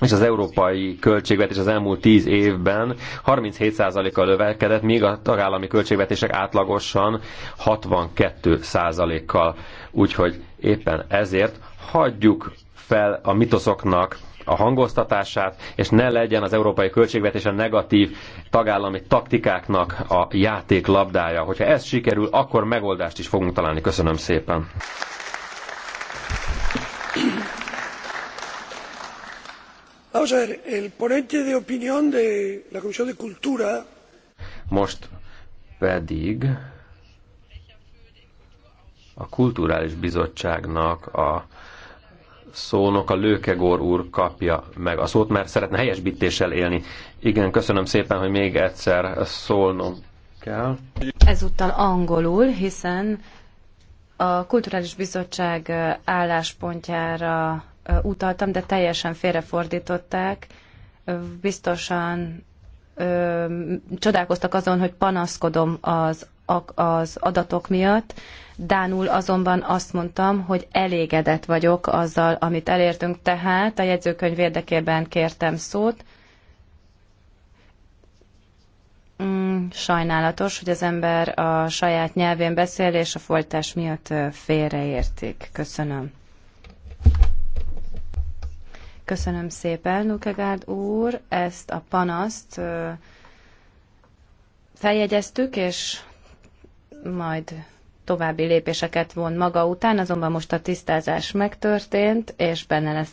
és az európai költségvetés az elmúlt 10 évben 37%-kal növekedett, míg a tagállami költségvetések átlagosan 62%-kal. Úgyhogy éppen ezért hagyjuk fel a mitoszoknak a hangoztatását, és ne legyen az európai költségvetés a negatív tagállami taktikáknak a játék labdája. Hogyha ez sikerül, akkor megoldást is fogunk találni. Köszönöm szépen. Vamos a ver, el ponente de opinión de la Comisión de Cultura. Most pedig a Kulturális Bizottságnak a szónok a Lőkegór úr kapja meg a szót, mert szeretne helyesbítéssel élni. Igen, köszönöm szépen, hogy még egyszer szólnom kell. Ezúttal angolul, hiszen a Kulturális Bizottság álláspontjára utaltam, de teljesen félrefordították. Biztosan ö, csodálkoztak azon, hogy panaszkodom az az adatok miatt. Dánul azonban azt mondtam, hogy elégedett vagyok azzal, amit elértünk, tehát a jegyzőkönyv érdekében kértem szót. Mm, sajnálatos, hogy az ember a saját nyelvén beszél, és a folytás miatt félreértik. Köszönöm. Köszönöm szépen, Lukegárd úr, ezt a panaszt feljegyeztük, és majd további lépéseket von maga után, azonban most a tisztázás megtörtént, és benne lesz